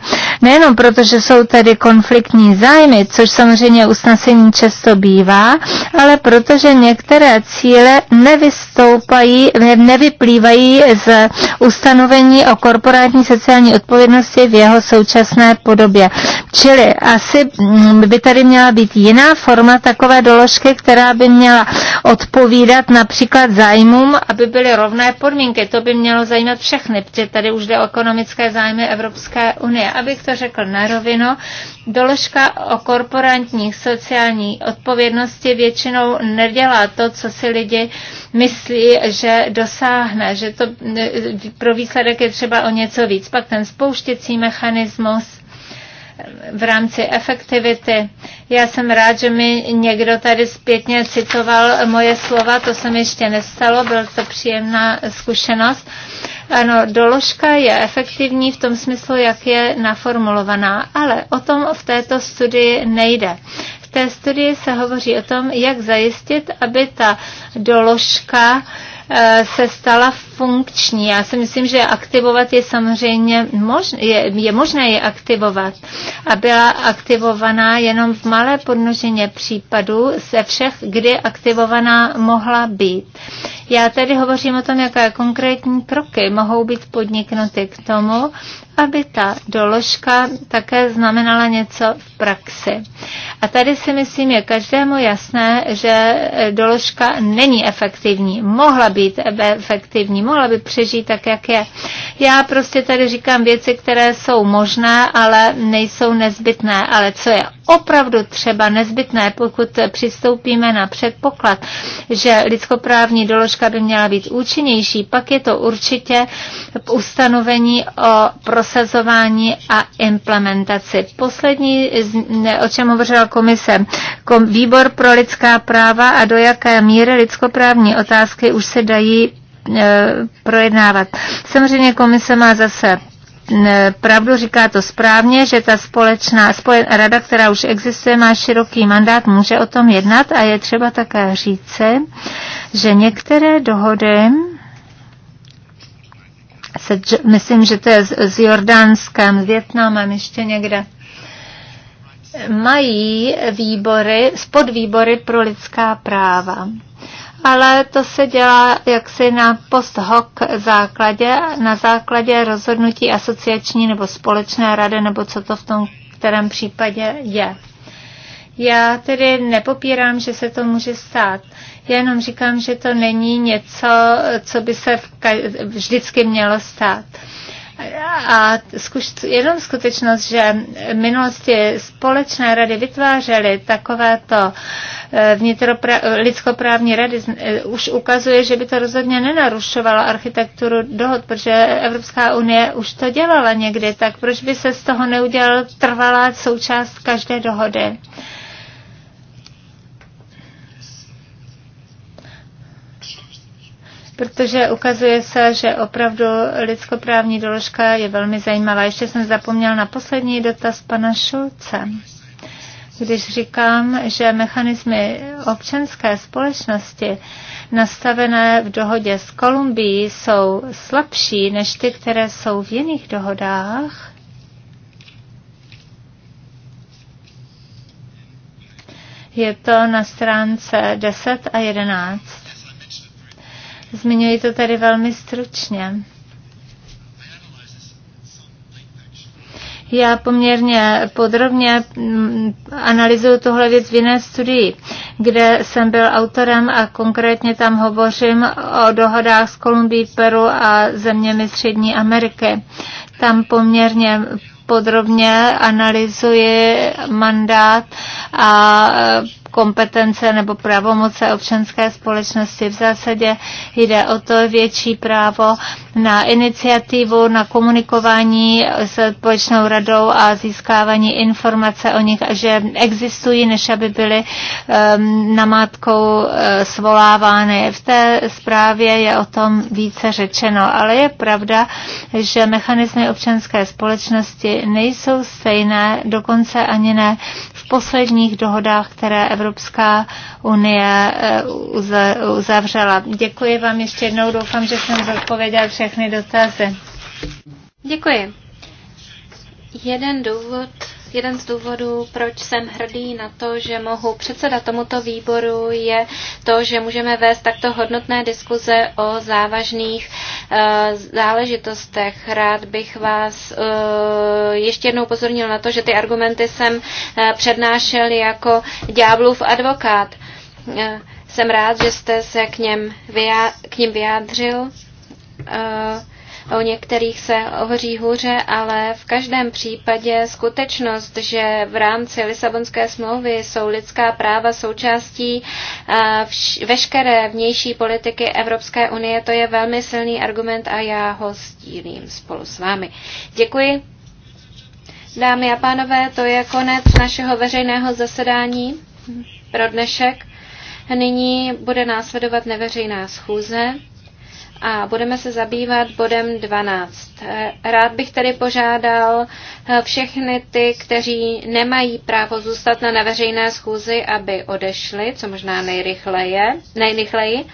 Nejenom proto, že jsou tady konfliktní zájmy, což samozřejmě usnesení často bývá, ale protože některé cíle nevystoupají, nevyplývají z ustanovení o korporátní sociální odpovědnosti v jeho současné podobě. Čili asi mm, by tady měla být jiná forma takové doložky, která by měla odpovídat například zájmům, aby byly rovné podmínky. To by mělo zajímat všechny, protože tady už jde o ekonomické zájmy Evropské unie. Abych to řekl na rovino, doložka o korporantní sociální odpovědnosti většinou nedělá to, co si lidi myslí, že dosáhne, že to mm, pro výsledek je třeba o něco víc. Pak ten spouštěcí mechanismus, v rámci efektivity. Já jsem rád, že mi někdo tady zpětně citoval moje slova, to se mi ještě nestalo, byla to příjemná zkušenost. Ano, doložka je efektivní v tom smyslu, jak je naformulovaná, ale o tom v této studii nejde. V té studii se hovoří o tom, jak zajistit, aby ta doložka uh, Eh, se stala funkční. Já si myslím, že aktivovat je samozřejmě možné, je, je možné je aktivovat. A byla aktivovaná jenom v malé podnoženě případů ze všech, kdy aktivovaná mohla být. Já tady hovořím o tom, jaké konkrétní kroky mohou být podniknuty k tomu, aby ta doložka také znamenala něco v praxi. A tady si myslím, je každému jasné, že doložka není efektivní. Mohla být efektivní, mohla by přežít tak, jak je. Já prostě tady říkám věci, které jsou možné, ale nejsou nezbytné. Ale co je opravdu třeba nezbytné, pokud přistoupíme na předpoklad, že lidskoprávní doložka by měla být účinnější, pak je to určitě ustanovení o prosazování a implementaci. Poslední, o čem hovořila komise, výbor pro lidská práva a do jaké míry lidskoprávní otázky už se dají e, projednávat. Samozřejmě komise má zase pravdu, říká to správně, že ta společná spojen, rada, která už existuje, má široký mandát, může o tom jednat a je třeba také říci, že některé dohody se, myslím, že to je s, s Jordánskem, s Větnamem, ještě někde, mají výbory, spodvýbory pro lidská práva ale to se dělá jaksi na post hoc základě, na základě rozhodnutí asociační nebo společné rady, nebo co to v tom kterém případě je. Já tedy nepopírám, že se to může stát. Já jenom říkám, že to není něco, co by se vždycky mělo stát. A jenom skutečnost, že v minulosti společné rady vytvářely takovéto eh, lidskoprávní rady, eh, už ukazuje, že by to rozhodně nenarušovalo architekturu dohod, protože Evropská unie už to dělala někdy, tak proč by se z toho neudělal trvalá součást každé dohody? protože ukazuje se, že opravdu lidskoprávní doložka je velmi zajímavá. Ještě jsem zapomněl na poslední dotaz pana Šulce. Když říkám, že mechanismy občanské společnosti nastavené v dohodě s Kolumbií jsou slabší než ty, které jsou v jiných dohodách, je to na stránce 10 a 11. Zmiňuji to tady velmi stručně. Já poměrně podrobně mm, analyzuju tohle věc v jiné studii, kde jsem byl autorem a konkrétně tam hovořím o dohodách s Kolumbií, Peru a zeměmi Střední Ameriky. Tam poměrně podrobně analyzuji mandát a eh, kompetence nebo pravomoce občanské společnosti. V zásadě jde o to větší právo na iniciativu, na komunikování s společnou radou a získávání informace o nich, že existují, než aby byly um, ehm, namátkou uh, eh, svolávány. V té zprávě je o tom více řečeno, ale je pravda, že mechanismy občanské společnosti nejsou stejné, dokonce ani ne posledních dohodách, které Evropská unie eh, uzavřela. Děkuji vám ještě jednou, doufám, že jsem zodpověděl všechny dotazy. Děkuji. Jeden důvod jeden z důvodů, proč jsem hrdý na to, že mohu předsedat tomuto výboru, je to, že můžeme vést takto hodnotné diskuze o závažných eh, záležitostech. Rád bych vás eh, ještě jednou pozornil na to, že ty argumenty jsem eh, přednášel jako ďáblův advokát. Jsem rád, že jste se k, něm vyjá- K něm vyjádřil o některých se hoří hůře, ale v každém případě skutečnost, že v rámci Lisabonské smlouvy jsou lidská práva součástí vš- veškeré vnější politiky Evropské unie, to je velmi silný argument a já ho sdílím spolu s vámi. Děkuji. Dámy a pánové, to je konec našeho veřejného zasedání pro dnešek. Nyní bude následovat neveřejná schůze a budeme se zabývat bodem 12. Rád bych tedy požádal eh, všechny ty, kteří nemají právo zůstat na neveřejné schůzi, aby odešli, co možná nejrychleji. nejrychleji.